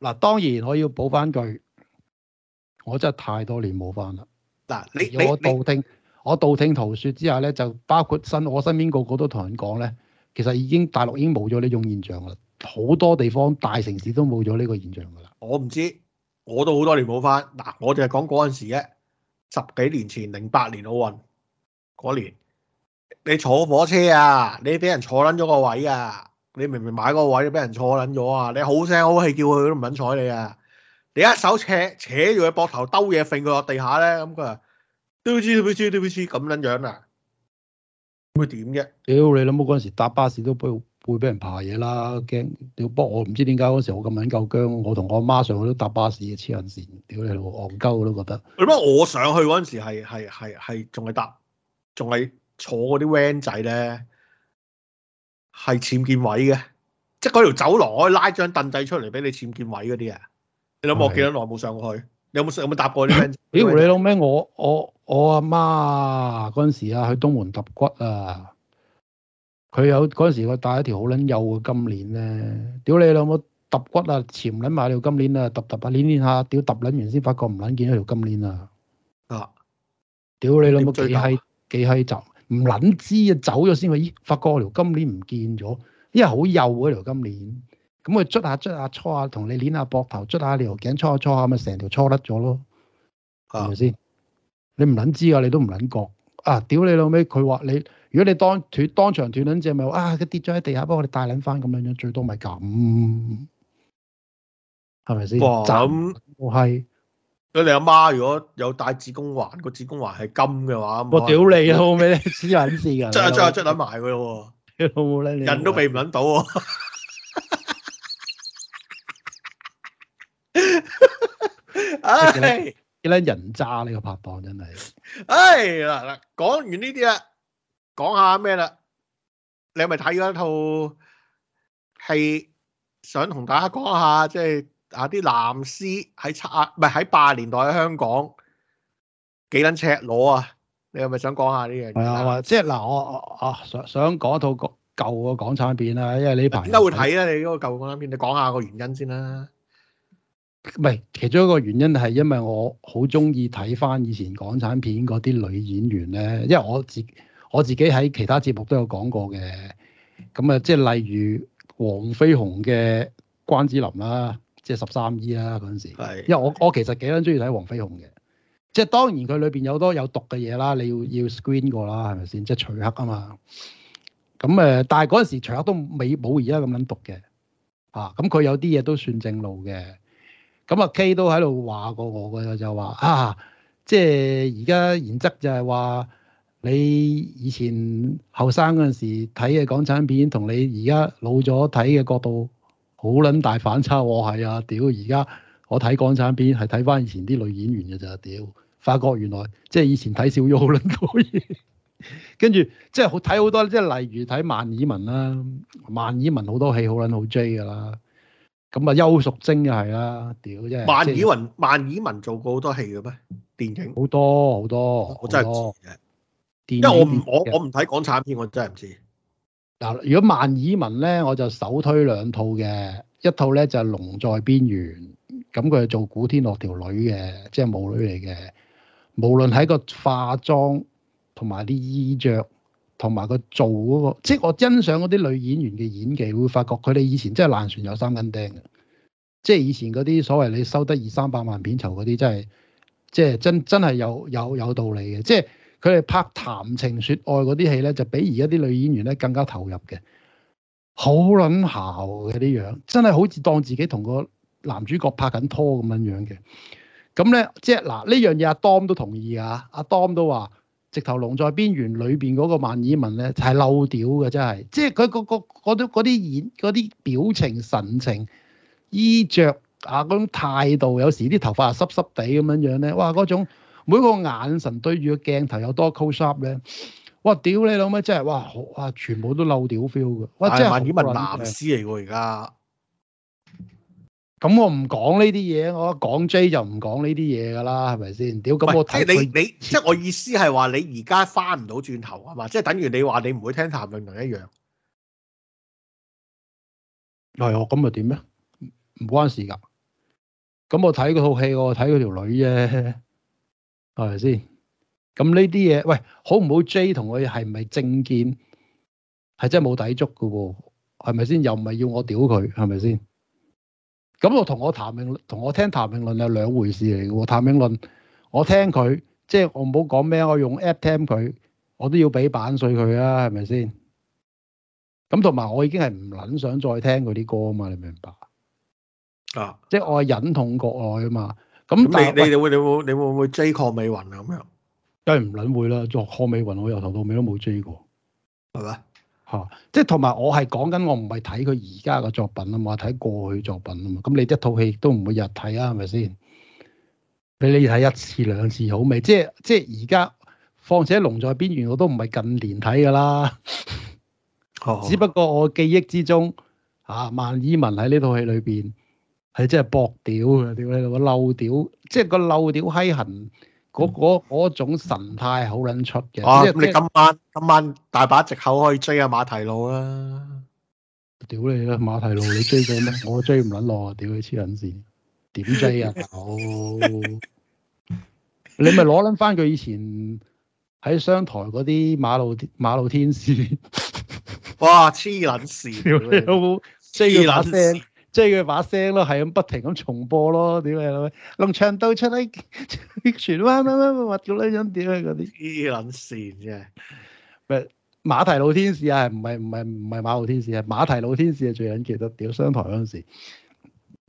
嗱，當然我要補翻句，我真係太多年冇翻啦。嗱你，你我道聽你我道聽途説你之下咧，就包括身我身邊個個都同人講咧，其實已經大陸已經冇咗呢種現象啦，好多地方大城市都冇咗呢個現象噶啦。我唔知，我都好多年冇翻。嗱，我就係講嗰陣時啫，十幾年前零八年奧運嗰年。你坐火車啊？你俾人坐撚咗個位啊？你明明買個位，俾人坐撚咗啊？你好聲好氣叫佢都唔肯睬你啊！你一手扯扯住佢膊頭，兜嘢揈佢落地下咧，咁佢話，嘟嗶滋嘟嗶滋嘟嗶滋咁撚樣啦，咁會點啫？屌、哎、你諗，冇嗰陣時搭巴士都會會俾人爬嘢啦，驚！不過我唔知點解嗰陣時我咁撚夠薑，我同我阿媽上去都搭巴士嘅。黐人線，屌你，我戇鳩都覺得。咁我上去嗰陣時係係係係仲係搭，仲係。坐嗰啲 van 仔咧，係僭建位嘅，即係嗰條走廊可以拉張凳仔出嚟俾你僭建位嗰啲啊！你諗我幾多耐冇上去？你有冇有冇搭過啲 van？屌你老咩？我我我阿媽嗰陣時啊，去東門揼骨啊，佢有嗰陣時一條、啊、佢帶咗條好捻幼嘅金鏈咧。屌你老母！揼骨啊，潛捻埋條金鏈啊，揼揼下，捻捻下，屌揼捻完先發覺唔捻見咗條金鏈啦。啊！屌、啊啊、你老母，幾閪幾閪雜！唔撚知啊，走咗先喎。咦，發覺我條金鏈唔見咗，因為好幼嗰條金鏈，咁佢捽下捽下搓下，同、啊、你撚下膊頭，捽下條頸搓下搓下，咪成條搓甩咗咯，係咪先？你唔撚知啊，你都唔撚覺。啊，屌你老尾！佢話你，如果你當斷當場斷撚只咪，啊，佢跌咗喺地下，幫我哋帶撚翻咁樣樣，最多咪咁，係咪先？咁就係。佢哋阿媽如果有帶子宮環，個子宮環係金嘅話，我屌你咯，咩私隱事噶？真係真係真係賣佢咯，老母咧，人都避唔揾到喎。唉，點解人渣呢個拍檔真係？唉嗱嗱，講完呢啲啦，講下咩啦？你係咪睇咗一套？係想同大家講下，即係。啊！啲男司喺七啊，唔係喺八十年代喺香港幾撚赤裸啊？你係咪想講下呢樣嘢啊？即係嗱，我我想想講一套舊嘅港產片啦，因為呢排點解會睇咧？你嗰個舊港產片，你講下個原因先啦。唔係其中一個原因係因為我好中意睇翻以前港產片嗰啲女演員咧，因為我自己我自己喺其他節目都有講過嘅。咁啊，即係例如黃飛鴻嘅關之琳啦。即係十三姨啦嗰陣時，因為我我其實幾撚中意睇黃飛鴻嘅，即係當然佢裏邊有多有毒嘅嘢啦，你要要 screen 過啦，係咪先？即係徐克啊嘛。咁、嗯、誒，但係嗰陣時徐克都未冇而家咁撚毒嘅嚇。咁、啊、佢有啲嘢都算正路嘅。咁啊 K 都喺度話過我嘅，就話啊，即係而家原則就係話你以前後生嗰陣時睇嘅港產片，同你而家老咗睇嘅角度。好撚大反差喎，係啊！屌而家我睇港產片，係睇翻以前啲女演員嘅咋屌，發覺原來即係以前睇少咗好撚多嘢。跟 住即係好睇好多，即係例如睇萬綺雯啦，萬綺雯好多戲好撚好 J 噶啦。咁啊，邱淑貞又係啦，屌真係。萬綺雯，萬綺雯做過好多戲嘅咩？電影好多好多，多多我真係唔知嘅。電電因為我唔我我唔睇港產片，我真係唔知。嗱，如果萬綺雯咧，我就首推兩套嘅，一套咧就係龍在邊緣，咁佢係做古天樂條女嘅，即係母女嚟嘅。無論喺個化妝同埋啲衣着，同埋個做嗰個，即係我欣賞嗰啲女演員嘅演技，會發覺佢哋以前真係爛船有三斤釘嘅，即係以前嗰啲所謂你收得二三百萬片酬嗰啲，真係即係真真係有有有道理嘅，即係。佢哋拍談情説愛嗰啲戲咧，就比而家啲女演員咧更加投入嘅，好卵姣嘅啲樣，真係好似當自己同個男主角拍緊拖咁樣樣嘅。咁咧，即係嗱呢樣嘢阿 d 都同意啊，阿 d 都話，直頭龍在邊緣裏邊嗰個萬爾文咧係、就是、漏屌嘅，真係，即係佢嗰個啲演啲表情神情衣着啊，嗰種態度，有時啲頭髮又濕濕地咁樣樣咧，哇嗰每個眼神對住個鏡頭有多 close up 咧，哇！屌你老母真係哇哇，全部都漏屌 feel 嘅哇，真係萬險文男屍嚟喎！而家咁我唔講呢啲嘢，我講 J 就唔講呢啲嘢噶啦，係咪先？屌咁我睇、哎、你你即係我意思係話你而家翻唔到轉頭係嘛？即係等於你話你唔會聽譚詠麟一樣,、哎、樣,又樣係樣我咁咪點咧？唔關事㗎。咁我睇套戲，我睇嗰條女啫。係咪先？咁呢啲嘢，喂，好唔好？J 同佢係咪政見？係真係冇抵觸嘅喎，係咪先？又唔係要我屌佢，係咪先？咁我同我譚詠麟，同我聽譚詠麟係兩回事嚟嘅喎。譚詠麟，我聽佢，即係我唔好講咩，我用 app 聽佢，我都要俾版稅佢啊，係咪先？咁同埋我已經係唔撚想再聽佢啲歌啊嘛，你明唔明白？啊，即係我係忍痛割愛啊嘛。咁但你你哋會你會你會唔會追鄺美雲啊？咁樣梗係唔諗會啦！做鄺美雲，我由頭到尾都冇追過，係咪吧？吓， 即係同埋我係講緊，我唔係睇佢而家嘅作品啊嘛，睇過去作品啊嘛。咁你一套戲都唔會日睇啊，係咪先？畀你睇一次兩次好未？即係即係而家，況且《龍在邊緣》我都唔係近年睇噶啦。 只不過我記憶之中，吓、啊、萬綺雯喺呢套戲裏邊。係真係搏屌嘅，屌你！我漏屌，即係個漏屌閪痕，嗰嗰種神態好捻出嘅。你今晚今晚大把借口可以追啊馬蹄露啦！屌你啦，馬蹄露你追咗咩？我追唔捻落啊！屌你黐捻線，點追啊？大佬，你咪攞捻翻佢以前喺商台嗰啲馬路馬路天使，哇！黐捻線，你都黐捻線。即係佢把聲咯，係咁不停咁重播咯，點樣？仲唱到出啲 全乜彎彎彎咁樣點樣嗰啲？黐捻線啫，咪馬蹄老天使啊？唔係唔係唔係馬路天使啊？馬蹄老天使係最緊記得，屌商台嗰陣時。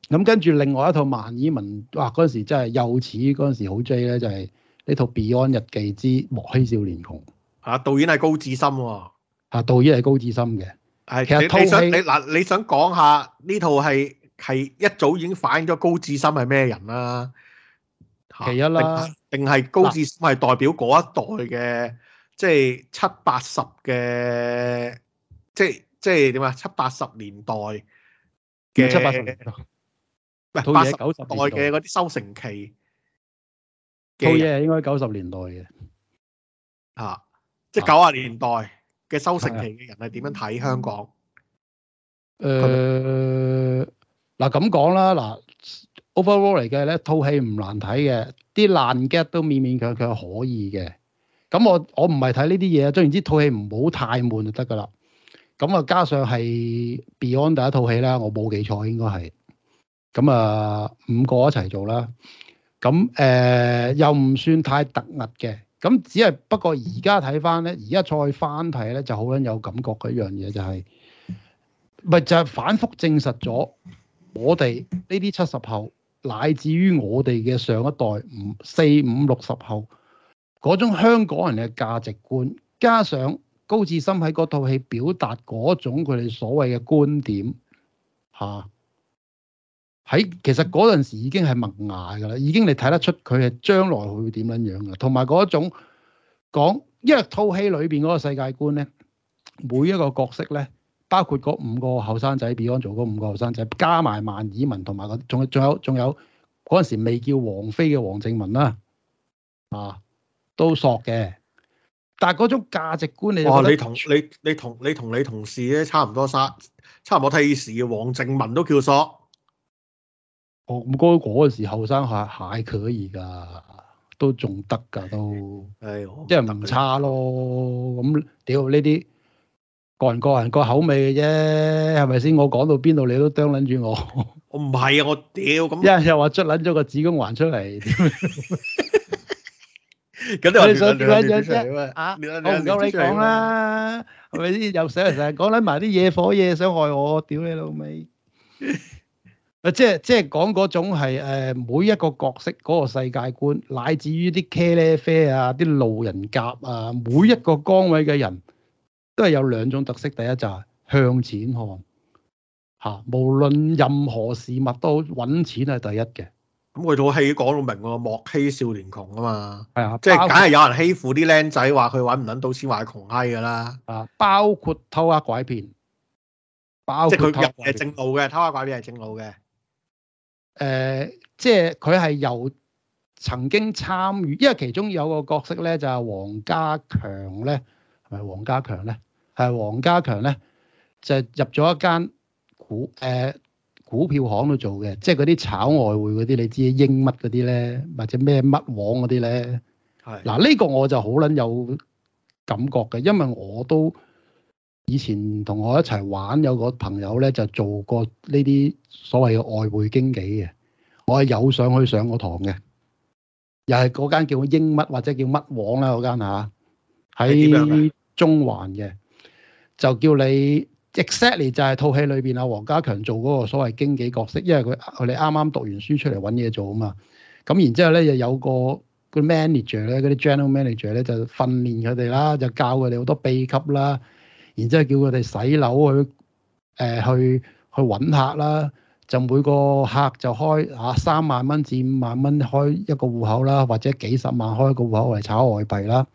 咁跟住另外一套萬綺雯，哇！嗰陣時真係又似嗰陣時好追咧，就係呢套《Beyond 日記之莫欺少年窮》啊！導演係高志森喎，啊！導演係高志森嘅。係，其實你想你嗱，你想講下呢套係係一早已經反映咗高志森係咩人啦、啊？其一啦，定係高志森係代表嗰一代嘅，即、就、係、是、七八十嘅、就是，即係即係點啊？七八十年代嘅七八十，唔係八十九十代嘅嗰啲收成期嘅，套嘢應該九十年代嘅，代代啊，即係九啊年代啊。嘅收成期嘅人係點樣睇香港？誒嗱咁講啦，嗱、呃呃、overall 嚟嘅咧，套戲唔難睇嘅，啲爛 get 都勉勉強強可以嘅。咁我我唔係睇呢啲嘢啊，總言之套戲唔好太悶就得噶啦。咁啊，加上係 Beyond 第一套戲啦，我冇記錯應該係咁啊，五個一齊做啦。咁誒、呃、又唔算太突兀嘅。咁只係不過而家睇翻咧，而家再翻睇咧，就好撚有感覺嘅一樣嘢就係、是，咪就係、是、反覆證實咗我哋呢啲七十後，乃至於我哋嘅上一代五四五六十後嗰種香港人嘅價值觀，加上高志森喺嗰套戲表達嗰種佢哋所謂嘅觀點，嚇、啊。喺其實嗰陣時已經係萌芽㗎啦，已經你睇得出佢係將來會點撚樣啦。同埋嗰種講，因為套戲裏邊嗰個世界觀咧，每一個角色咧，包括嗰五個後生仔 Beyond 做嗰五個後生仔，加埋萬綺雯同埋仲仲有仲有嗰陣時未叫王菲嘅王靜文啦，啊，啊，都索嘅。但係嗰種價值觀你，你同你，你同你同你同事咧差唔多，差差唔多。我睇時王靜文都叫索。我咁高嗰陣時，後生下，蟹可以㗎，都仲得㗎都。係，即係能差咯。咁屌呢啲個人個人個口味嘅啫，係咪先？我講到邊度，你都啄撚住我。我唔係啊！我屌咁。一陣又話捽撚咗個子宮環出嚟。咁你想點樣啫？啊！我唔夠你講啦，係咪先？又成日成日講撚埋啲嘢火嘢，想害我？屌你老味！誒，即係即係講嗰種係誒，每一個角色嗰個世界觀，乃至於啲茄喱啡啊，啲路人甲啊，每一個崗位嘅人都係有兩種特色。第一就係向錢看，吓，無論任何事物都揾錢係第一嘅。咁佢套戲講到明喎，莫欺少年窮啊嘛。係啊，即係梗係有人欺負啲僆仔，話佢揾唔捻到錢，話係窮閪噶啦。啊，包括偷啊拐騙，包括佢入誒正路嘅偷下拐騙係正路嘅。誒、呃，即係佢係由曾經參與，因為其中有個角色咧就係、是、黃家強咧，係咪黃家強咧？係黃家強咧就入咗一間股誒、呃、股票行度做嘅，即係嗰啲炒外匯嗰啲，你知英乜嗰啲咧，或者咩乜王嗰啲咧？係，嗱呢個我就好撚有感覺嘅，因為我都。以前同我一齊玩有個朋友咧就做過呢啲所謂嘅外匯經紀嘅，我有上去上過堂嘅，又係嗰間叫英乜或者叫乜王啦嗰間吓，喺中環嘅，啊、就叫你 exactly 就係套戲裏邊阿黃家強做嗰個所謂經紀角色，因為佢佢哋啱啱讀完書出嚟搵嘢做啊嘛，咁然之後咧又有個個 man manager 咧嗰啲 general manager 咧就訓練佢哋啦，就教佢哋好多秘笈啦。然之後叫佢哋洗樓去，誒、呃、去去揾客啦。就每個客就開啊三萬蚊至五萬蚊開一個戶口啦，或者幾十萬開一個戶口嚟炒外幣啦。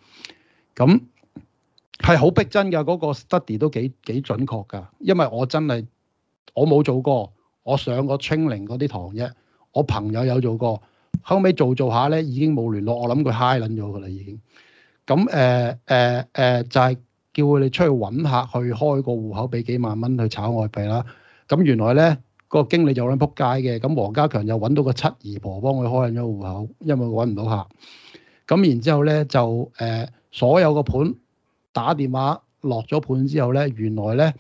咁係好逼真㗎，嗰、那個 study 都幾幾準確㗎。因為我真係我冇做過，我上過清零嗰啲堂啫。我朋友有做過，後尾做着做下咧已經冇聯絡。我諗佢嗨撚咗㗎啦已經。咁誒誒誒就係、是。叫佢哋出去揾客去開個戶口俾幾萬蚊去炒外幣啦。咁原來咧，個經理就想撲街嘅。咁黃家強又揾到個七姨婆幫佢開緊咗個戶口，因為佢揾唔到客。咁然之後咧，就誒、呃、所有個盤打電話落咗盤之後咧，原來咧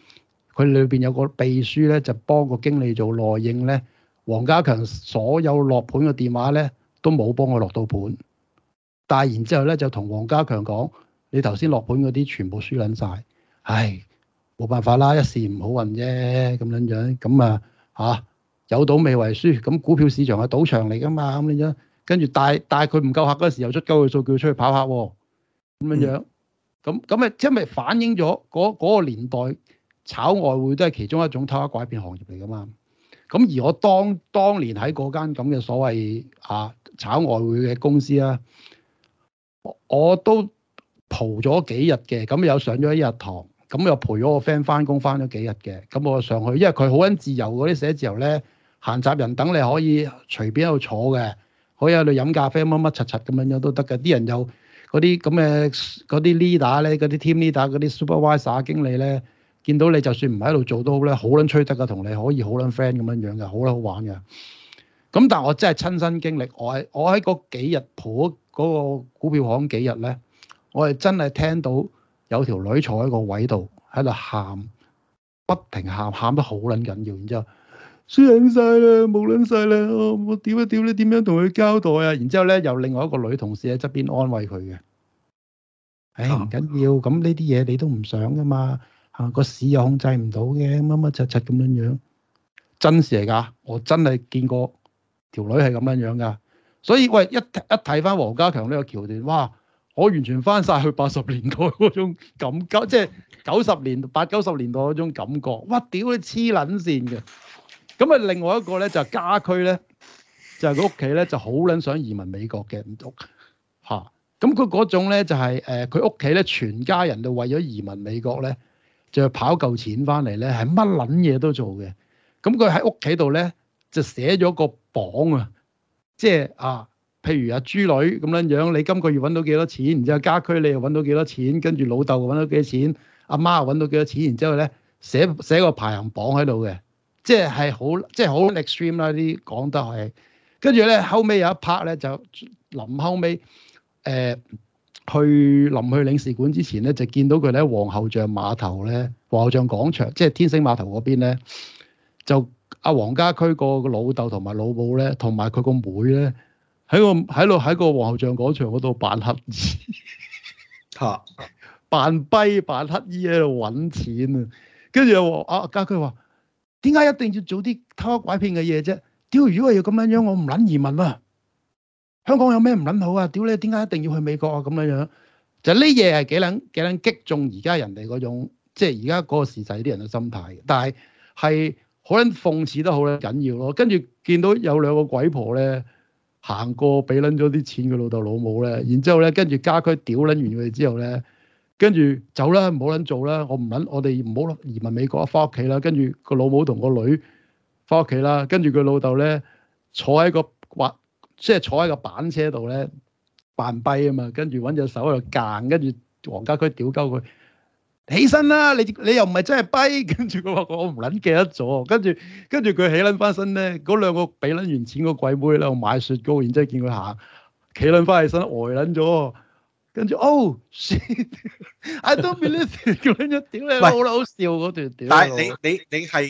佢裏邊有個秘書咧就幫個經理做內應咧。黃家強所有落盤嘅電話咧都冇幫佢落到盤，但係然之後咧就同黃家強講。你頭先落盤嗰啲全部輸撚晒，唉，冇辦法啦，一時唔好運啫，咁樣樣，咁啊嚇，有賭未為輸，咁股票市場係賭場嚟噶嘛，咁樣，跟住帶帶佢唔夠客嗰時又出高嘅數叫佢出去跑客喎、啊，咁樣樣，咁咁咪即係反映咗嗰、嗰個年代炒外匯都係其中一種偷呃拐騙行業嚟噶嘛，咁而我當當年喺嗰間咁嘅所謂啊炒外匯嘅公司啊，我，我都。蒲咗幾日嘅，咁又上咗一日堂，咁又陪咗個 friend 翻工翻咗幾日嘅，咁我上去，因為佢好撚自由嗰啲寫字樓咧，閒雜人等你可以隨便喺度坐嘅，可以喺度飲咖啡乜乜柒柒咁樣樣都得嘅。啲人有嗰啲咁嘅嗰啲 leader 咧，嗰啲 team leader 嗰啲 supervisor 經理咧，見到你就算唔喺度做都好咧，好撚吹得噶，同你可以好撚 friend 咁樣樣嘅，好撚好玩嘅。咁但係我真係親身經歷，我喺我喺嗰幾日蒲嗰個股票行幾日咧。我係真係聽到有條女坐喺個位度喺度喊，不停喊，喊得好撚緊要。然之後輸緊晒啦，冇撚晒啦，我屌一屌你點樣同佢交代啊？然之後咧，有另外一個女同事喺側邊安慰佢嘅。唉、哎，唔緊要，咁呢啲嘢你都唔想噶嘛。嚇，個屎又控制唔到嘅，乜乜柒柒咁樣樣，真事嚟噶。我真係見過條女係咁樣樣噶。所以喂，一一睇翻黃家強呢個橋段，哇！我完全翻晒去八十年代嗰種感覺，即係九十年八九十年代嗰種感覺。哇！屌你黐撚線嘅！咁啊，另外一個咧就係家區咧，就係佢屋企咧就好撚想移民美國嘅，唔讀嚇。咁佢嗰種咧就係、是、誒，佢屋企咧全家人都為咗移民美國咧，就係跑夠錢翻嚟咧，係乜撚嘢都做嘅。咁佢喺屋企度咧就寫咗個榜、就是、啊，即係啊～譬如阿、啊、豬女咁樣樣，你今個月揾到幾多錢？然之後家駒你又揾到幾多錢？跟住老豆揾到幾多錢？阿媽又揾到幾多錢？然之後咧寫寫個排行榜喺度嘅，即係係好即係好 extreme 啦啲講得係。跟住咧後尾有一 part 咧就臨後尾誒、呃、去臨去領事館之前咧，就見到佢喺皇后像碼頭咧，皇后像廣場即係天星碼頭嗰邊咧，就阿黃家駒個老豆同埋老母咧，同埋佢個妹咧。喺個喺度喺個皇后像廣場嗰度扮乞兒嚇，扮跛扮乞兒喺度揾錢啊！跟住又阿家駒話：點解一定要做啲偷雞拐騙嘅嘢啫？屌！如果係要咁樣樣，我唔撚移，移民啊！香港有咩唔撚好啊？屌，你點解一定要去美國啊？咁樣樣就呢嘢係幾撚幾撚擊中而家人哋嗰種，即係而家嗰個時勢啲人嘅心態。但係係可撚諷刺得好撚緊要咯。跟住見到有兩個鬼婆咧。行過俾撚咗啲錢佢老豆老母咧，然之後咧，跟住家區屌撚完佢哋之後咧，跟住走啦，唔好撚做啦，我唔撚，我哋唔好移民美國，翻屋企啦。跟住個老母同個女翻屋企啦。跟住佢老豆咧坐喺個滑，即係坐喺個板車度咧扮跛啊嘛。跟住揾隻手喺度揀，跟住黃家駒屌鳩佢，起身啦！啊，你你又唔係真係跛，跟住佢話我唔捻記得咗，跟住跟住佢起捻翻身咧，嗰兩個俾捻完錢個鬼妹咧，我買雪糕，然之後見佢行，企捻翻起身，啊，呆捻咗，跟住哦，oh,，I don't believe it，佢捻咗屌你老老笑嗰段，但係你你你係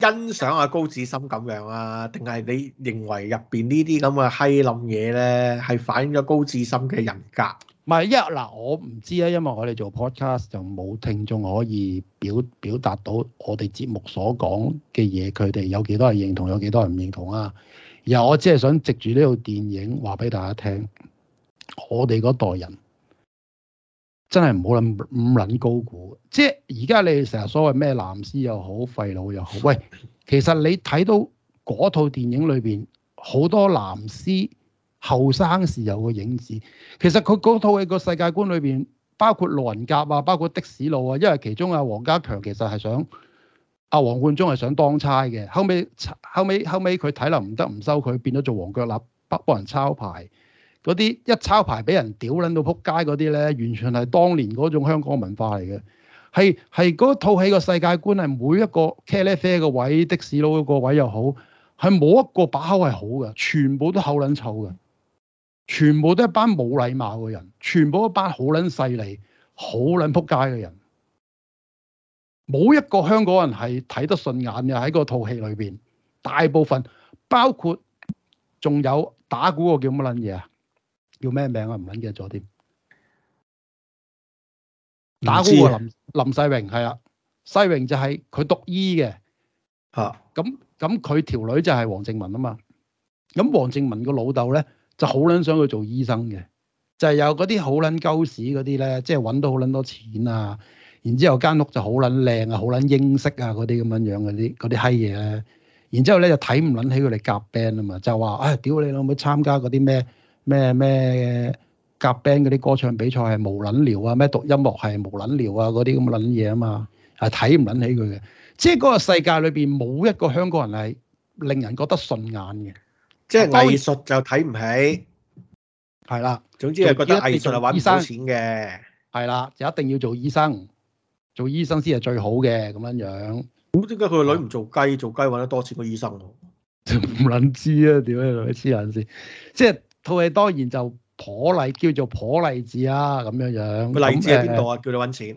欣賞阿高志森咁樣啊，定係你認為入邊呢啲咁嘅嘿冧嘢咧，係反映咗高志森嘅人格？唔係，一嗱，我唔知啊，因為我哋做 podcast 就冇聽眾可以表表達到我哋節目所講嘅嘢，佢哋有幾多人認同，有幾多人唔認同啊然後我只係想藉住呢套電影話俾大家聽，我哋嗰代人真係唔好諗咁捻高估。即係而家你哋成日所謂咩藍絲又好，廢老又好，喂，其實你睇到嗰套電影裏邊好多藍絲。後生時有個影子，其實佢嗰套戲個世界觀裏邊，包括路人甲啊，包括的士佬啊，因為其中阿黃家強其實係想，阿黃貫中係想當差嘅，後尾後尾後尾佢體能唔得唔收佢，變咗做黃腳立，幫人抄牌。嗰啲一抄牌俾人屌撚到撲街嗰啲咧，完全係當年嗰種香港文化嚟嘅，係係嗰套戲個世界觀係每一個茄喱啡個位的士佬個位又好，係冇一個把口係好嘅，全部都口撚臭嘅。全部都係一班冇禮貌嘅人，全部一班好撚勢利、好撚撲街嘅人，冇一個香港人係睇得順眼嘅喺嗰套戲裏邊。大部分包括仲有打鼓個叫乜撚嘢啊？叫咩名啊？唔捻記得咗添。打鼓林林世榮，係啊，世榮就係佢讀醫嘅吓，咁咁佢條女就係黃靜文啊嘛。咁黃靜文個老豆咧？就好撚想去做醫生嘅，就係有嗰啲好撚鳩屎嗰啲咧，即係揾到好撚多錢啊，然之後間屋就好撚靚啊，好撚英式啊嗰啲咁樣樣嗰啲嗰啲閪嘢，然之後咧就睇唔撚起佢哋夾 band 啊嘛，就話啊屌你老母參加嗰啲咩咩咩夾 band 嗰啲歌唱比賽係無撚聊啊，咩讀音樂係無撚聊啊嗰啲咁撚嘢啊嘛，係睇唔撚起佢嘅，即係嗰個世界裏邊冇一個香港人係令人覺得順眼嘅。即係藝術就睇唔起，係啦然。總之係覺得藝術係搵唔到錢嘅，係啦，就一定要做醫生，做醫生先係最好嘅咁樣樣。咁點解佢個女唔做雞？嗯、做雞搵得多錢過醫生咯？唔捻 知啊！點樣捻知先，即係套戲當然就破例叫做破例子啊，咁樣、啊、樣。個例子喺邊度啊？叫你搵錢？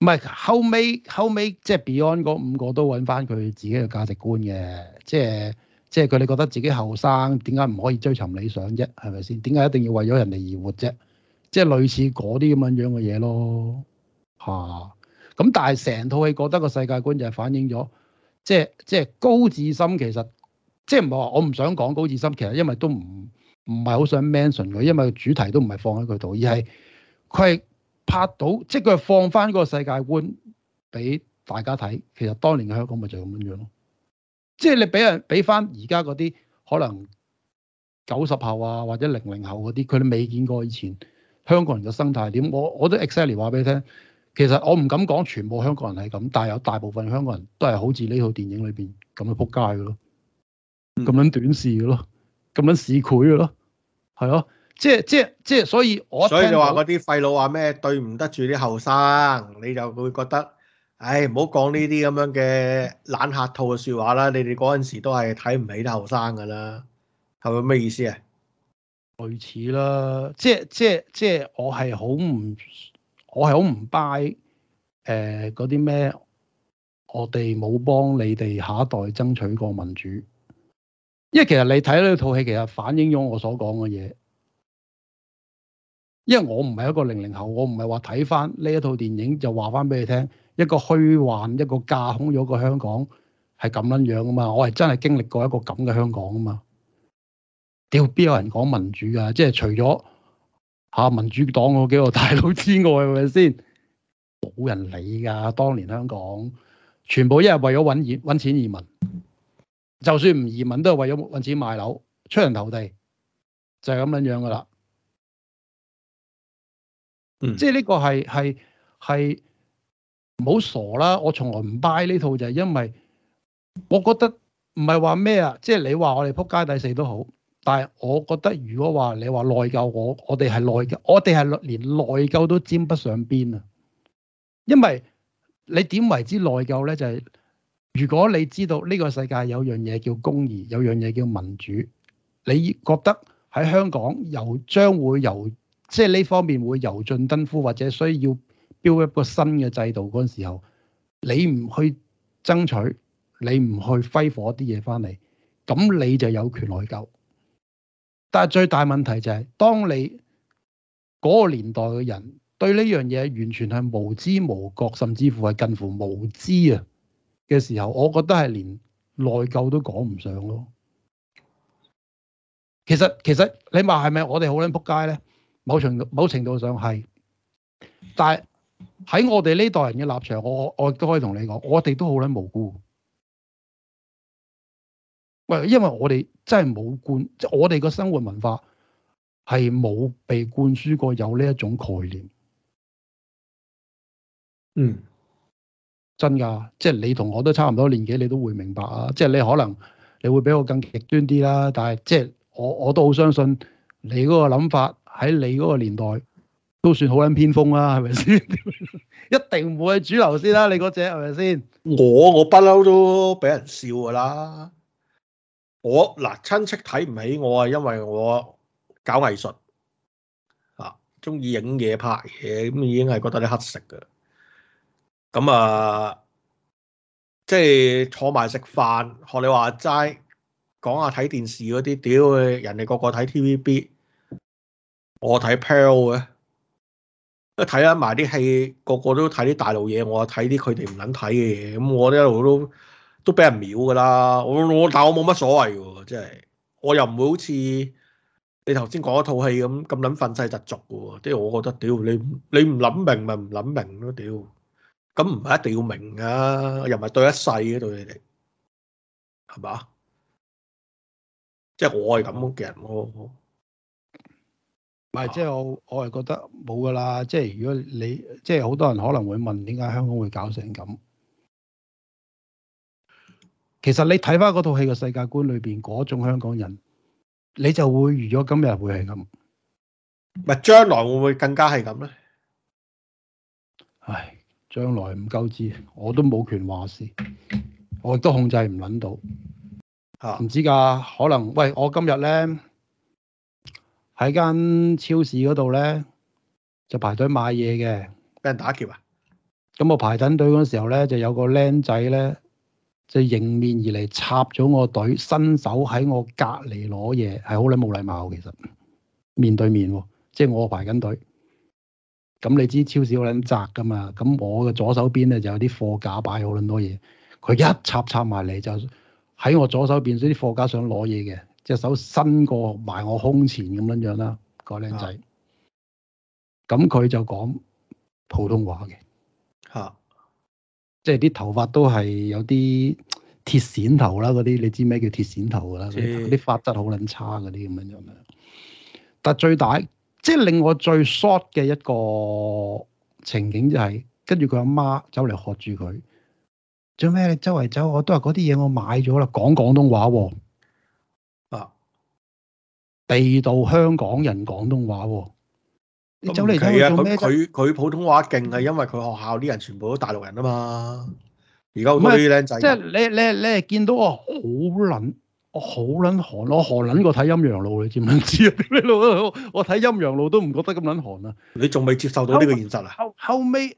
唔係後尾後尾即係 Beyond 嗰五個都搵翻佢自己嘅價值觀嘅，即係。即係佢哋覺得自己後生，點解唔可以追尋理想啫？係咪先？點解一定要為咗人哋而活啫？即係類似嗰啲咁樣樣嘅嘢咯。嚇、啊！咁但係成套戲覺得個世界觀就係反映咗，即係即係高志森其實即係唔係話我唔想講高志森，其實因為都唔唔係好想 mention 佢，因為個主題都唔係放喺佢度，而係佢係拍到，即係佢係放翻個世界觀俾大家睇。其實當年嘅香港咪就咁樣樣咯。即係你俾人俾翻而家嗰啲可能九十後啊或者零零後嗰啲，佢都未見過以前香港人嘅生態點。我我都 exactly 話俾你聽，其實我唔敢講全部香港人係咁，但係有大部分香港人都係好似呢套電影裏邊咁樣撲街嘅咯，咁樣短視嘅咯，咁樣市儈嘅咯，係咯、啊，即係即係即係，所以我所以就話嗰啲廢佬話咩對唔得住啲後生，你就會覺得。唉，唔好講呢啲咁樣嘅懶客套嘅說話啦！你哋嗰陣時都係睇唔起後生噶啦，係咪咩意思啊？類似啦，即係即係即係，我係好唔，我係好唔 buy 誒！嗰啲咩，我哋冇幫你哋下一代爭取過民主，因為其實你睇呢套戲，其實反映咗我所講嘅嘢，因為我唔係一個零零後，我唔係話睇翻呢一套電影就話翻俾你聽。一個虛幻，一個架空咗個香港係咁樣樣啊嘛！我係真係經歷過一個咁嘅香港啊嘛！屌邊有人講民主啊？即係除咗吓民主黨嗰幾個大佬之外，係咪先冇人理噶？當年香港全部一係為咗搵錢搵錢移民，就算唔移民都係為咗搵錢買樓出人頭地，就係、是、咁樣樣噶啦。嗯、即係呢個係係係。唔好傻啦！我從來唔 buy 呢套就係因為我覺得唔係話咩啊，即係你話我哋撲街抵死都好，但係我覺得如果話你話內疚、疚，我我哋係內疚，我哋係連內疚都沾不上邊啊！因為你點為之內疚呢？就係、是、如果你知道呢個世界有樣嘢叫公義，有樣嘢叫民主，你覺得喺香港又將會由即係呢方面會由進登夫或者需要？標一個新嘅制度嗰陣時候，你唔去爭取，你唔去揮火一啲嘢翻嚟，咁你就有權內疚。但係最大問題就係、是，當你嗰個年代嘅人對呢樣嘢完全係無知無覺，甚至乎係近乎無知啊嘅時候，我覺得係連內疚都講唔上咯。其實其實你話係咪我哋好撚仆街咧？某程度某程度上係，但係。喺我哋呢代人嘅立場，我我亦都可以同你講，我哋都好撚無辜。喂，因為我哋真係冇灌，即係我哋個生活文化係冇被灌輸過有呢一種概念。嗯，真㗎，即係你同我都差唔多年紀，你都會明白啊！即係你可能你會比我更極端啲啦，但係即係我我都好相信你嗰個諗法喺你嗰個年代。都算好撚偏鋒啦、啊，係咪先？ 一定唔會係主流先啦、啊，你嗰隻係咪先？我我不嬲都俾人笑噶啦！我嗱親戚睇唔起我啊，因為我搞藝術啊，中意影嘢拍嘢，咁已經係覺得你黑食噶。咁、嗯、啊，即、就、係、是、坐埋食飯學你話齋，講下睇電視嗰啲，屌人哋個個睇 TVB，我睇 Pearl 嘅。一睇啊，埋啲戲，個個都睇啲大陸嘢，我睇啲佢哋唔捻睇嘅嘢，咁我一路都都俾人秒噶啦。我我但我冇乜所謂嘅，即係我又唔會好似你頭先講嗰套戲咁咁捻憤世嫉俗嘅，即係我覺得屌你你唔捻明咪唔捻明咯，屌咁唔係一定要明啊，又唔係對一世嘅對你哋，係嘛？即係我係咁嘅人咯。唔、啊、即係我我係覺得冇噶啦。即係如果你即係好多人可能會問點解香港會搞成咁？其實你睇翻嗰套戲嘅世界觀裏邊嗰種香港人，你就會預咗今日會係咁。咪係，將來會唔會更加係咁咧？唉，將來唔夠知，我都冇權話事，我亦都控制唔撚到嚇，唔、啊、知㗎，可能喂，我今日咧。喺間超市嗰度咧，就排隊買嘢嘅，俾人打劫啊！咁我排緊隊嗰時候咧，就有個僆仔咧，就迎面而嚟插咗我隊，伸手喺我隔離攞嘢，係好撚冇禮貌。其實面對面喎，即係我排緊隊。咁你知超市好撚窄噶嘛？咁我嘅左手邊咧就有啲貨架擺好撚多嘢，佢一插插埋嚟就喺我左手邊嗰啲貨架上攞嘢嘅。隻手伸過埋我胸前咁，那個啊，樣樣啦，個靚仔。咁佢就講普通話嘅，嚇、啊，即係啲頭髮都係有啲鐵線頭啦，嗰啲你知咩叫鐵線頭啦，嗰啲髮質好撚差嗰啲咁樣樣。啊，但最大即係令我最 short 嘅一個情景就係，是，跟住佢阿媽走嚟喝住佢，做咩？你周圍走我都話嗰啲嘢我買咗啦，講廣東話喎，啊。地道香港人廣東話喎，你走嚟睇係做佢，佢普通話勁係因為佢學校啲人全部都大陸人啊嘛，而家好多啲靚仔。即係、就是、你你你見到我好撚，我好撚寒，我撚寒我寒撚過睇陰陽路，你知唔知啊？ 我睇陰陽路都唔覺得咁撚寒啊！你仲未接受到呢個現實啊？後後尾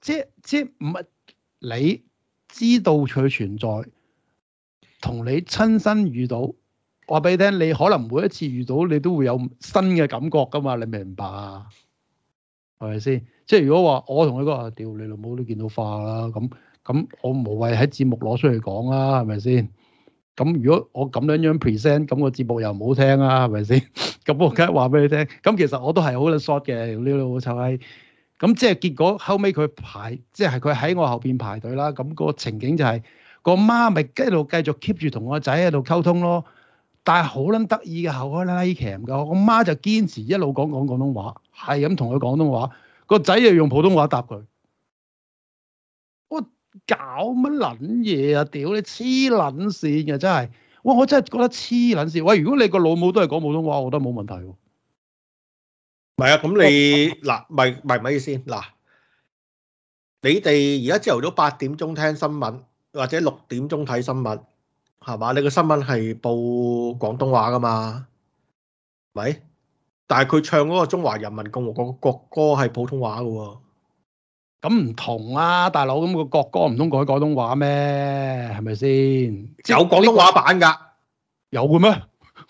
即係即係唔係？你知道佢存在，同你親身遇到。話俾你聽，你可能每一次遇到你都會有新嘅感覺噶嘛，你明唔明白啊？係咪先？即係如果話我同佢講，屌你老母都見到化啦咁咁，我無謂喺節目攞出嚟講啦，係咪先？咁如果我咁樣樣 present，咁個節目又唔好聽啦，係咪先？咁我梗係話俾你聽，咁其實我都係好 short 嘅呢老臭閪。咁即係結果後尾佢排，即係佢喺我後邊排隊啦。咁個情景就係個媽咪一路繼續 keep 住同我仔喺度溝通咯。但係好撚得意嘅後生拉 cam 㗎，我媽就堅持一路講講廣東話，係咁同佢講廣東話，個仔又用普通話答佢。我搞乜撚嘢啊？屌你黐撚線嘅真係，哇！我真係覺得黐撚線。喂！如果你個老母都係講普通話，我覺得冇問題喎。係啊，咁你嗱咪咪唔係先嗱、啊，你哋而家朝頭早八點鐘聽新聞，或者六點鐘睇新聞。係嘛？你個新聞係報廣東話噶嘛？喂，但係佢唱嗰個中華人民共和國國歌係普通話噶喎、啊，咁唔同啊，大佬咁、個國歌唔通改廣東話咩？係咪先？有廣東話版噶？有嘅咩？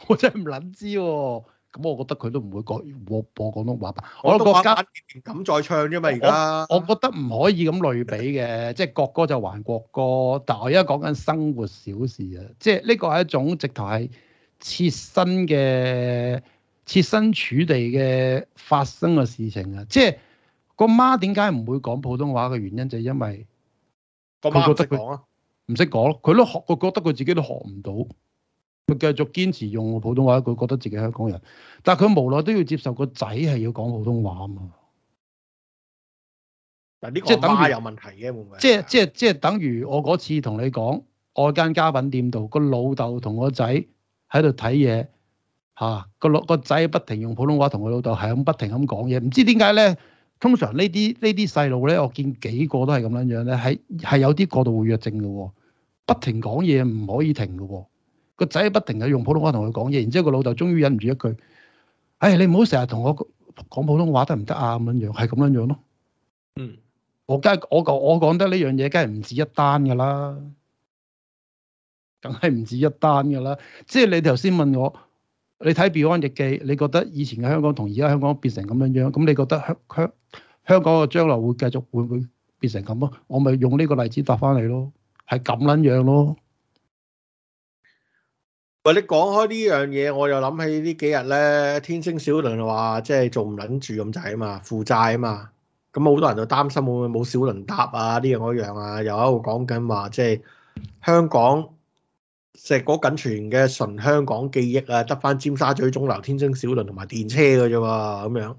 我真係唔諗知喎、啊。咁我覺得佢都唔會講播播廣東話吧。我個國家唔敢再唱啫嘛。而家我覺得唔可以咁類比嘅， 即係國歌就還國歌。但係我而家講緊生活小事啊，即係呢個係一種直頭係切身嘅、切身處地嘅發生嘅事情啊。即係個媽點解唔會講普通話嘅原因，就係、因為個媽唔識講啊，唔識講咯。佢都學，佢覺得佢自己都學唔到。佢繼續堅持用普通話，佢覺得自己係香港人，但係佢無奈都要接受個仔係要講普通話啊嘛。嗱，呢個即係等下有問題嘅，會唔會？即係即係即係等於我嗰次同你講，我間家，家品店度個老豆同個仔喺度睇嘢嚇，個老個仔不停用普通話同佢老豆係咁不停咁講嘢，唔知點解咧？通常呢啲呢啲細路咧，我見幾個都係咁樣樣咧，係係有啲過度活躍症嘅喎，不停講嘢唔可以停嘅喎。個仔不停係用普通話同佢講嘢，然之後個老豆終於忍唔住一句：唉、哎，你唔好成日同我講普通話得唔得啊？咁樣樣係咁樣樣咯。嗯，我梗係我講我講得呢樣嘢，梗係唔止一單㗎啦，梗係唔止一單㗎啦。即係你頭先問我，你睇 Beyond 日記，你覺得以前嘅香港同而家香港變成咁樣樣，咁你覺得香香香港嘅將來會繼續會唔會變成咁咯？我咪用呢個例子答翻你咯，係咁撚樣咯。你講開呢樣嘢，我又諗起呢幾日咧，天星小輪話即係做唔撚住咁滯啊嘛，負債啊嘛，咁好多人就擔心會唔會冇小輪搭啊，呢樣嗰樣啊，又喺度講緊話即係香港碩果僅存嘅純香港記憶啊，得返尖沙咀鐘樓、天星小輪同埋電車嘅啫喎，咁樣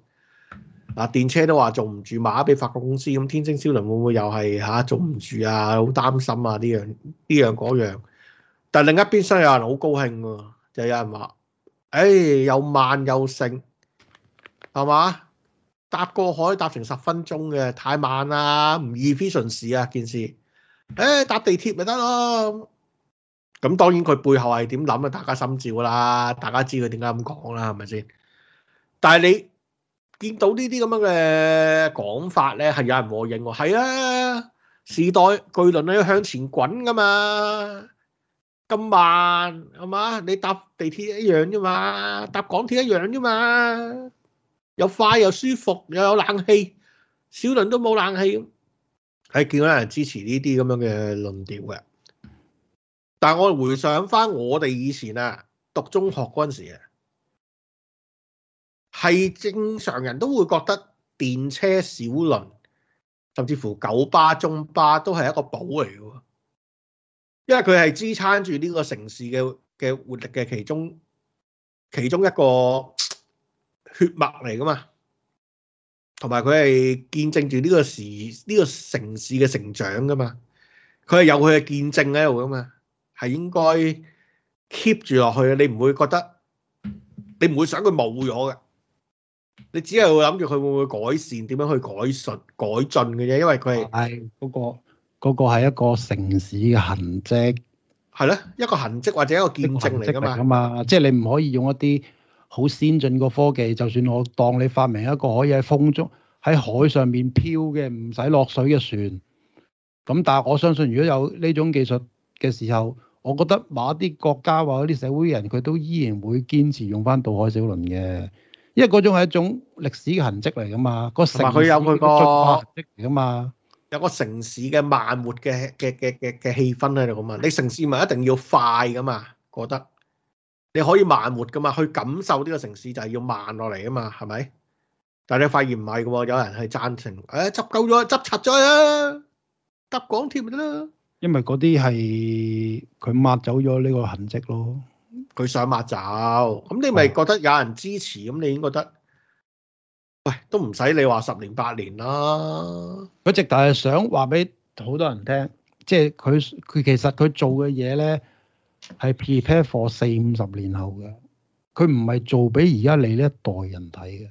啊電車都話做唔住，賣俾法國公司，咁天星小輪會唔會又係嚇做唔住啊？好擔心啊！呢樣呢樣嗰樣。但另一邊廂有人好高興喎，就有人話，誒、哎、又慢又剩，係嘛，搭過海搭成十分鐘嘅太慢啊，唔易費唇舌啊件事。誒、哎、搭地鐵咪得咯。咁當然佢背後係點諗啊？大家心照啦。大家知佢點解咁講啦，係咪先？但係你見到這這呢啲咁樣嘅講法咧，係有人和應喎，係啊，時代巨輪都要向前滾噶嘛。咁慢係嘛？你搭地鐵一樣啫嘛，搭港鐵一樣啫嘛，又快又舒服又有冷氣，小輪都冇冷氣。係、哎、見到有人支持呢啲咁樣嘅論調嘅，但係我回想翻我哋以前啊，讀中學嗰陣時啊，係正常人都會覺得電車小輪，甚至乎九巴、中巴都係一個寶嚟嘅。因為佢係支撐住呢個城市嘅嘅活力嘅其中其中一個血脈嚟噶嘛，同埋佢係見證住呢個時呢個城市嘅成長噶嘛，佢係有佢嘅見證喺度噶嘛，係應該 keep 住落去，你唔會覺得，你唔會想佢冇咗嘅，你只係會諗住佢會唔會改善，點樣去改善改進嘅啫，因為佢係嗰個。嗰個係一個城市嘅痕跡，係咯，一個痕跡或者一個見證嚟㗎嘛。即係你唔可以用一啲好先進嘅科技，就算我當你發明一個可以喺風中、喺海上面漂嘅唔使落水嘅船。咁但係我相信，如果有呢種技術嘅時候，我覺得某一啲國家或者啲社會人佢都依然會堅持用翻渡海小輪嘅，因為嗰種係一種歷史嘅痕跡嚟㗎嘛。嗰個城市嘅痕跡嚟㗎嘛。有個城市嘅慢活嘅嘅嘅嘅嘅氣氛喺度咁啊。你城市咪一定要快噶嘛，覺得你可以慢活噶嘛，去感受呢個城市就係要慢落嚟噶嘛，係咪？但係你發現唔係噶喎，有人係贊成，誒、哎，執夠咗，執拆咗啊，搭港鐵咪得咯。因為嗰啲係佢抹走咗呢個痕跡咯。佢想抹走，咁你咪覺得有人支持，咁你已經覺得。喂，都唔使你話十年八年啦。佢直頭係想話俾好多人聽，即係佢佢其實佢做嘅嘢咧係 prepare for 四五十年後嘅。佢唔係做俾而家你呢一代人睇嘅，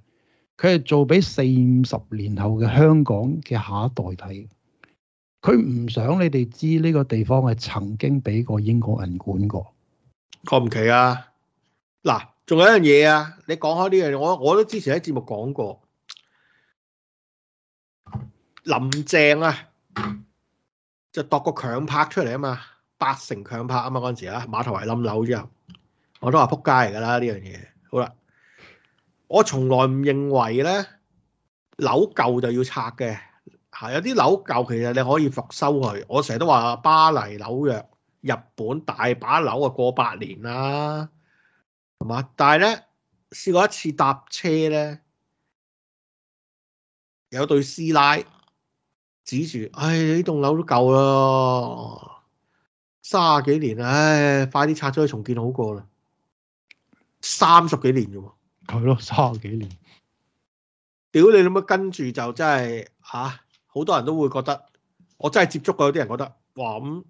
佢係做俾四五十年後嘅香港嘅下一代睇。佢唔想你哋知呢個地方係曾經俾過英國人管過。怪唔奇啊！嗱，仲有一樣嘢啊，你講開呢樣嘢，我我都之前喺節目講過。林鄭啊，就度個強拍出嚟啊嘛，八成強拍啊嘛嗰陣時啊，馬頭圍冧樓之後，我都話撲街嚟㗎啦呢樣嘢。好啦，我從來唔認為呢樓舊就要拆嘅，係有啲樓舊其實你可以復修佢。我成日都話巴黎、紐約、日本大把樓啊過百年啦，係嘛？但係呢，試過一次搭車呢，有對師奶。指住，唉，呢棟樓都夠啦，卅幾年，唉，快啲拆咗去重建好過啦，三十幾年啫喎？係咯，卅幾年，屌，你做乜？跟住就真係吓，好多人都會覺得，我真係接觸過有啲人覺得，哇咁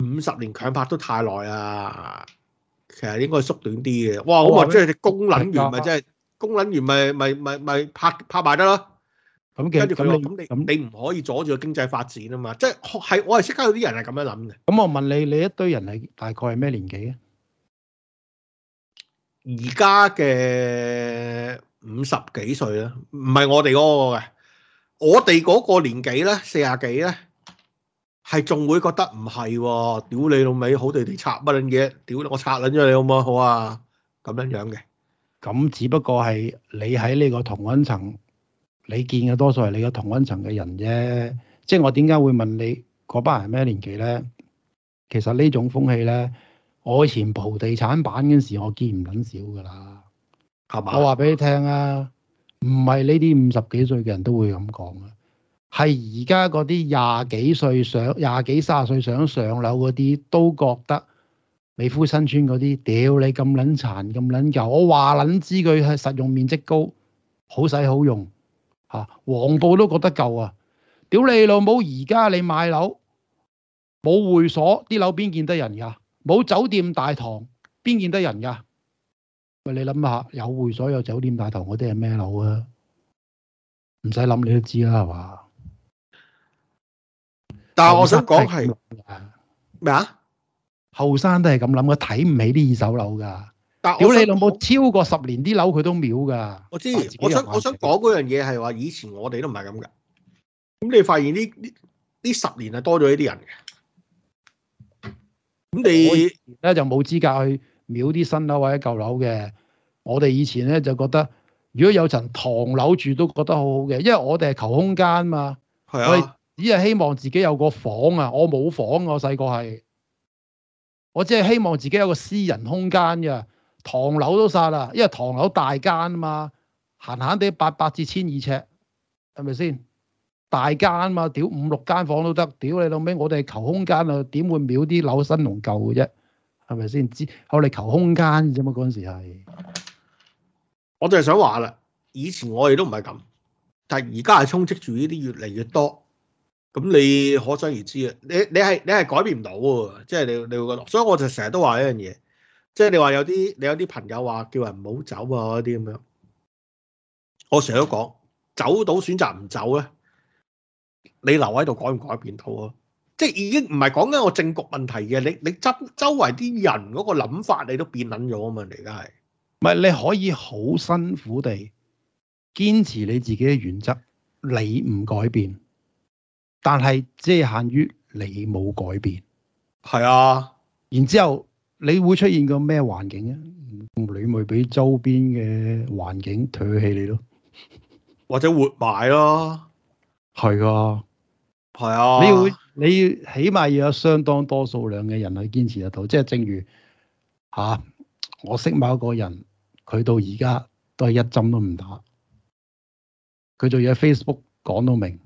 五，五十年強拍都太耐啊，其實應該縮短啲嘅。哇，我咪即係工撚完咪即係工撚完咪咪咪咪拍拍埋得咯。咁其實咁你咁你唔可以阻住個經濟發展啊嘛，即係係我係識得有啲人係咁樣諗嘅。咁我問你，你一堆人係大概係咩年紀啊？而家嘅五十幾歲啦，唔係我哋嗰個嘅，我哋嗰個年紀咧，四十幾咧，係仲會覺得唔係喎？屌你老味，好地地拆乜撚嘢？屌我拆撚咗你好唔好？好啊，咁樣樣嘅。咁只不過係你喺呢個同温層，你見嘅多數係你嘅同溫層嘅人啫，即係我點解會問你嗰班人咩年紀咧？其實呢種風氣咧，我以前蒲地產版嗰時，我見唔撚少㗎啦，係嘛吧？我話俾你聽啊，唔係呢啲五十幾歲嘅人都會咁講啊，係而家嗰啲廿幾歲想廿幾三十歲想上，上樓嗰啲，都覺得美孚新村嗰啲屌你咁撚殘咁撚舊，我話撚知佢係實用面積高，好使好用。吓、啊，黃埔都覺得舊啊！屌你老母，而家你買樓冇會所，啲樓邊見得人㗎？冇酒店大堂，邊見得人㗎？喂，你諗下，有會所有酒店大堂嗰啲係咩樓啊？唔使諗，你都知啦，係嘛？但係我想講係咩啊？後生都係咁諗，我睇唔起啲二手樓㗎。.屌你老母，超過十年啲樓佢都秒噶？我知，我知，我想我想講嗰樣嘢係話，以前我哋都唔係咁嘅。咁你發現呢呢十年係多咗呢啲人嘅。咁你咧就冇資格去秒啲新樓或者舊樓嘅。我哋以前咧就覺得，如果有層唐樓住都覺得好好嘅，因為我哋係求空間嘛。係啊，我哋只係希望自己有個房啊。我冇房，我細個係，我只係希望自己有個私人空間嘅。唐樓都殺啦，因為唐樓大間啊嘛，閒閒啲八百至千二尺，係咪先？大間啊嘛，屌五六間房都得，屌你老味，我哋求空間啊，點會秒啲樓新同舊嘅啫？係咪先？只我哋求空間啫嘛，嗰陣時係。我就係想話啦，以前我哋都唔係咁，但係而家係充斥住呢啲越嚟越多，咁你可想而知啊！你你係你係改變唔到喎，即係你你會覺得，所以我就成日都話一樣嘢。即係你話有啲，你有啲朋友話叫人唔好走啊，一啲咁樣。我成日都講，走到選擇唔走咧，你留喺度改唔改變到啊？即係已經唔係講緊個政局問題嘅，你你周周圍啲人嗰個諗法你都變捻咗啊嘛？你而家係唔係？你可以好辛苦地堅持你自己嘅原則，你唔改變，但係即係限於你冇改變。係啊，然之後。你會出現個咩環境啊？你咪俾周邊嘅環境唾棄你咯，或者活埋咯，係啊的，係啊的。你會你起碼要有相當多數量嘅人去堅持得到，即係正如吓、啊，我識某一個人，佢到而家都係一針都唔打，佢仲要喺 Facebook 講到明，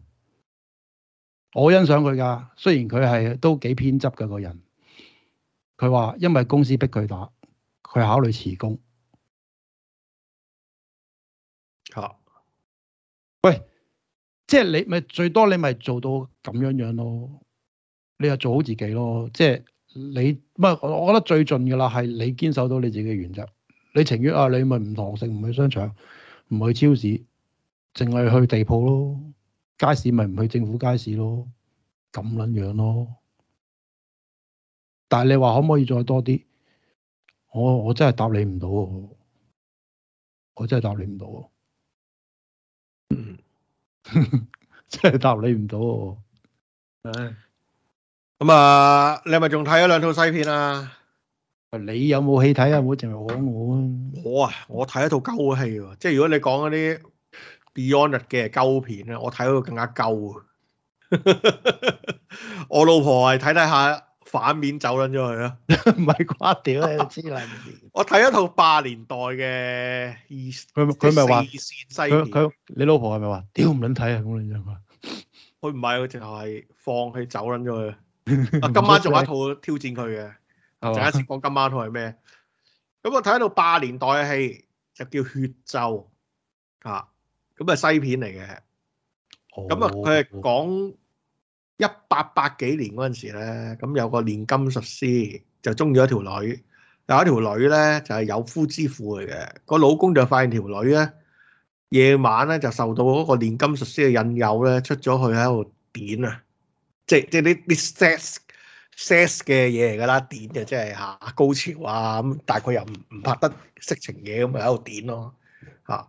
我欣賞佢噶，雖然佢係都幾偏執嘅個人。佢話因為公司逼佢打，佢考慮辭工。吓、啊，喂，即係你咪最多你咪做到咁樣樣咯，你又做好自己咯。即係你唔我，我覺得最盡嘅啦，係你堅守到你自己嘅原則。你情願啊，你咪唔堂食，唔去商場，唔去超市，淨係去地鋪咯，街市咪唔去政府街市咯，咁捻樣咯。但係你話可唔可以再多啲？我我真係答你唔到，我真係答你唔到，真係答你唔到。咁 啊、嗯、啊，你係咪仲睇咗兩套西片啊？你有冇戲睇啊？唔好淨係講我啊！我啊，我睇一套鳩戲喎。即係如果你講嗰啲 Beyond 嘅鳩片啊，我睇到更加鳩啊！ 我老婆係睇睇下。反面走撚咗佢咯，唔係啩屌啊！我睇一套八年代嘅二，佢佢咪話西片？ 你老婆係咪話屌唔撚睇啊？咁你又話，我唔係，佢直頭係放佢走撚咗佢。啊，今晚仲有一套挑戰佢嘅，第一先講今晚套係咩？咁我睇一套八年代嘅戲就叫血咒啊，咁啊西片嚟嘅，咁啊佢係講。一八八幾年嗰陣時咧，咁有個煉金術師就中意咗條女，有一條女咧就係、是、有夫之婦嚟嘅，個老公就發現條女咧夜晚咧就受到嗰個煉金術師嘅引誘咧，出咗去喺度點啊，即係即係呢啲 sex sex 嘅嘢嚟噶啦，點就即係吓高潮啊咁，但係佢又唔唔拍得色情嘢，咁咪喺度點咯吓，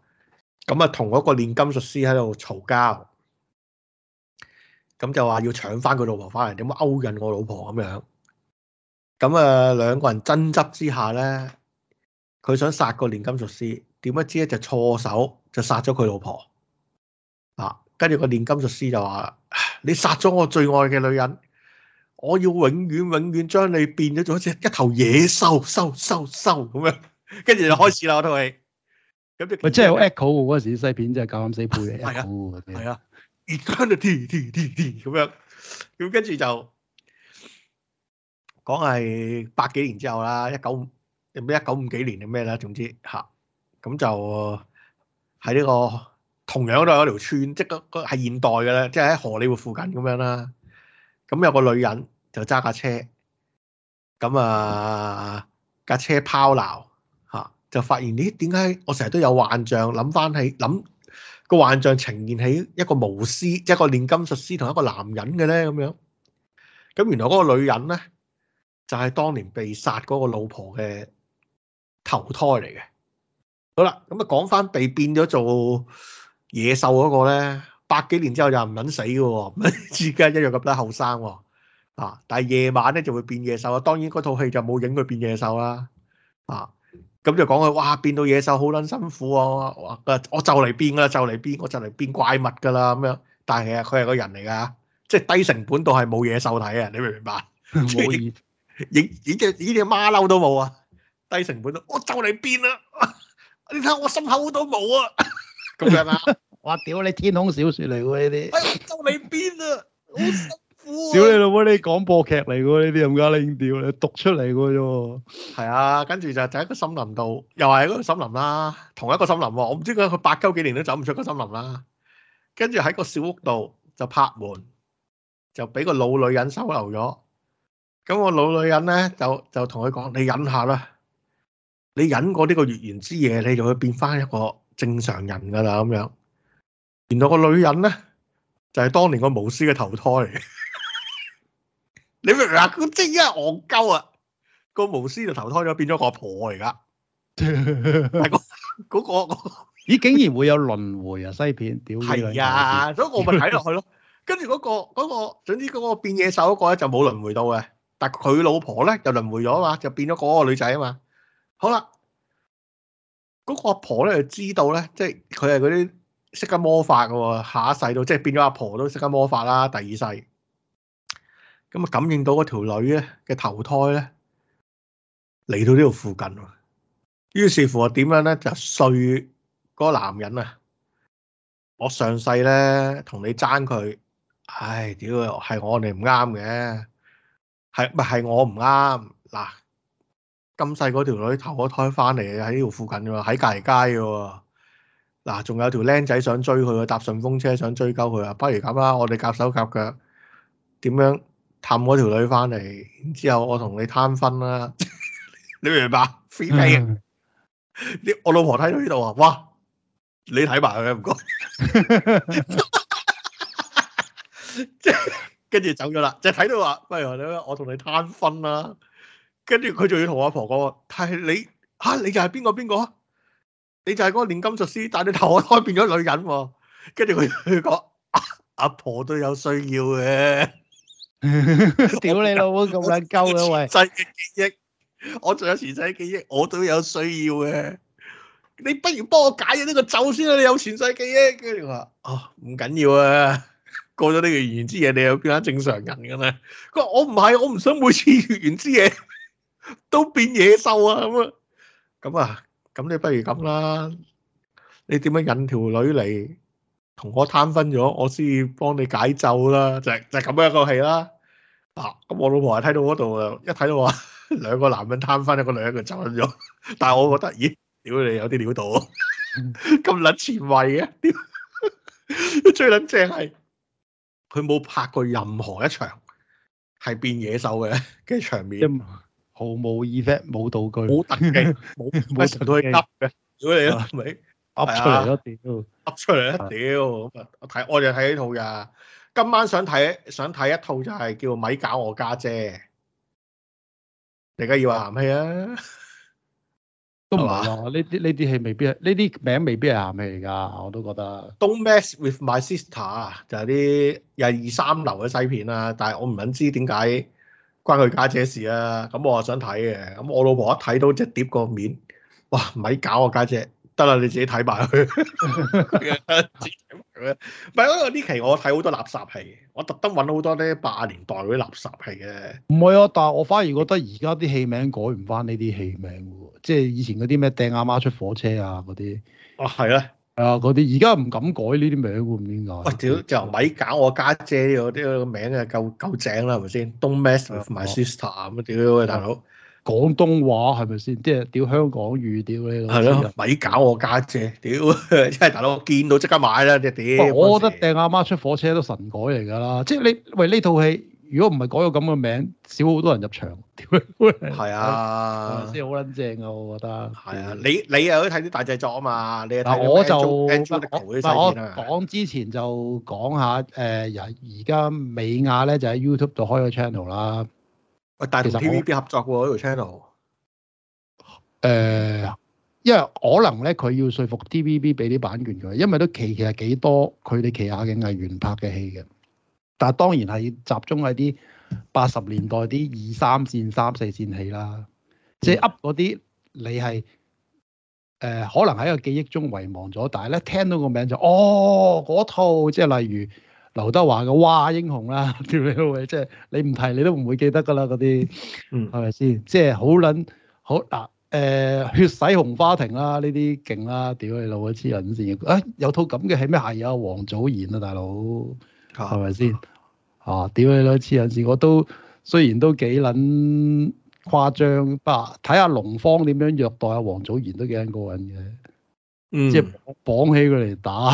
咁啊同嗰個煉金術師喺度嘈交。咁就話要搶翻佢老婆翻嚟，點樣勾引我老婆咁樣？咁啊，兩個人爭執之下咧，佢想殺個煉金術師，點不知咧，啊、就錯手就殺咗佢老婆啊！跟住個煉金術師就話，你殺咗我最愛嘅女人，我要永遠永遠將你變咗做一隻一頭野獸，收收收咁樣。跟住就開始啦，我同你，咁即係好 echo 嗰時西片真係搞啱死，背係啊。越幹就跌跌跌跌咁樣，咁跟住就講係百幾年之後啦，一九唔咩一九五幾年係咩啦，總之嚇咁就喺呢個同樣都係嗰條村，即係個個係現代嘅咧，即係喺荷里活附近咁樣啦。咁有個女人就揸架車，咁啊架車拋錨嚇，就發現咦點解我成日都有幻象，諗翻起諗。個幻象呈現喺一個巫師，一個煉金術師同一個男人嘅咧咁樣，咁原來嗰個女人咧就係、是、當年被殺嗰個老婆嘅投胎嚟嘅。好啦，咁啊講翻被變咗做野獸嗰個咧，百幾年之後又唔肯死嘅、哦，而 家一樣咁多後生啊！但係夜晚咧就會變野獸啊。當然嗰套戲就冇影佢變野獸啦啊。咁就講佢哇變到野獸好撚辛苦啊！我我就嚟變噶啦，就嚟變，我就嚟變，變，變怪物噶啦咁樣。但係其實佢係個人嚟㗎，即係低成本度係冇野獸睇啊！你明唔明白？冇影影隻影隻馬騮都冇啊！低成本度我就嚟變啦！你睇下我心口都冇啊！咁樣啊！我屌 你天空小説，嚟喎呢啲！你嚟、哎、變啦！ 小李老妹，你講播劇嚟嘅喎，呢啲咁嘅領調，你讀出嚟嘅喎，係啊，跟住就就喺個森林度，又係個森林啦，同一個森林喎，我唔知佢佢八九幾年都走唔出個森林啦。跟住喺個小屋度就拍門，就俾個老女人收留咗。咁個老女人咧就就同佢講：你忍下啦，你忍過呢個月圓之夜，你就會變翻一個正常人㗎啦。咁樣，原來個女人咧就係當年個巫師嘅投胎嚟。你明啦，咁即係一戇鳩啊！ 那個巫師就投胎咗，變、那、咗個阿婆嚟噶。大、那、嗰個咦，那個、 竟然會有輪迴啊？西片屌，係啊，所以我咪睇落去咯。跟住嗰個嗰、那個那個、總之嗰個變野獸嗰個咧就冇輪迴到嘅，但佢老婆咧就輪迴咗啊嘛，就變咗嗰個女仔啊嘛。好啦，嗰、那個阿婆咧就知道咧，即係佢係嗰啲識得魔法嘅喎，下一世到，即係變咗阿婆都識得魔法啦，第二世。咁啊！感應到嗰條女咧嘅頭胎咧嚟到呢度附近喎，於是乎點樣咧就碎嗰個男人啊！我上世咧同你爭佢，唉屌，係我哋唔啱嘅，係咪係我唔啱嗱？今世嗰條女投咗胎翻嚟喺呢度附近嘅喎，喺隔籬街嘅喎。嗱，仲有條僆仔想追佢啊，搭順風車想追鳩佢啊，不如咁啦，我哋夾手夾腳點樣？氹嗰條女翻嚟，之後我同你攤分啦， 你明唔明白 free pay 我老婆睇到呢度啊，哇！你睇埋佢唔該，即係跟住走咗啦，就睇到話，喂，不如我同你攤分啦。跟住佢仲要同阿婆講，但係你吓你就係邊個邊個？你就係嗰個煉金術師，但你頭殼變咗女人。跟住佢佢講阿婆都有需要嘅。 屌你老母咁撚鳩啦喂！前嘅記憶，我仲有前世記憶，有世記憶，我都有需要嘅。你不如幫我解咗呢個咒先，啊哦啊啊啊，啦。你有前世記憶，跟住話哦，唔緊要啊。過咗呢個月圓之夜，你又變返正常人噶啦。佢話我唔係，我唔想每次月圓之夜都變野獸啊咁啊。咁啊，咁你不如咁啦。你點樣引條女嚟，同我攤分咗，我先幫你解咒啦。就是，就咁，是，樣一個戲啦。啊！咁我老婆係睇到嗰度啊，一睇到話兩個男人攤翻，一個女人就走咗。但係我覺得，咦？屌你有啲料到，咁捻前衛嘅。最捻正係，佢冇拍過任何一場係變野獸嘅嘅場面，毫無 effect，冇道具，冇特技，冇成嘢都係嘅。屌沒你啊，啦，咪噏出嚟一屌，噏出嚟一屌！我睇，我就睇呢套噶。今晚想睇想睇一套就係叫咪搞我家姐，大家要話鹹戲啊？都唔係呢啲呢啲戲未必，呢啲名未必係鹹戲嚟噶，我都覺得。Don't mess with my sister 啊，就係啲廿二三流嘅西片啦。但係我唔明知點解關佢家姐事啊？咁我啊想睇嘅。咁我老婆一睇到隻碟個面，哇！咪搞我家姐。得啦，你自己睇埋佢。唔 係， 呢期我睇好多垃圾戲，我特登揾好多咧八十年代嗰啲垃圾戲嘅。唔係啊，但係我反而覺得而家啲戲名改唔翻呢啲戲名喎，即係以前嗰啲咩掟阿媽出火車啊嗰啲。哦，係啊，啊，啲而家唔敢改呢啲名嘅喎，點解？喂，屌就咪搞我家姐嗰啲、這個這個、名啊，夠夠正啦，係咪先？Don't mess with my sister 屌喂大佬！ 廣東話係咪先？即係屌香港語，屌你老！係咯，咪搞我家姐，姐！屌，真係大佬見到即刻買啦！即屌。我覺得掟阿媽，媽出火車都神改嚟㗎啦！即係你喂呢套戲，如果唔係改咗咁嘅名，少好多人入場。屌！係啊，先好撚正啊，我覺得。係啊，你你又可以睇啲大製作啊嘛，你又睇啲我，就我，我，我講之前就講下誒，而、呃、家美亞咧就喺 YouTube 度開咗 channel 啦。喂，但係、哦、同 TVB 合作喎呢條 channel。誒、呃，因為可能咧，佢要説服 TVB 俾啲版權佢，因為都其其實幾多佢哋旗下嘅藝員拍嘅戲嘅。但係當然係集中喺啲八十年代啲二三線、三四線戲啦。即係 Up 嗰啲，你係誒、呃、可能喺個記憶中遺忘咗，但係咧聽到個名就哦嗰套，即係例如。劉德華嘅《哇英雄、啊》啦， 屌你老味，即係你唔提你都唔會記得噶啦嗰啲，係咪先？即係好撚好嗱誒，呃《血洗紅花亭、啊》啦、啊，呢啲勁啦，屌你老味黐人線啊，有套咁嘅係咩戲啊？王祖賢啊，大佬，係咪先？啊，屌你老味黐人線，我都雖然都幾撚誇張，不過睇下龍方點樣虐待阿王祖賢都幾撚過癮嘅。即係綁起佢嚟打，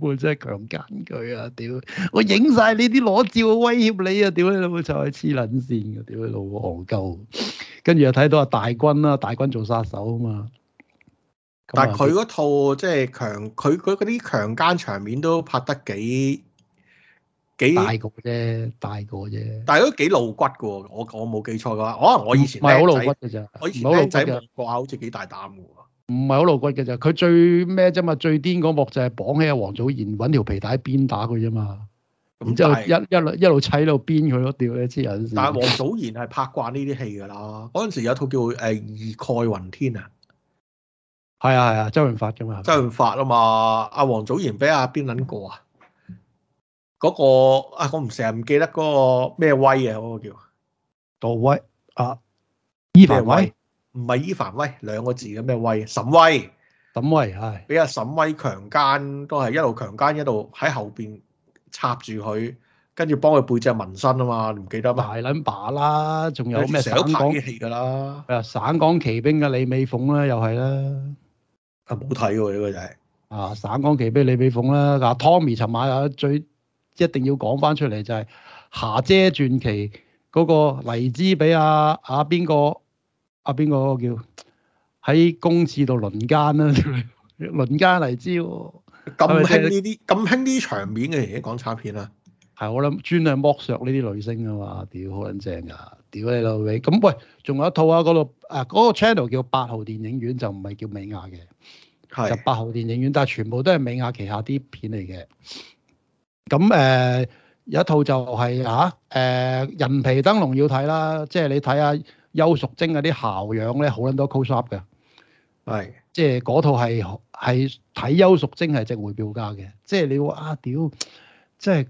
會真係強姦佢啊！屌，我影晒呢啲裸照我威脅你啊！屌你老母就係黐捻線嘅，屌你老母戇鳩！跟住又睇到啊大軍啦，大軍做殺手啊嘛。但係佢嗰套即係強，佢佢嗰啲強姦場面都拍得幾幾大個啫，大個啫。個但係都幾露骨嘅，我我冇記錯嘅話，可能我以前唔係好露骨嘅咋，我以前靚仔個話好似幾大膽嘅。唔係好露骨嘅啫，佢最咩啫嘛？最癲嗰幕就係綁起阿王祖賢，搵條皮帶鞭打佢啫嘛。咁之後一一路一路砌到路鞭佢咯，屌你之啊！但係王祖賢係拍慣呢啲戲噶啦。嗰陣時有套叫誒《義蓋雲天》啊，係啊係啊，啊周潤發噶嘛，周潤發啊嘛。阿王祖賢俾阿邊諗過啊？嗰、那個啊，我唔成日唔記得嗰、那個咩威啊，嗰、那個叫杜威啊，伊凡威。唔係伊凡威兩個字嘅咩威？沈威，沈威係俾阿沈威強姦，都係一路強姦一路喺後邊插住佢，跟住幫佢背脊紋身啊嘛，唔記得嗎？大撚把啦，仲有咩成日省港嘅啦，省港奇兵嘅李美鳳啦，又係啦。啊，冇睇喎呢個就係啊，省港奇兵李美鳳啦。嗱，Tommy，尋晚啊最一定要講翻出嚟就係《霞姐傳奇》嗰個黎姿俾阿阿邊個？啊！邊個叫喺公廁度輪奸啦？輪奸黎之咁興呢啲咁興啲場面嘅嘢，港產片啊，係我諗專量剝削呢啲女星啊嘛，屌好撚正啊，屌你老味。咁喂，仲有一套啊，嗰度誒嗰個 channel 叫八號電影院，就唔係叫美亞嘅，就八號電影院，但係全部都係美亞旗下啲片嚟嘅。咁誒有一套就係啊，誒人皮燈籠要睇啦，即係你睇下。邱淑貞嗰啲姣樣咧，好撚多 close up 嘅，係是即係嗰套係係睇邱淑貞係值回票價嘅，即係你話啊屌、啊，即係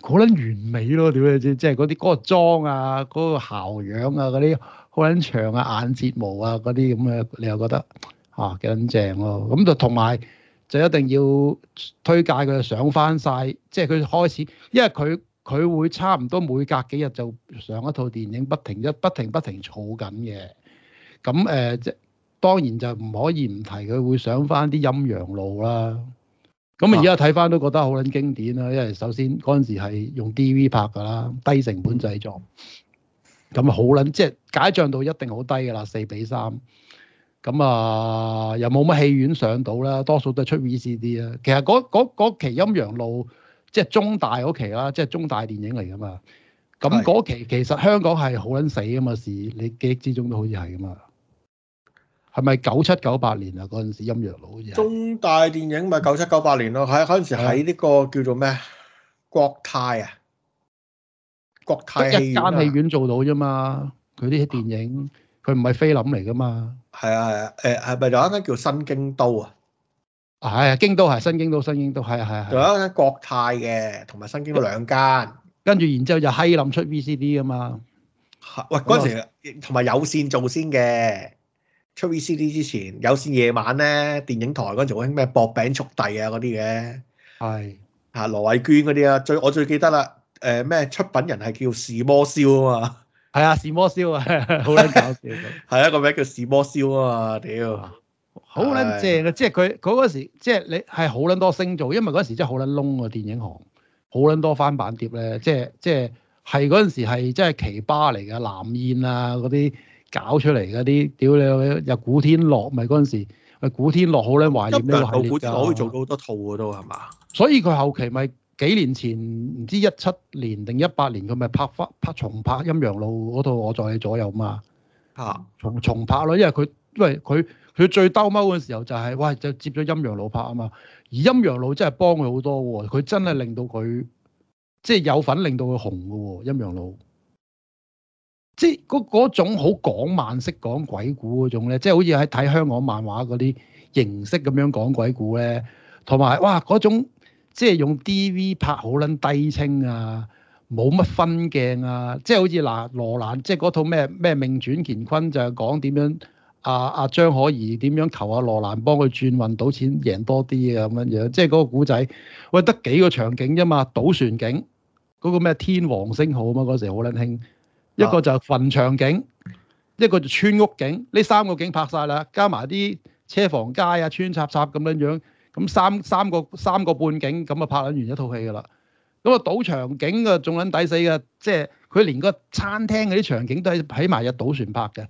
好撚完美咯，屌你知，即係嗰啲嗰個妝啊，嗰、嗰個姣樣啊，嗰啲好撚長啊，眼睫毛啊嗰啲咁嘅，你又覺得啊，幾撚正咯？咁就同埋就一定要推介佢上翻晒，即係佢開始，因為佢。佢會差唔多每隔幾日就上一套電影，不停一不停不停儲緊嘅。咁誒，即、呃、係當然就唔可以唔提佢會上翻啲《陰陽路》啦。咁啊，而家睇翻都覺得好撚經典啦、啊，因為首先嗰陣時係用 DV 拍㗎啦，低成本製作。咁好撚即係解像度一定好低㗎啦，四比三。咁啊、呃，又冇乜戲院上到啦，多數都出 VCD 啊。其實嗰期《陰陽路》即係中大嗰期啦，即係中大電影嚟噶嘛。咁嗰期其實香港係好撚死噶嘛，是你記憶之中都好似係噶嘛。係咪九七九八年啊？嗰陣時音樂佬好似。中大電影咪九七九八年咯，喺嗰陣時喺呢個叫做咩國泰啊，國泰一間戲院做到啫嘛。佢啲電影佢唔係菲林嚟噶嘛。係啊，係啊，誒係咪嗱？嗰間叫新京都啊。係啊、哎，京都係新京都，新京都係啊係啊，仲有一間國泰嘅，同埋新京都兩間，跟住然之後就嗨諗出 VCD 啊嘛，喂嗰陣時同埋、那個、有線做先嘅，出 VCD 之前有線夜晚咧，電影台嗰陣做緊咩薄餅速遞啊嗰啲嘅，係啊羅慧娟嗰啲啊，最我最記得啦，誒、呃、咩出品人係叫視摩燒啊嘛，係啊視摩燒啊，好撚搞笑、， 啊，係、那、一個名叫視摩燒啊嘛，屌。好撚正嘅，即係佢佢嗰時即係你係好撚多星做，因為嗰時真係好撚燶個電影行，好撚多翻版碟咧。即係即係係嗰陣時係即係奇葩嚟嘅，藍燕啊嗰啲搞出嚟嗰啲，屌你有古天樂咪嗰陣時古天樂好撚懷念呢個系列㗎，可以做到好多套嘅都係嘛？所以佢後期咪幾年前唔知一七年定一八年佢咪拍翻拍重拍《陰陽路》嗰套我在你左右嘛？啊，重重拍咯，因為佢因為佢。佢最兜踎嗰個時候就係、是，哇！就接咗陰陽佬拍啊嘛，而陰陽佬真係幫佢好多喎、啊，佢真係令到佢即係有份令到佢紅嘅喎、啊。陰陽佬即係嗰種好講漫，式、講鬼故嗰種咧，即、就、係、是、好似喺睇香港漫畫嗰啲形式咁樣講鬼故咧，同埋哇嗰種即係、就是、用 DV 拍好撚低清啊，冇乜分鏡啊，即、就、係、是、好似嗱羅蘭，即係嗰套咩咩命轉乾坤就係講點樣。阿阿、啊、張可怡點樣求阿、啊、羅蘭幫佢轉運，賭錢贏多啲啊咁樣樣，即係嗰個故仔。喂，得幾個場景啫嘛？賭船景，嗰、那個咩天王星號啊嘛，嗰、那個、時好撚興。一個就係墳場景，一個就係村屋景，呢三個景拍晒啦，加埋啲車房街啊、村插插咁樣樣，咁三三個三個半景咁啊拍撚完一套戲噶啦。咁啊賭場景啊仲撚抵死噶，即係佢連個餐廳嗰啲場景都喺喺埋隻賭船拍嘅。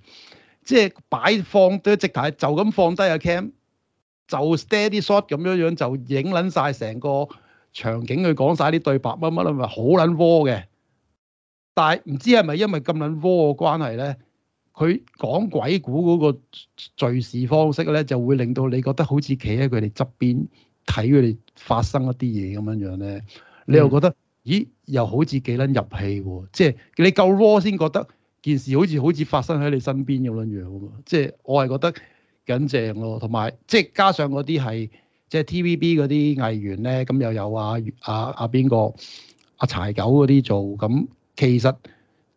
即係擺放都直頭，就咁放低個 cam，就 steady shot 咁樣樣，就影撚晒成個場景去講晒啲對白乜乜啦，咪好撚窩嘅。但係唔知係咪因為咁撚窩嘅關係咧，佢講鬼故嗰個敘事方式咧，就會令到你覺得好似企喺佢哋側邊睇佢哋發生一啲嘢咁樣樣咧。你又覺得，嗯、咦，又好似幾撚入戲喎？即係你夠窩先覺得。件事好似好似發生喺你身邊咁樣樣，即係我係覺得緊正咯，同埋即係加上嗰啲係即係 TVB 嗰啲藝員咧，咁又有阿阿阿邊個阿、啊、柴狗嗰啲做咁，其實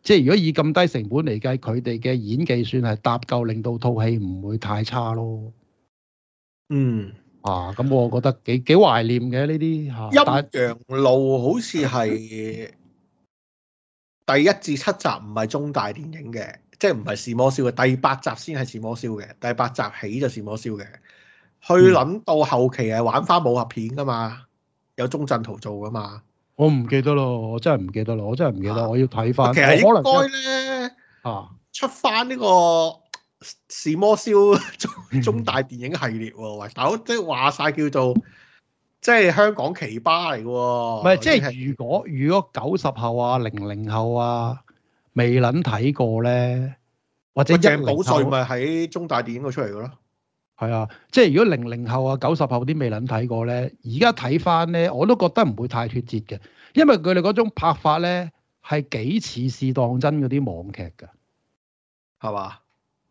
即係如果以咁低成本嚟計，佢哋嘅演技算係搭夠，令到套戲唔會太差咯。嗯啊，咁我覺得幾幾懷念嘅呢啲啊。陰陽路好似係。第一至七集唔係中大電影嘅，即係唔係《是魔少》嘅。第八集先係《是魔少》嘅，第八集起就《是魔少》嘅。去諗到後期係玩翻武俠片噶嘛？有鍾鎮濤做噶嘛？我唔記得咯，我真係唔記得咯，我真係唔記得。啊、我要睇翻。其實應該咧，啊、出翻呢個《是魔少 》中大電影系列喎，大佬即係話晒叫做。即係香港奇葩嚟嘅喎，唔係即係如果如果九十後啊、零零後啊未撚睇過咧，或者一到歲咪喺中大電影度出嚟嘅咯，係啊，即係如果零零後啊、九十後啲未撚睇過咧，而家睇翻咧，我都覺得唔會太脱節嘅，因為佢哋嗰種拍法咧係幾似是當真嗰啲網劇㗎，係嘛吧？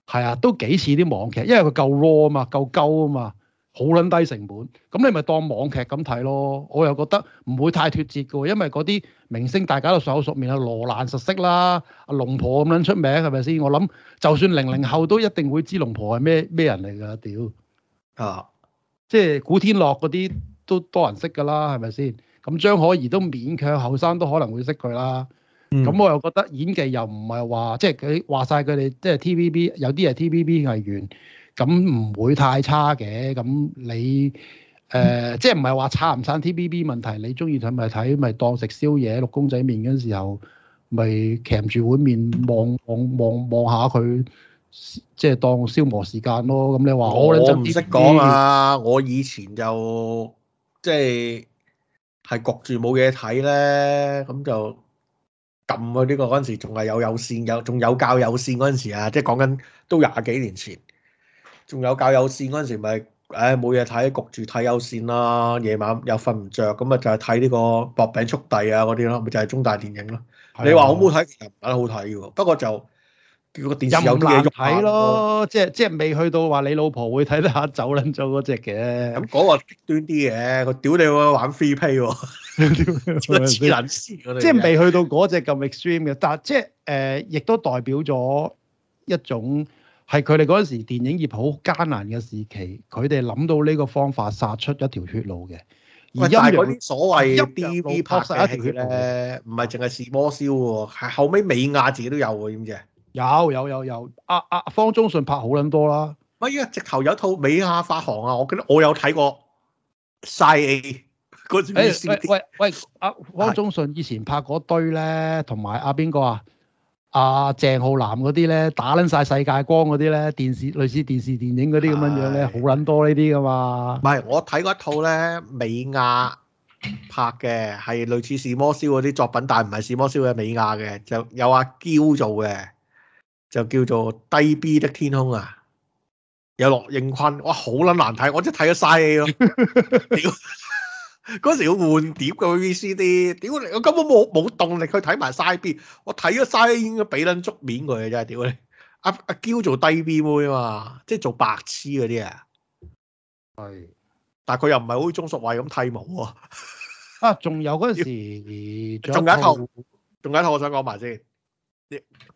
係啊，都幾似啲網劇，因為佢夠 raw 啊嘛，夠鳩啊嘛。好撚低成本，咁你咪當網劇咁睇咯。我又覺得唔會太脱節嘅喎，因為嗰啲明星大家都熟口熟面啦，羅蘭實識啦，阿龍婆咁樣出名係咪先？我諗就算零零後都一定會知龍婆係咩咩人嚟㗎。屌啊，即係古天樂嗰啲都多人識㗎啦，係咪先？咁張可頤都勉強，後生都可能會識佢啦。咁、嗯、我又覺得演技又唔係話即係佢話晒佢哋，即係 TVB 有啲係 TVB 藝員。咁唔會太差嘅，咁你誒、呃、即係唔係話差唔差 TVB 問題？你中意睇咪睇，咪當食宵夜六公仔麵嗰陣時候，咪攬住碗麵望望望望下佢，即係當消磨時間咯。咁你話我？我唔識講啊！嗯、我以前就即係係焗住冇嘢睇咧，咁就撳、是、佢呢個嗰陣時，仲係有有線有仲有教有線嗰陣時啊！即係講緊都廿幾年前。仲有教有線嗰陣時，咪誒冇嘢睇，焗住睇有線啦。夜晚又瞓唔着，咁啊就係睇呢個薄餅速遞啊嗰啲咯，咪就係、是、中大電影咯。的你話好唔好睇，其實唔係好睇嘅。不過就叫個電視有嘢用睇咯，即係即係未去到話你老婆會睇得下走走，走撚走嗰隻嘅。咁講話極端啲嘅，佢屌你喎，玩 free pay 喎，即係未去到嗰隻咁 extreme 嘅，但係即係誒，亦、呃、都代表咗一種。係佢哋嗰陣時電影業好艱難嘅時期，佢哋諗到呢個方法殺出一條血路嘅。而家係嗰啲所謂一啲啲拍嘅血，咧，唔係淨係視波燒喎，係後尾美亞自己都有喎，點知？有有有有阿阿方中信拍好撚多啦。哎、喂，依家直頭有套美亞發行啊，我記得我有睇過。細嗰喂喂喂，阿方中信以前拍嗰堆咧，同埋阿邊個啊？阿鄭浩南嗰啲咧，打撚晒世界光嗰啲咧，電視類似電視電影嗰啲咁樣樣咧，好撚的多呢啲噶嘛。唔係，我睇過一套咧，美亞拍嘅，係類似史魔蕭嗰啲作品，但係唔係史魔蕭嘅美亞嘅，就有阿嬌做嘅，就叫做低 B 的天空啊。有落應坤，哇，好撚難睇，我真係睇咗晒咯。 嗰時要換碟嘅 VCD，屌你，我根本冇冇動力去睇埋 side B，我睇咗 side B 應該俾捻竹面佢嘅真係，屌你，阿阿嬌做低 B 妹啊嘛，即係做白痴嗰啲啊，係是，但係佢又唔係好似鍾淑慧咁剃毛啊，啊，仲有嗰陣時仲有一套，仲有一套我想講埋先。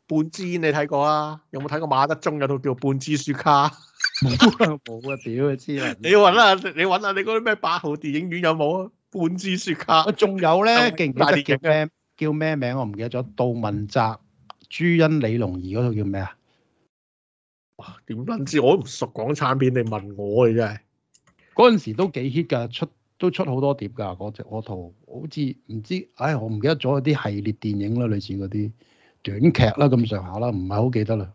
半支煙你睇過啊？有冇睇過馬德鐘有套叫《半支雪卡》？冇啊，屌你知啊！你搵下、啊、你搵你嗰啲咩八號電影院有冇啊？《半支雪卡》仲有咧，勁大碟嘅。叫咩？叫咩名？我唔記得咗。杜汶澤、朱茵、李龍兒嗰套叫咩啊？哇！點捻知？我都唔熟港產片，你問我嘅真係。嗰陣時都幾 hit 噶，出都出好多碟噶。嗰隻嗰套好似唔知，唉，我唔、哎、記得咗啲系列電影啦，類似嗰啲。短劇啦咁上下啦，唔係好記得啦。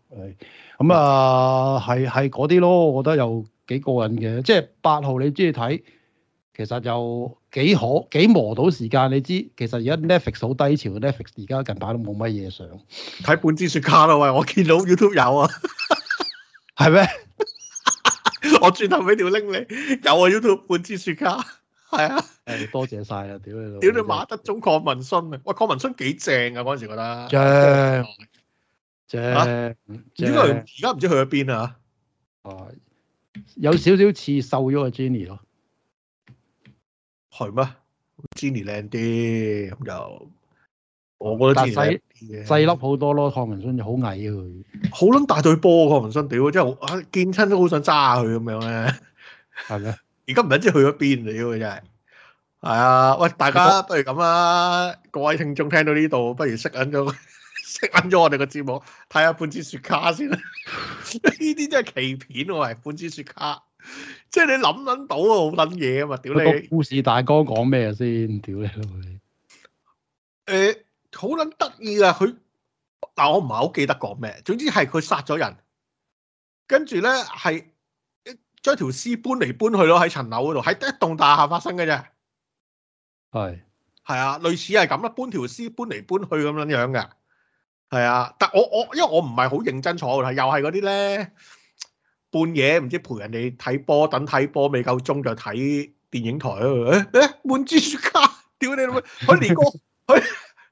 咁啊，係係嗰啲咯，我覺得又幾過癮嘅。即係八號你中意睇，其實又幾可幾磨到時間。你知其實而家 Netflix 好低潮，Netflix 而家近排都冇乜嘢上。睇半支雪茄啦喂，我見到 YouTube 有啊，係 咩嗎？ 我轉頭俾條拎你，有啊 YouTube 半支雪茄。係啊，多謝晒啦，屌你老母！屌你馬德種鄺文勳啊！喂，鄺文勳幾正啊？嗰陣時覺得正正，呢個人而家唔知去咗邊啊？啊，啊，有少少似瘦咗嘅 Jenny 咯，係咩？Jenny 靚啲咁就，我覺得嘅，細粒好多咯，鄺文勳就好矮啊佢，好撚大對波，鄺文勳屌即係我，見親都好想揸佢咁樣咧，係咩？而家唔知去咗邊嚟嘅真係，係啊！喂，大家不如咁啊。各位聽眾聽到呢度，不如熄緊咗，熄緊咗我哋個節目，睇下半支雪卡先啦。呢 啲真係奇片喎，係半支雪卡，即係你諗諗到啊，好捻嘢啊嘛！屌你，護士大哥講咩先？屌你老味。誒，好捻得意啊！佢，但我唔係好記得講咩，總之係佢殺咗人，跟住咧係。將條屍搬嚟搬去咯，喺層樓嗰度，喺一棟大廈發生嘅啫。係係是啊，類似係咁啦，搬條屍搬嚟搬去咁樣樣嘅。係啊，但我我因為我唔係好認真坐啦，又係嗰啲咧，半夜唔知陪人哋睇波，等睇波未夠鐘就睇電影台啊！誒、欸，半、欸、支雪茄，屌你老母，佢連個佢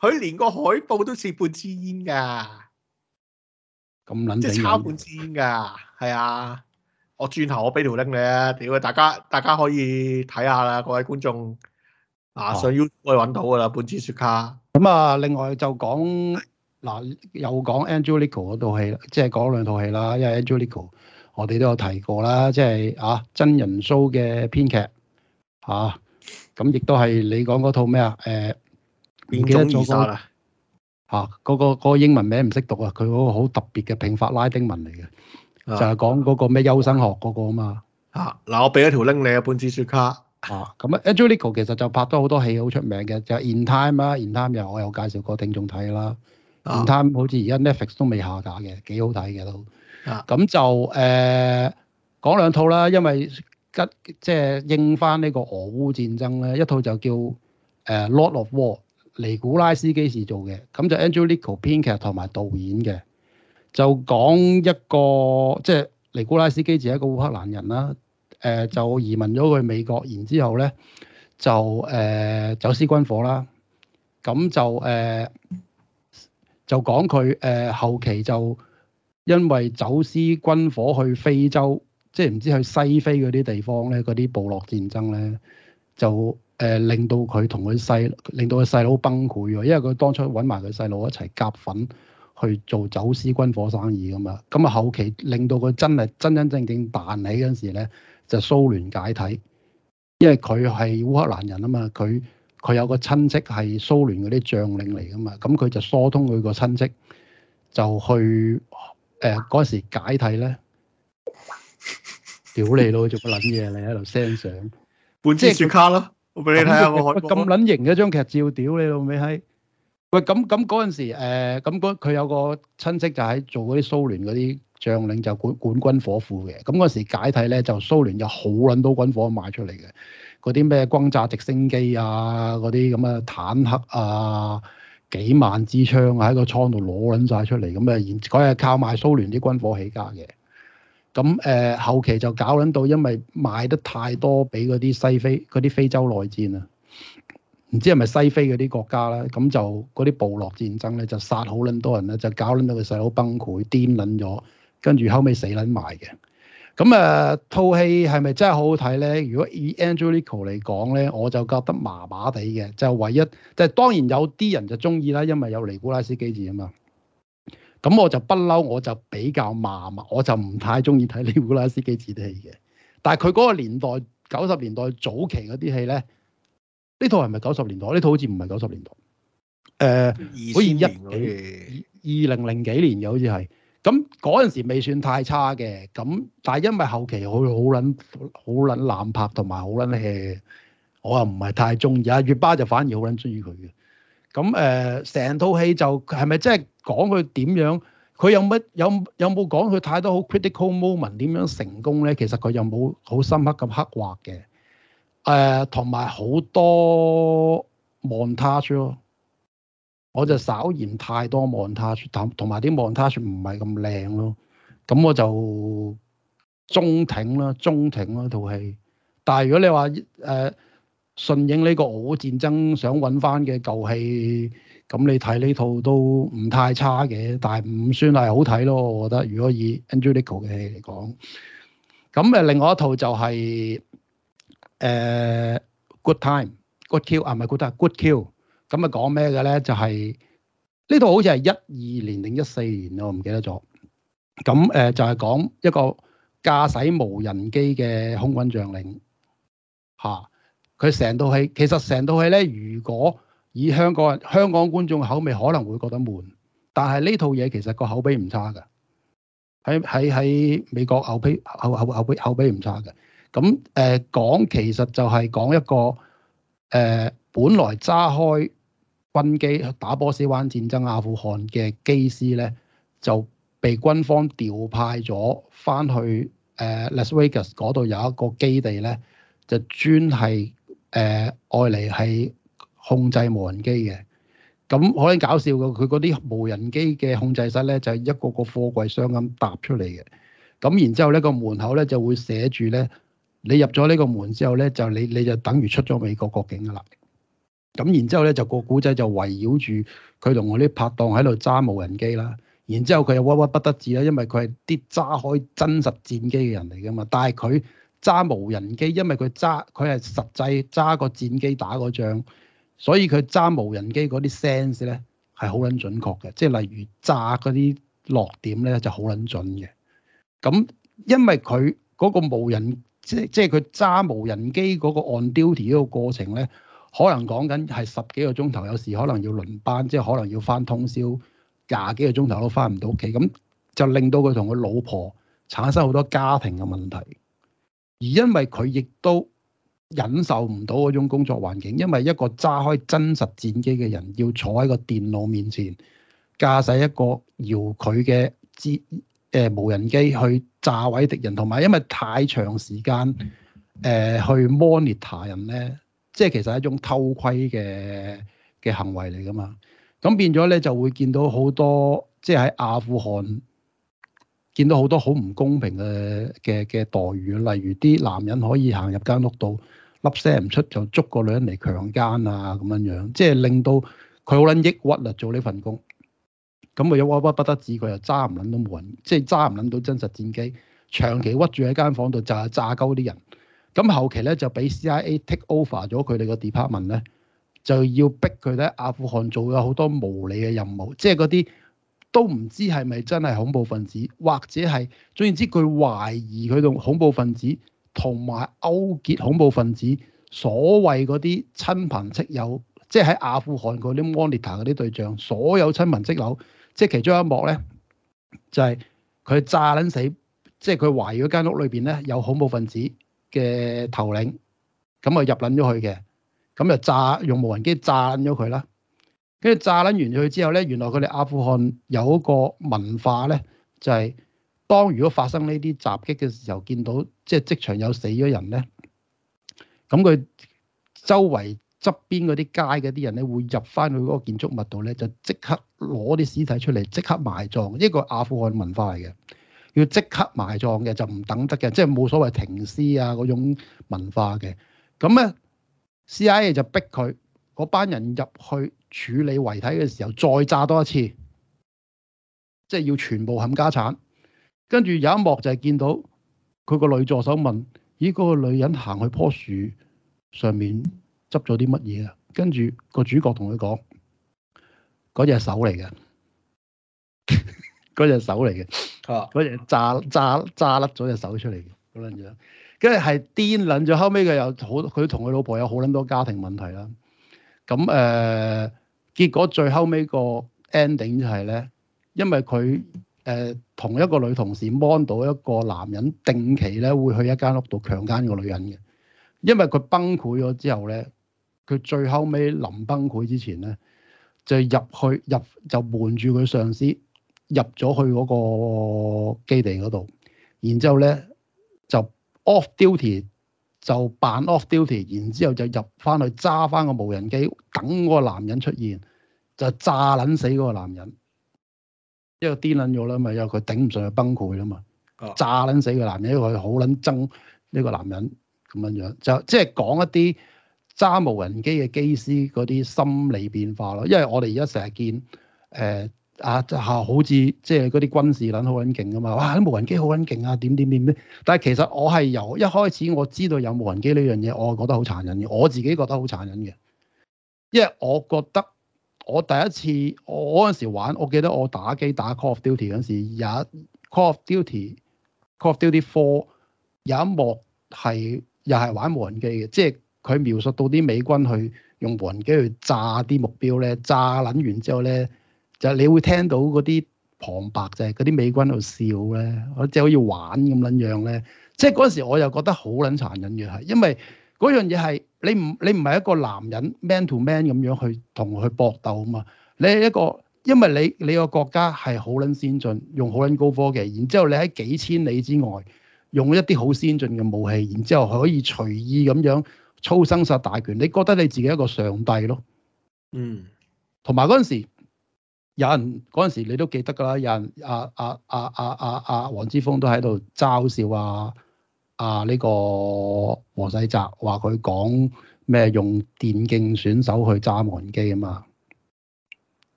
佢 連個海報都似半支煙噶，咁卵即係差半支煙噶，係啊。 我轉頭我俾條 link 你啊，屌！大家大家可以睇下啦，各位觀眾啊，上 YouTube 揾到噶啦，半支雪卡。咁啊，另外就講嗱、啊，又講 Angelico 嗰套戲，即係講兩套戲啦，因為 Angelico 我哋都有提過啦，即係啊真人 show 嘅編劇嚇，咁亦都係你講嗰套咩啊？誒、啊，啊那個、變種異煞啦嚇，嗰、啊那個那個英文名唔識讀啊，佢嗰個好特別嘅拼法拉丁文嚟嘅。啊、就係講嗰個咩優生學嗰個嘛，啊嘛嚇嗱，我俾一條拎你一本知識卡嚇，咁啊 Andrew Niccol 其實就拍咗好多戲，好出名嘅，就是、In Time 啦、啊、In Time 又我有介紹過聽眾睇啦，In Time 好似而家 Netflix 都未下架嘅，幾好睇嘅都咁、啊、就誒、呃、講兩套啦，因為吉即係應翻呢個俄烏戰爭咧，一套就叫誒、呃、Lord of War，尼古拉斯基斯做是做嘅，咁就 Andrew Niccol 編劇同埋導演嘅。就講一個即係、就是、尼古拉斯基治一個烏克蘭人啦，誒、呃、就移民咗去美國，然之後咧就誒、呃、走私軍火啦，咁就誒、呃、就講佢誒、呃、後期就因為走私軍火去非洲，即係唔知去西非嗰啲地方咧，嗰啲部落戰爭咧就誒、呃、令到佢同佢細令到佢細佬崩潰喎，因為佢當初揾埋佢細佬一齊夾粉。去做走私軍火生意噶嘛，咁、嗯、啊後期令到佢真係真真正正彈起嗰陣時咧，就蘇聯解體，因為佢係烏克蘭人啊嘛，佢佢有個親戚係蘇聯嗰啲將領嚟噶嘛，咁、嗯、佢就疏通佢個親戚，就去誒嗰陣時解體咧，屌你老，做乜撚嘢你喺度 send 相，換張傳卡咯，我俾你睇下我咁撚型嘅張劇照，屌你老尾閪！喂，咁咁嗰陣時，誒、呃，咁佢有個親戚就喺做嗰啲蘇聯嗰啲將領就管管軍火庫嘅，咁嗰時解體咧就蘇聯有好捻多軍火賣出嚟嘅，嗰啲咩轟炸直升機啊，嗰啲咁嘅坦克啊，幾萬支槍啊喺個倉度攞捻晒出嚟，咁啊，然佢係靠賣蘇聯啲軍火起家嘅，咁誒、呃、後期就搞捻到，因為賣得太多，俾嗰啲西非嗰啲非洲內戰啊。唔知係咪西非嗰啲國家啦，咁就嗰啲部落戰爭咧，就殺好撚多人咧，就搞撚到個細佬崩潰，癲撚咗，跟住後尾死撚埋嘅。咁啊，套戲係咪真係好好睇咧？如果以 Angelico 嚟講咧，我就覺得麻麻地嘅，就唯一，即係當然有啲人就中意啦，因為有尼古拉斯基治啊嘛。咁我就不嬲，我就比較麻麻，我就唔太中意睇尼古拉斯基治嘅戲嘅。但係佢嗰個年代，九十年代早期嗰啲戲咧。呢套係咪九十年代？呢套好似唔係九十年代。誒、呃，好似二零零幾年嘅，好似係。咁嗰陣時未算太差嘅。咁，但係因為後期佢好撚好撚濫拍同埋好撚氣，我又唔係太中意，阿月巴就反而好撚中意佢嘅。咁誒，成、呃、套戲就係咪真係講佢點樣？佢有乜有有冇講佢太多好 critical moment 點樣成功咧？其實佢又冇好深刻咁刻畫嘅。誒同埋好多 montage 咯，我就稍嫌太多 montage，同同埋啲 montage 唔係咁靚咯，咁我就中挺啦，中挺啦套戲。但係如果你話誒、呃、順應呢個俄戰爭想揾翻嘅舊戲，咁你睇呢套都唔太差嘅，但係唔算係好睇咯，我覺得。如果以 Angelico 嘅戲嚟講，咁誒另外一套就係、是。誒、uh, good time good kill 啊唔係 good 啊 good kill 咁啊，講咩嘅咧？就係呢套好似係一二年定一四年我唔記得咗。咁誒、uh, 就係講一個駕駛無人機嘅空軍將領嚇。佢、啊、成套戲其實成套戲咧，如果以香港人香港觀眾口味可能會覺得悶，但係呢套嘢其實個口碑唔差嘅。喺喺喺美國口碑口口口碑口碑唔差嘅。咁誒、呃、講其實就係講一個誒、呃，本來揸開軍機打波斯灣戰爭阿富汗嘅機師咧，就被軍方調派咗翻去誒、呃、Las Vegas 嗰度有一個基地咧，就專係誒攞嚟係控制無人機嘅。咁可以搞笑嘅，佢嗰啲無人機嘅控制室咧，就係、是、一個個貨櫃箱咁搭出嚟嘅。咁然之後呢個門口咧就會寫住咧。你入咗呢個門之後咧，就你你就等於出咗美國國境噶啦。咁然之後咧，就個古仔就圍繞住佢同我啲拍檔喺度揸無人機啦。然之後佢又屈屈不得志啦，因為佢係啲揸開真實戰機嘅人嚟噶嘛。但係佢揸無人機，因為佢揸佢係實際揸個戰機打個仗，所以佢揸無人機嗰啲 sense 咧係好撚準確嘅。即係例如揸嗰啲落點咧就好撚準嘅。咁因為佢嗰個無人即係佢揸無人機嗰個 on duty 嗰個過程咧，可能講緊係十幾個鐘頭，有時可能要輪班，即係可能要翻通宵，廿幾個鐘頭都翻唔到屋企，咁就令到佢同佢老婆產生好多家庭嘅問題。而因為佢亦都忍受唔到嗰種工作環境，因為一個揸開真實戰機嘅人要坐喺個電腦面前駕駛一個遙距嘅誒、呃、無人機去炸毀敵人，同埋因為太長時間誒、呃、去 monitor 人咧，即係其實係一種偷窺嘅嘅行為嚟噶嘛。咁變咗咧就會見到好多，即係喺阿富汗見到好多好唔公平嘅嘅嘅待遇，例如啲男人可以行入間屋度，粒聲唔出就捉個女人嚟強姦啊咁樣樣，即係令到佢好撚抑鬱啊！做呢份工。咁佢又屈屈不得志，佢又揸唔撚到門，即係揸唔撚到真實戰機，長期屈住喺間房度就係炸鳩啲人。咁後期咧就俾 CIA take over 咗佢哋個 department 咧，就要逼佢咧阿富汗做咗好多無理嘅任務，即係嗰啲都唔知係咪真係恐怖分子，或者係總言之，佢懷疑佢同恐怖分子同埋勾結恐怖分子所謂嗰啲親朋戚友，即係喺阿富汗嗰啲 monitor 嗰啲對象，所有親朋戚友。即係其中一幕咧，就係、是、佢炸撚死，即係佢懷疑嗰間屋裏邊咧有恐怖分子嘅頭領，咁啊入撚咗去嘅，咁就炸用無人機炸撚咗佢啦。跟住炸撚完佢之後咧，原來佢哋阿富汗有一個文化咧，就係、是、當如果發生呢啲襲擊嘅時候，見到即係即場有死咗人咧，咁佢周圍側邊嗰啲街嗰啲人咧會入翻去嗰個建築物度咧，就即刻。攞啲屍體出嚟即刻埋葬，一個阿富汗文化嚟嘅，要即刻埋葬嘅就唔等得嘅，即係冇所謂停屍啊嗰種文化嘅。咁咧，CIA 就逼佢嗰班人入去處理遺體嘅時候，再炸多一次，即係要全部冚家產。跟住有一幕就係見到佢個女助手問：咦，嗰個女人行去樖樹上面執咗啲乜嘢啊？跟住個主角同佢講。嗰隻手嚟嘅，嗰 隻手嚟嘅，嗰、啊、隻炸炸炸甩咗隻手出嚟嘅，嗰撚樣，跟住係癲撚咗，後尾嘅又好，佢同佢老婆有好撚多家庭問題啦。咁誒、呃，結果最後尾個 ending 就係、是、咧，因為佢誒、呃、同一個女同事 mon 到一個男人定期咧會去一間屋度強姦個女人嘅，因為佢崩潰咗之後咧，佢最後尾臨崩潰之前咧。就入去入就瞞住佢上司入咗去嗰個基地嗰度，然之後咧就 off duty 就扮 off duty，然之後就入翻去揸翻個無人機等嗰個男人出現，就炸撚死嗰個男人，因為癲捻咗啦，咪因為佢頂唔上去崩潰啊嘛，炸撚死個男人，因為佢好捻憎呢個男人咁樣樣，就即係講一啲。揸無人機嘅機師嗰啲心理變化咯，因為我哋而家成日見誒、呃、啊，就好似即係嗰啲軍事撚好撚勁㗎嘛，哇啲無人機好撚勁啊，點點點咩？但係其實我係由一開始我知道有無人機呢樣嘢，我係覺得好殘忍嘅，我自己覺得好殘忍嘅，因為我覺得我第一次我嗰陣時玩，我記得我打機打 Call of Duty 嗰陣時，有 Call of Duty Call of Duty Four 有一幕係又係玩無人機嘅，即係。佢描述到啲美軍去用無人機去炸啲目標咧，炸撚完之後咧，就你會聽到嗰啲旁白就係嗰啲美軍喺度笑咧，即係可以玩咁撚樣咧。即係嗰陣時，我又覺得好撚殘忍嘅係，因為嗰樣嘢係你唔你唔係一個男人 man to man 咁樣去同佢搏鬥啊嘛。你係一個，因為你你個國家係好撚先進，用好撚高科技，然之後你喺幾千里之外，用一啲好先進嘅武器，然之後可以隨意咁樣。操生殺大權，你覺得你自己一個上帝咯？嗯，同埋嗰陣有人，嗰陣時你都記得㗎啦。有人阿阿阿阿阿阿黃之鋒都喺度嘲笑啊，啊呢個黃世澤話佢講咩用電競選手去揸無人機啊嘛？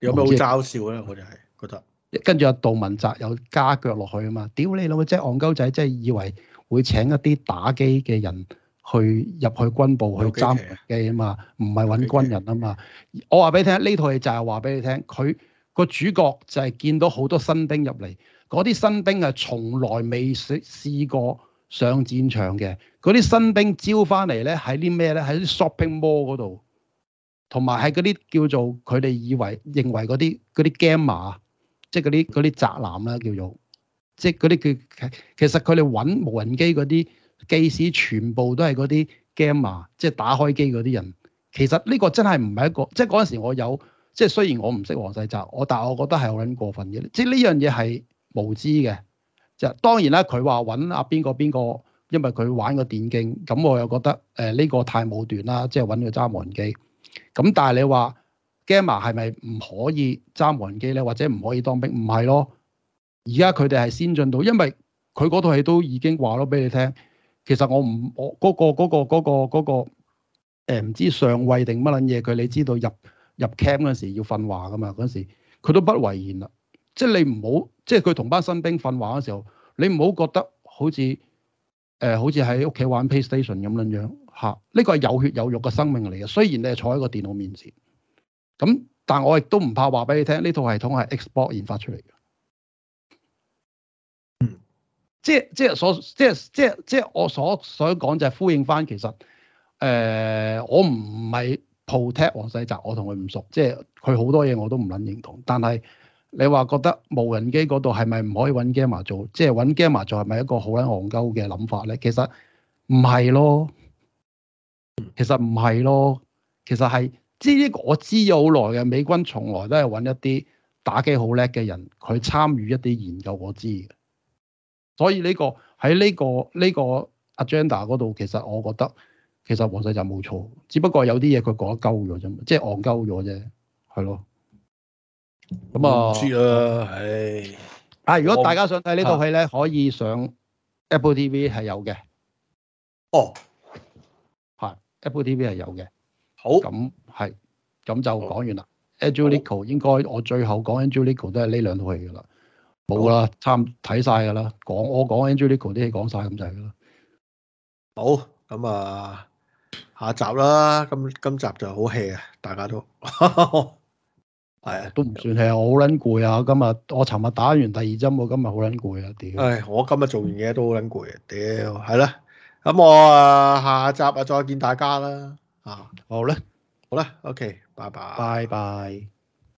有冇嘲笑咧？我哋係覺得，跟住阿杜汶澤有加腳落去啊嘛！屌你老母，真係戇鳩仔，即係以為會請一啲打機嘅人。去入去軍部去揸機啊嘛，唔係揾軍人啊嘛。我話俾你聽，呢套嘢就係話俾你聽，佢個主角就係見到好多新兵入嚟，嗰啲新兵係從來未試試過上戰場嘅。嗰啲新兵招翻嚟咧，喺啲咩咧？喺啲 shopping mall 嗰度，同埋喺嗰啲叫做佢哋以為認為嗰啲嗰啲 gamer，即係嗰啲啲宅男啦，叫做即係嗰啲叫其實佢哋揾無人機嗰啲。即使全部都係嗰啲 gamer 即係打開機嗰啲人，其實呢個真係唔係一個，即係嗰陣時我有，即係雖然我唔識黃世澤，我但係我覺得係好撚過分嘅，即係呢樣嘢係無知嘅。就當然啦，佢話揾阿邊個邊個，因為佢玩個電競，咁我又覺得誒呢、呃呢個太武斷啦，即係揾佢揸無人機。咁但係你話 gamer 係咪唔可以揸無人機呢？或者唔可以當兵？唔係咯，而家佢哋係先進到，因為佢嗰套戲都已經話咗俾你聽。其實我唔我嗰、嗰個嗰、嗰個嗰、嗰個、嗰個誒唔、呃、知上位定乜撚嘢佢，你知道入入 cam 嗰時要訓話噶嘛，嗰時佢都不為然啦，即係你唔好即係佢同班新兵訓話嘅時候，你唔好覺得好似誒、呃、好似喺屋企玩 PlayStation 咁樣樣吓，呢個係有血有肉嘅生命嚟嘅，雖然你係坐喺個電腦面前，咁但我亦都唔怕話俾你聽呢套系統係 Xbox 研發出嚟嘅。即係，即係所，即係，即係，即係我所想講就係呼應翻，其實誒我唔係 protect 黃世澤，我同佢唔熟，即係佢好多嘢我都唔撚認同。但係你話覺得無人機嗰度係咪唔可以揾 gamer 做？即係揾 gamer 做係咪一個好撚戇鳩嘅諗法咧？其實唔係咯，其實唔係咯，其實係知呢個我知有好耐嘅，美軍從來都係揾一啲打機好叻嘅人，佢參與一啲研究，我知所以呢、這個喺呢、這個呢、這個 agenda 嗰度，其實我覺得其實黃世澤冇錯，只不過有啲嘢佢講得鳩咗啫，即係戇鳩咗啫，係咯。咁啊，唔知啊，唉、哎。啊，如果大家想睇呢套戲咧，我可以上 Apple TV、哦、Apple TV 係有嘅。哦，係 Apple TV 係有嘅。就講完好。咁係 Angelico, 好，咁就講完啦。Angelico 應該我最後講 Angelico 都係呢兩套戲噶啦。冇啦好，差唔多睇晒噶啦，講我講 Angelico 啲戲講晒咁滯㗎啦。好，咁啊下集啦，今今集就好戲啊，大家都係、 哎、呀啊，都唔算係我好撚攰啊，今日我尋日打完第二針，我今日好撚攰啊，屌、啊！誒、哎，我今日做完嘢都好撚攰啊，屌、啊，係啦，咁我啊下集啊再見大家啦，啊好咧，好啦嘞嘞，OK，拜拜，拜拜。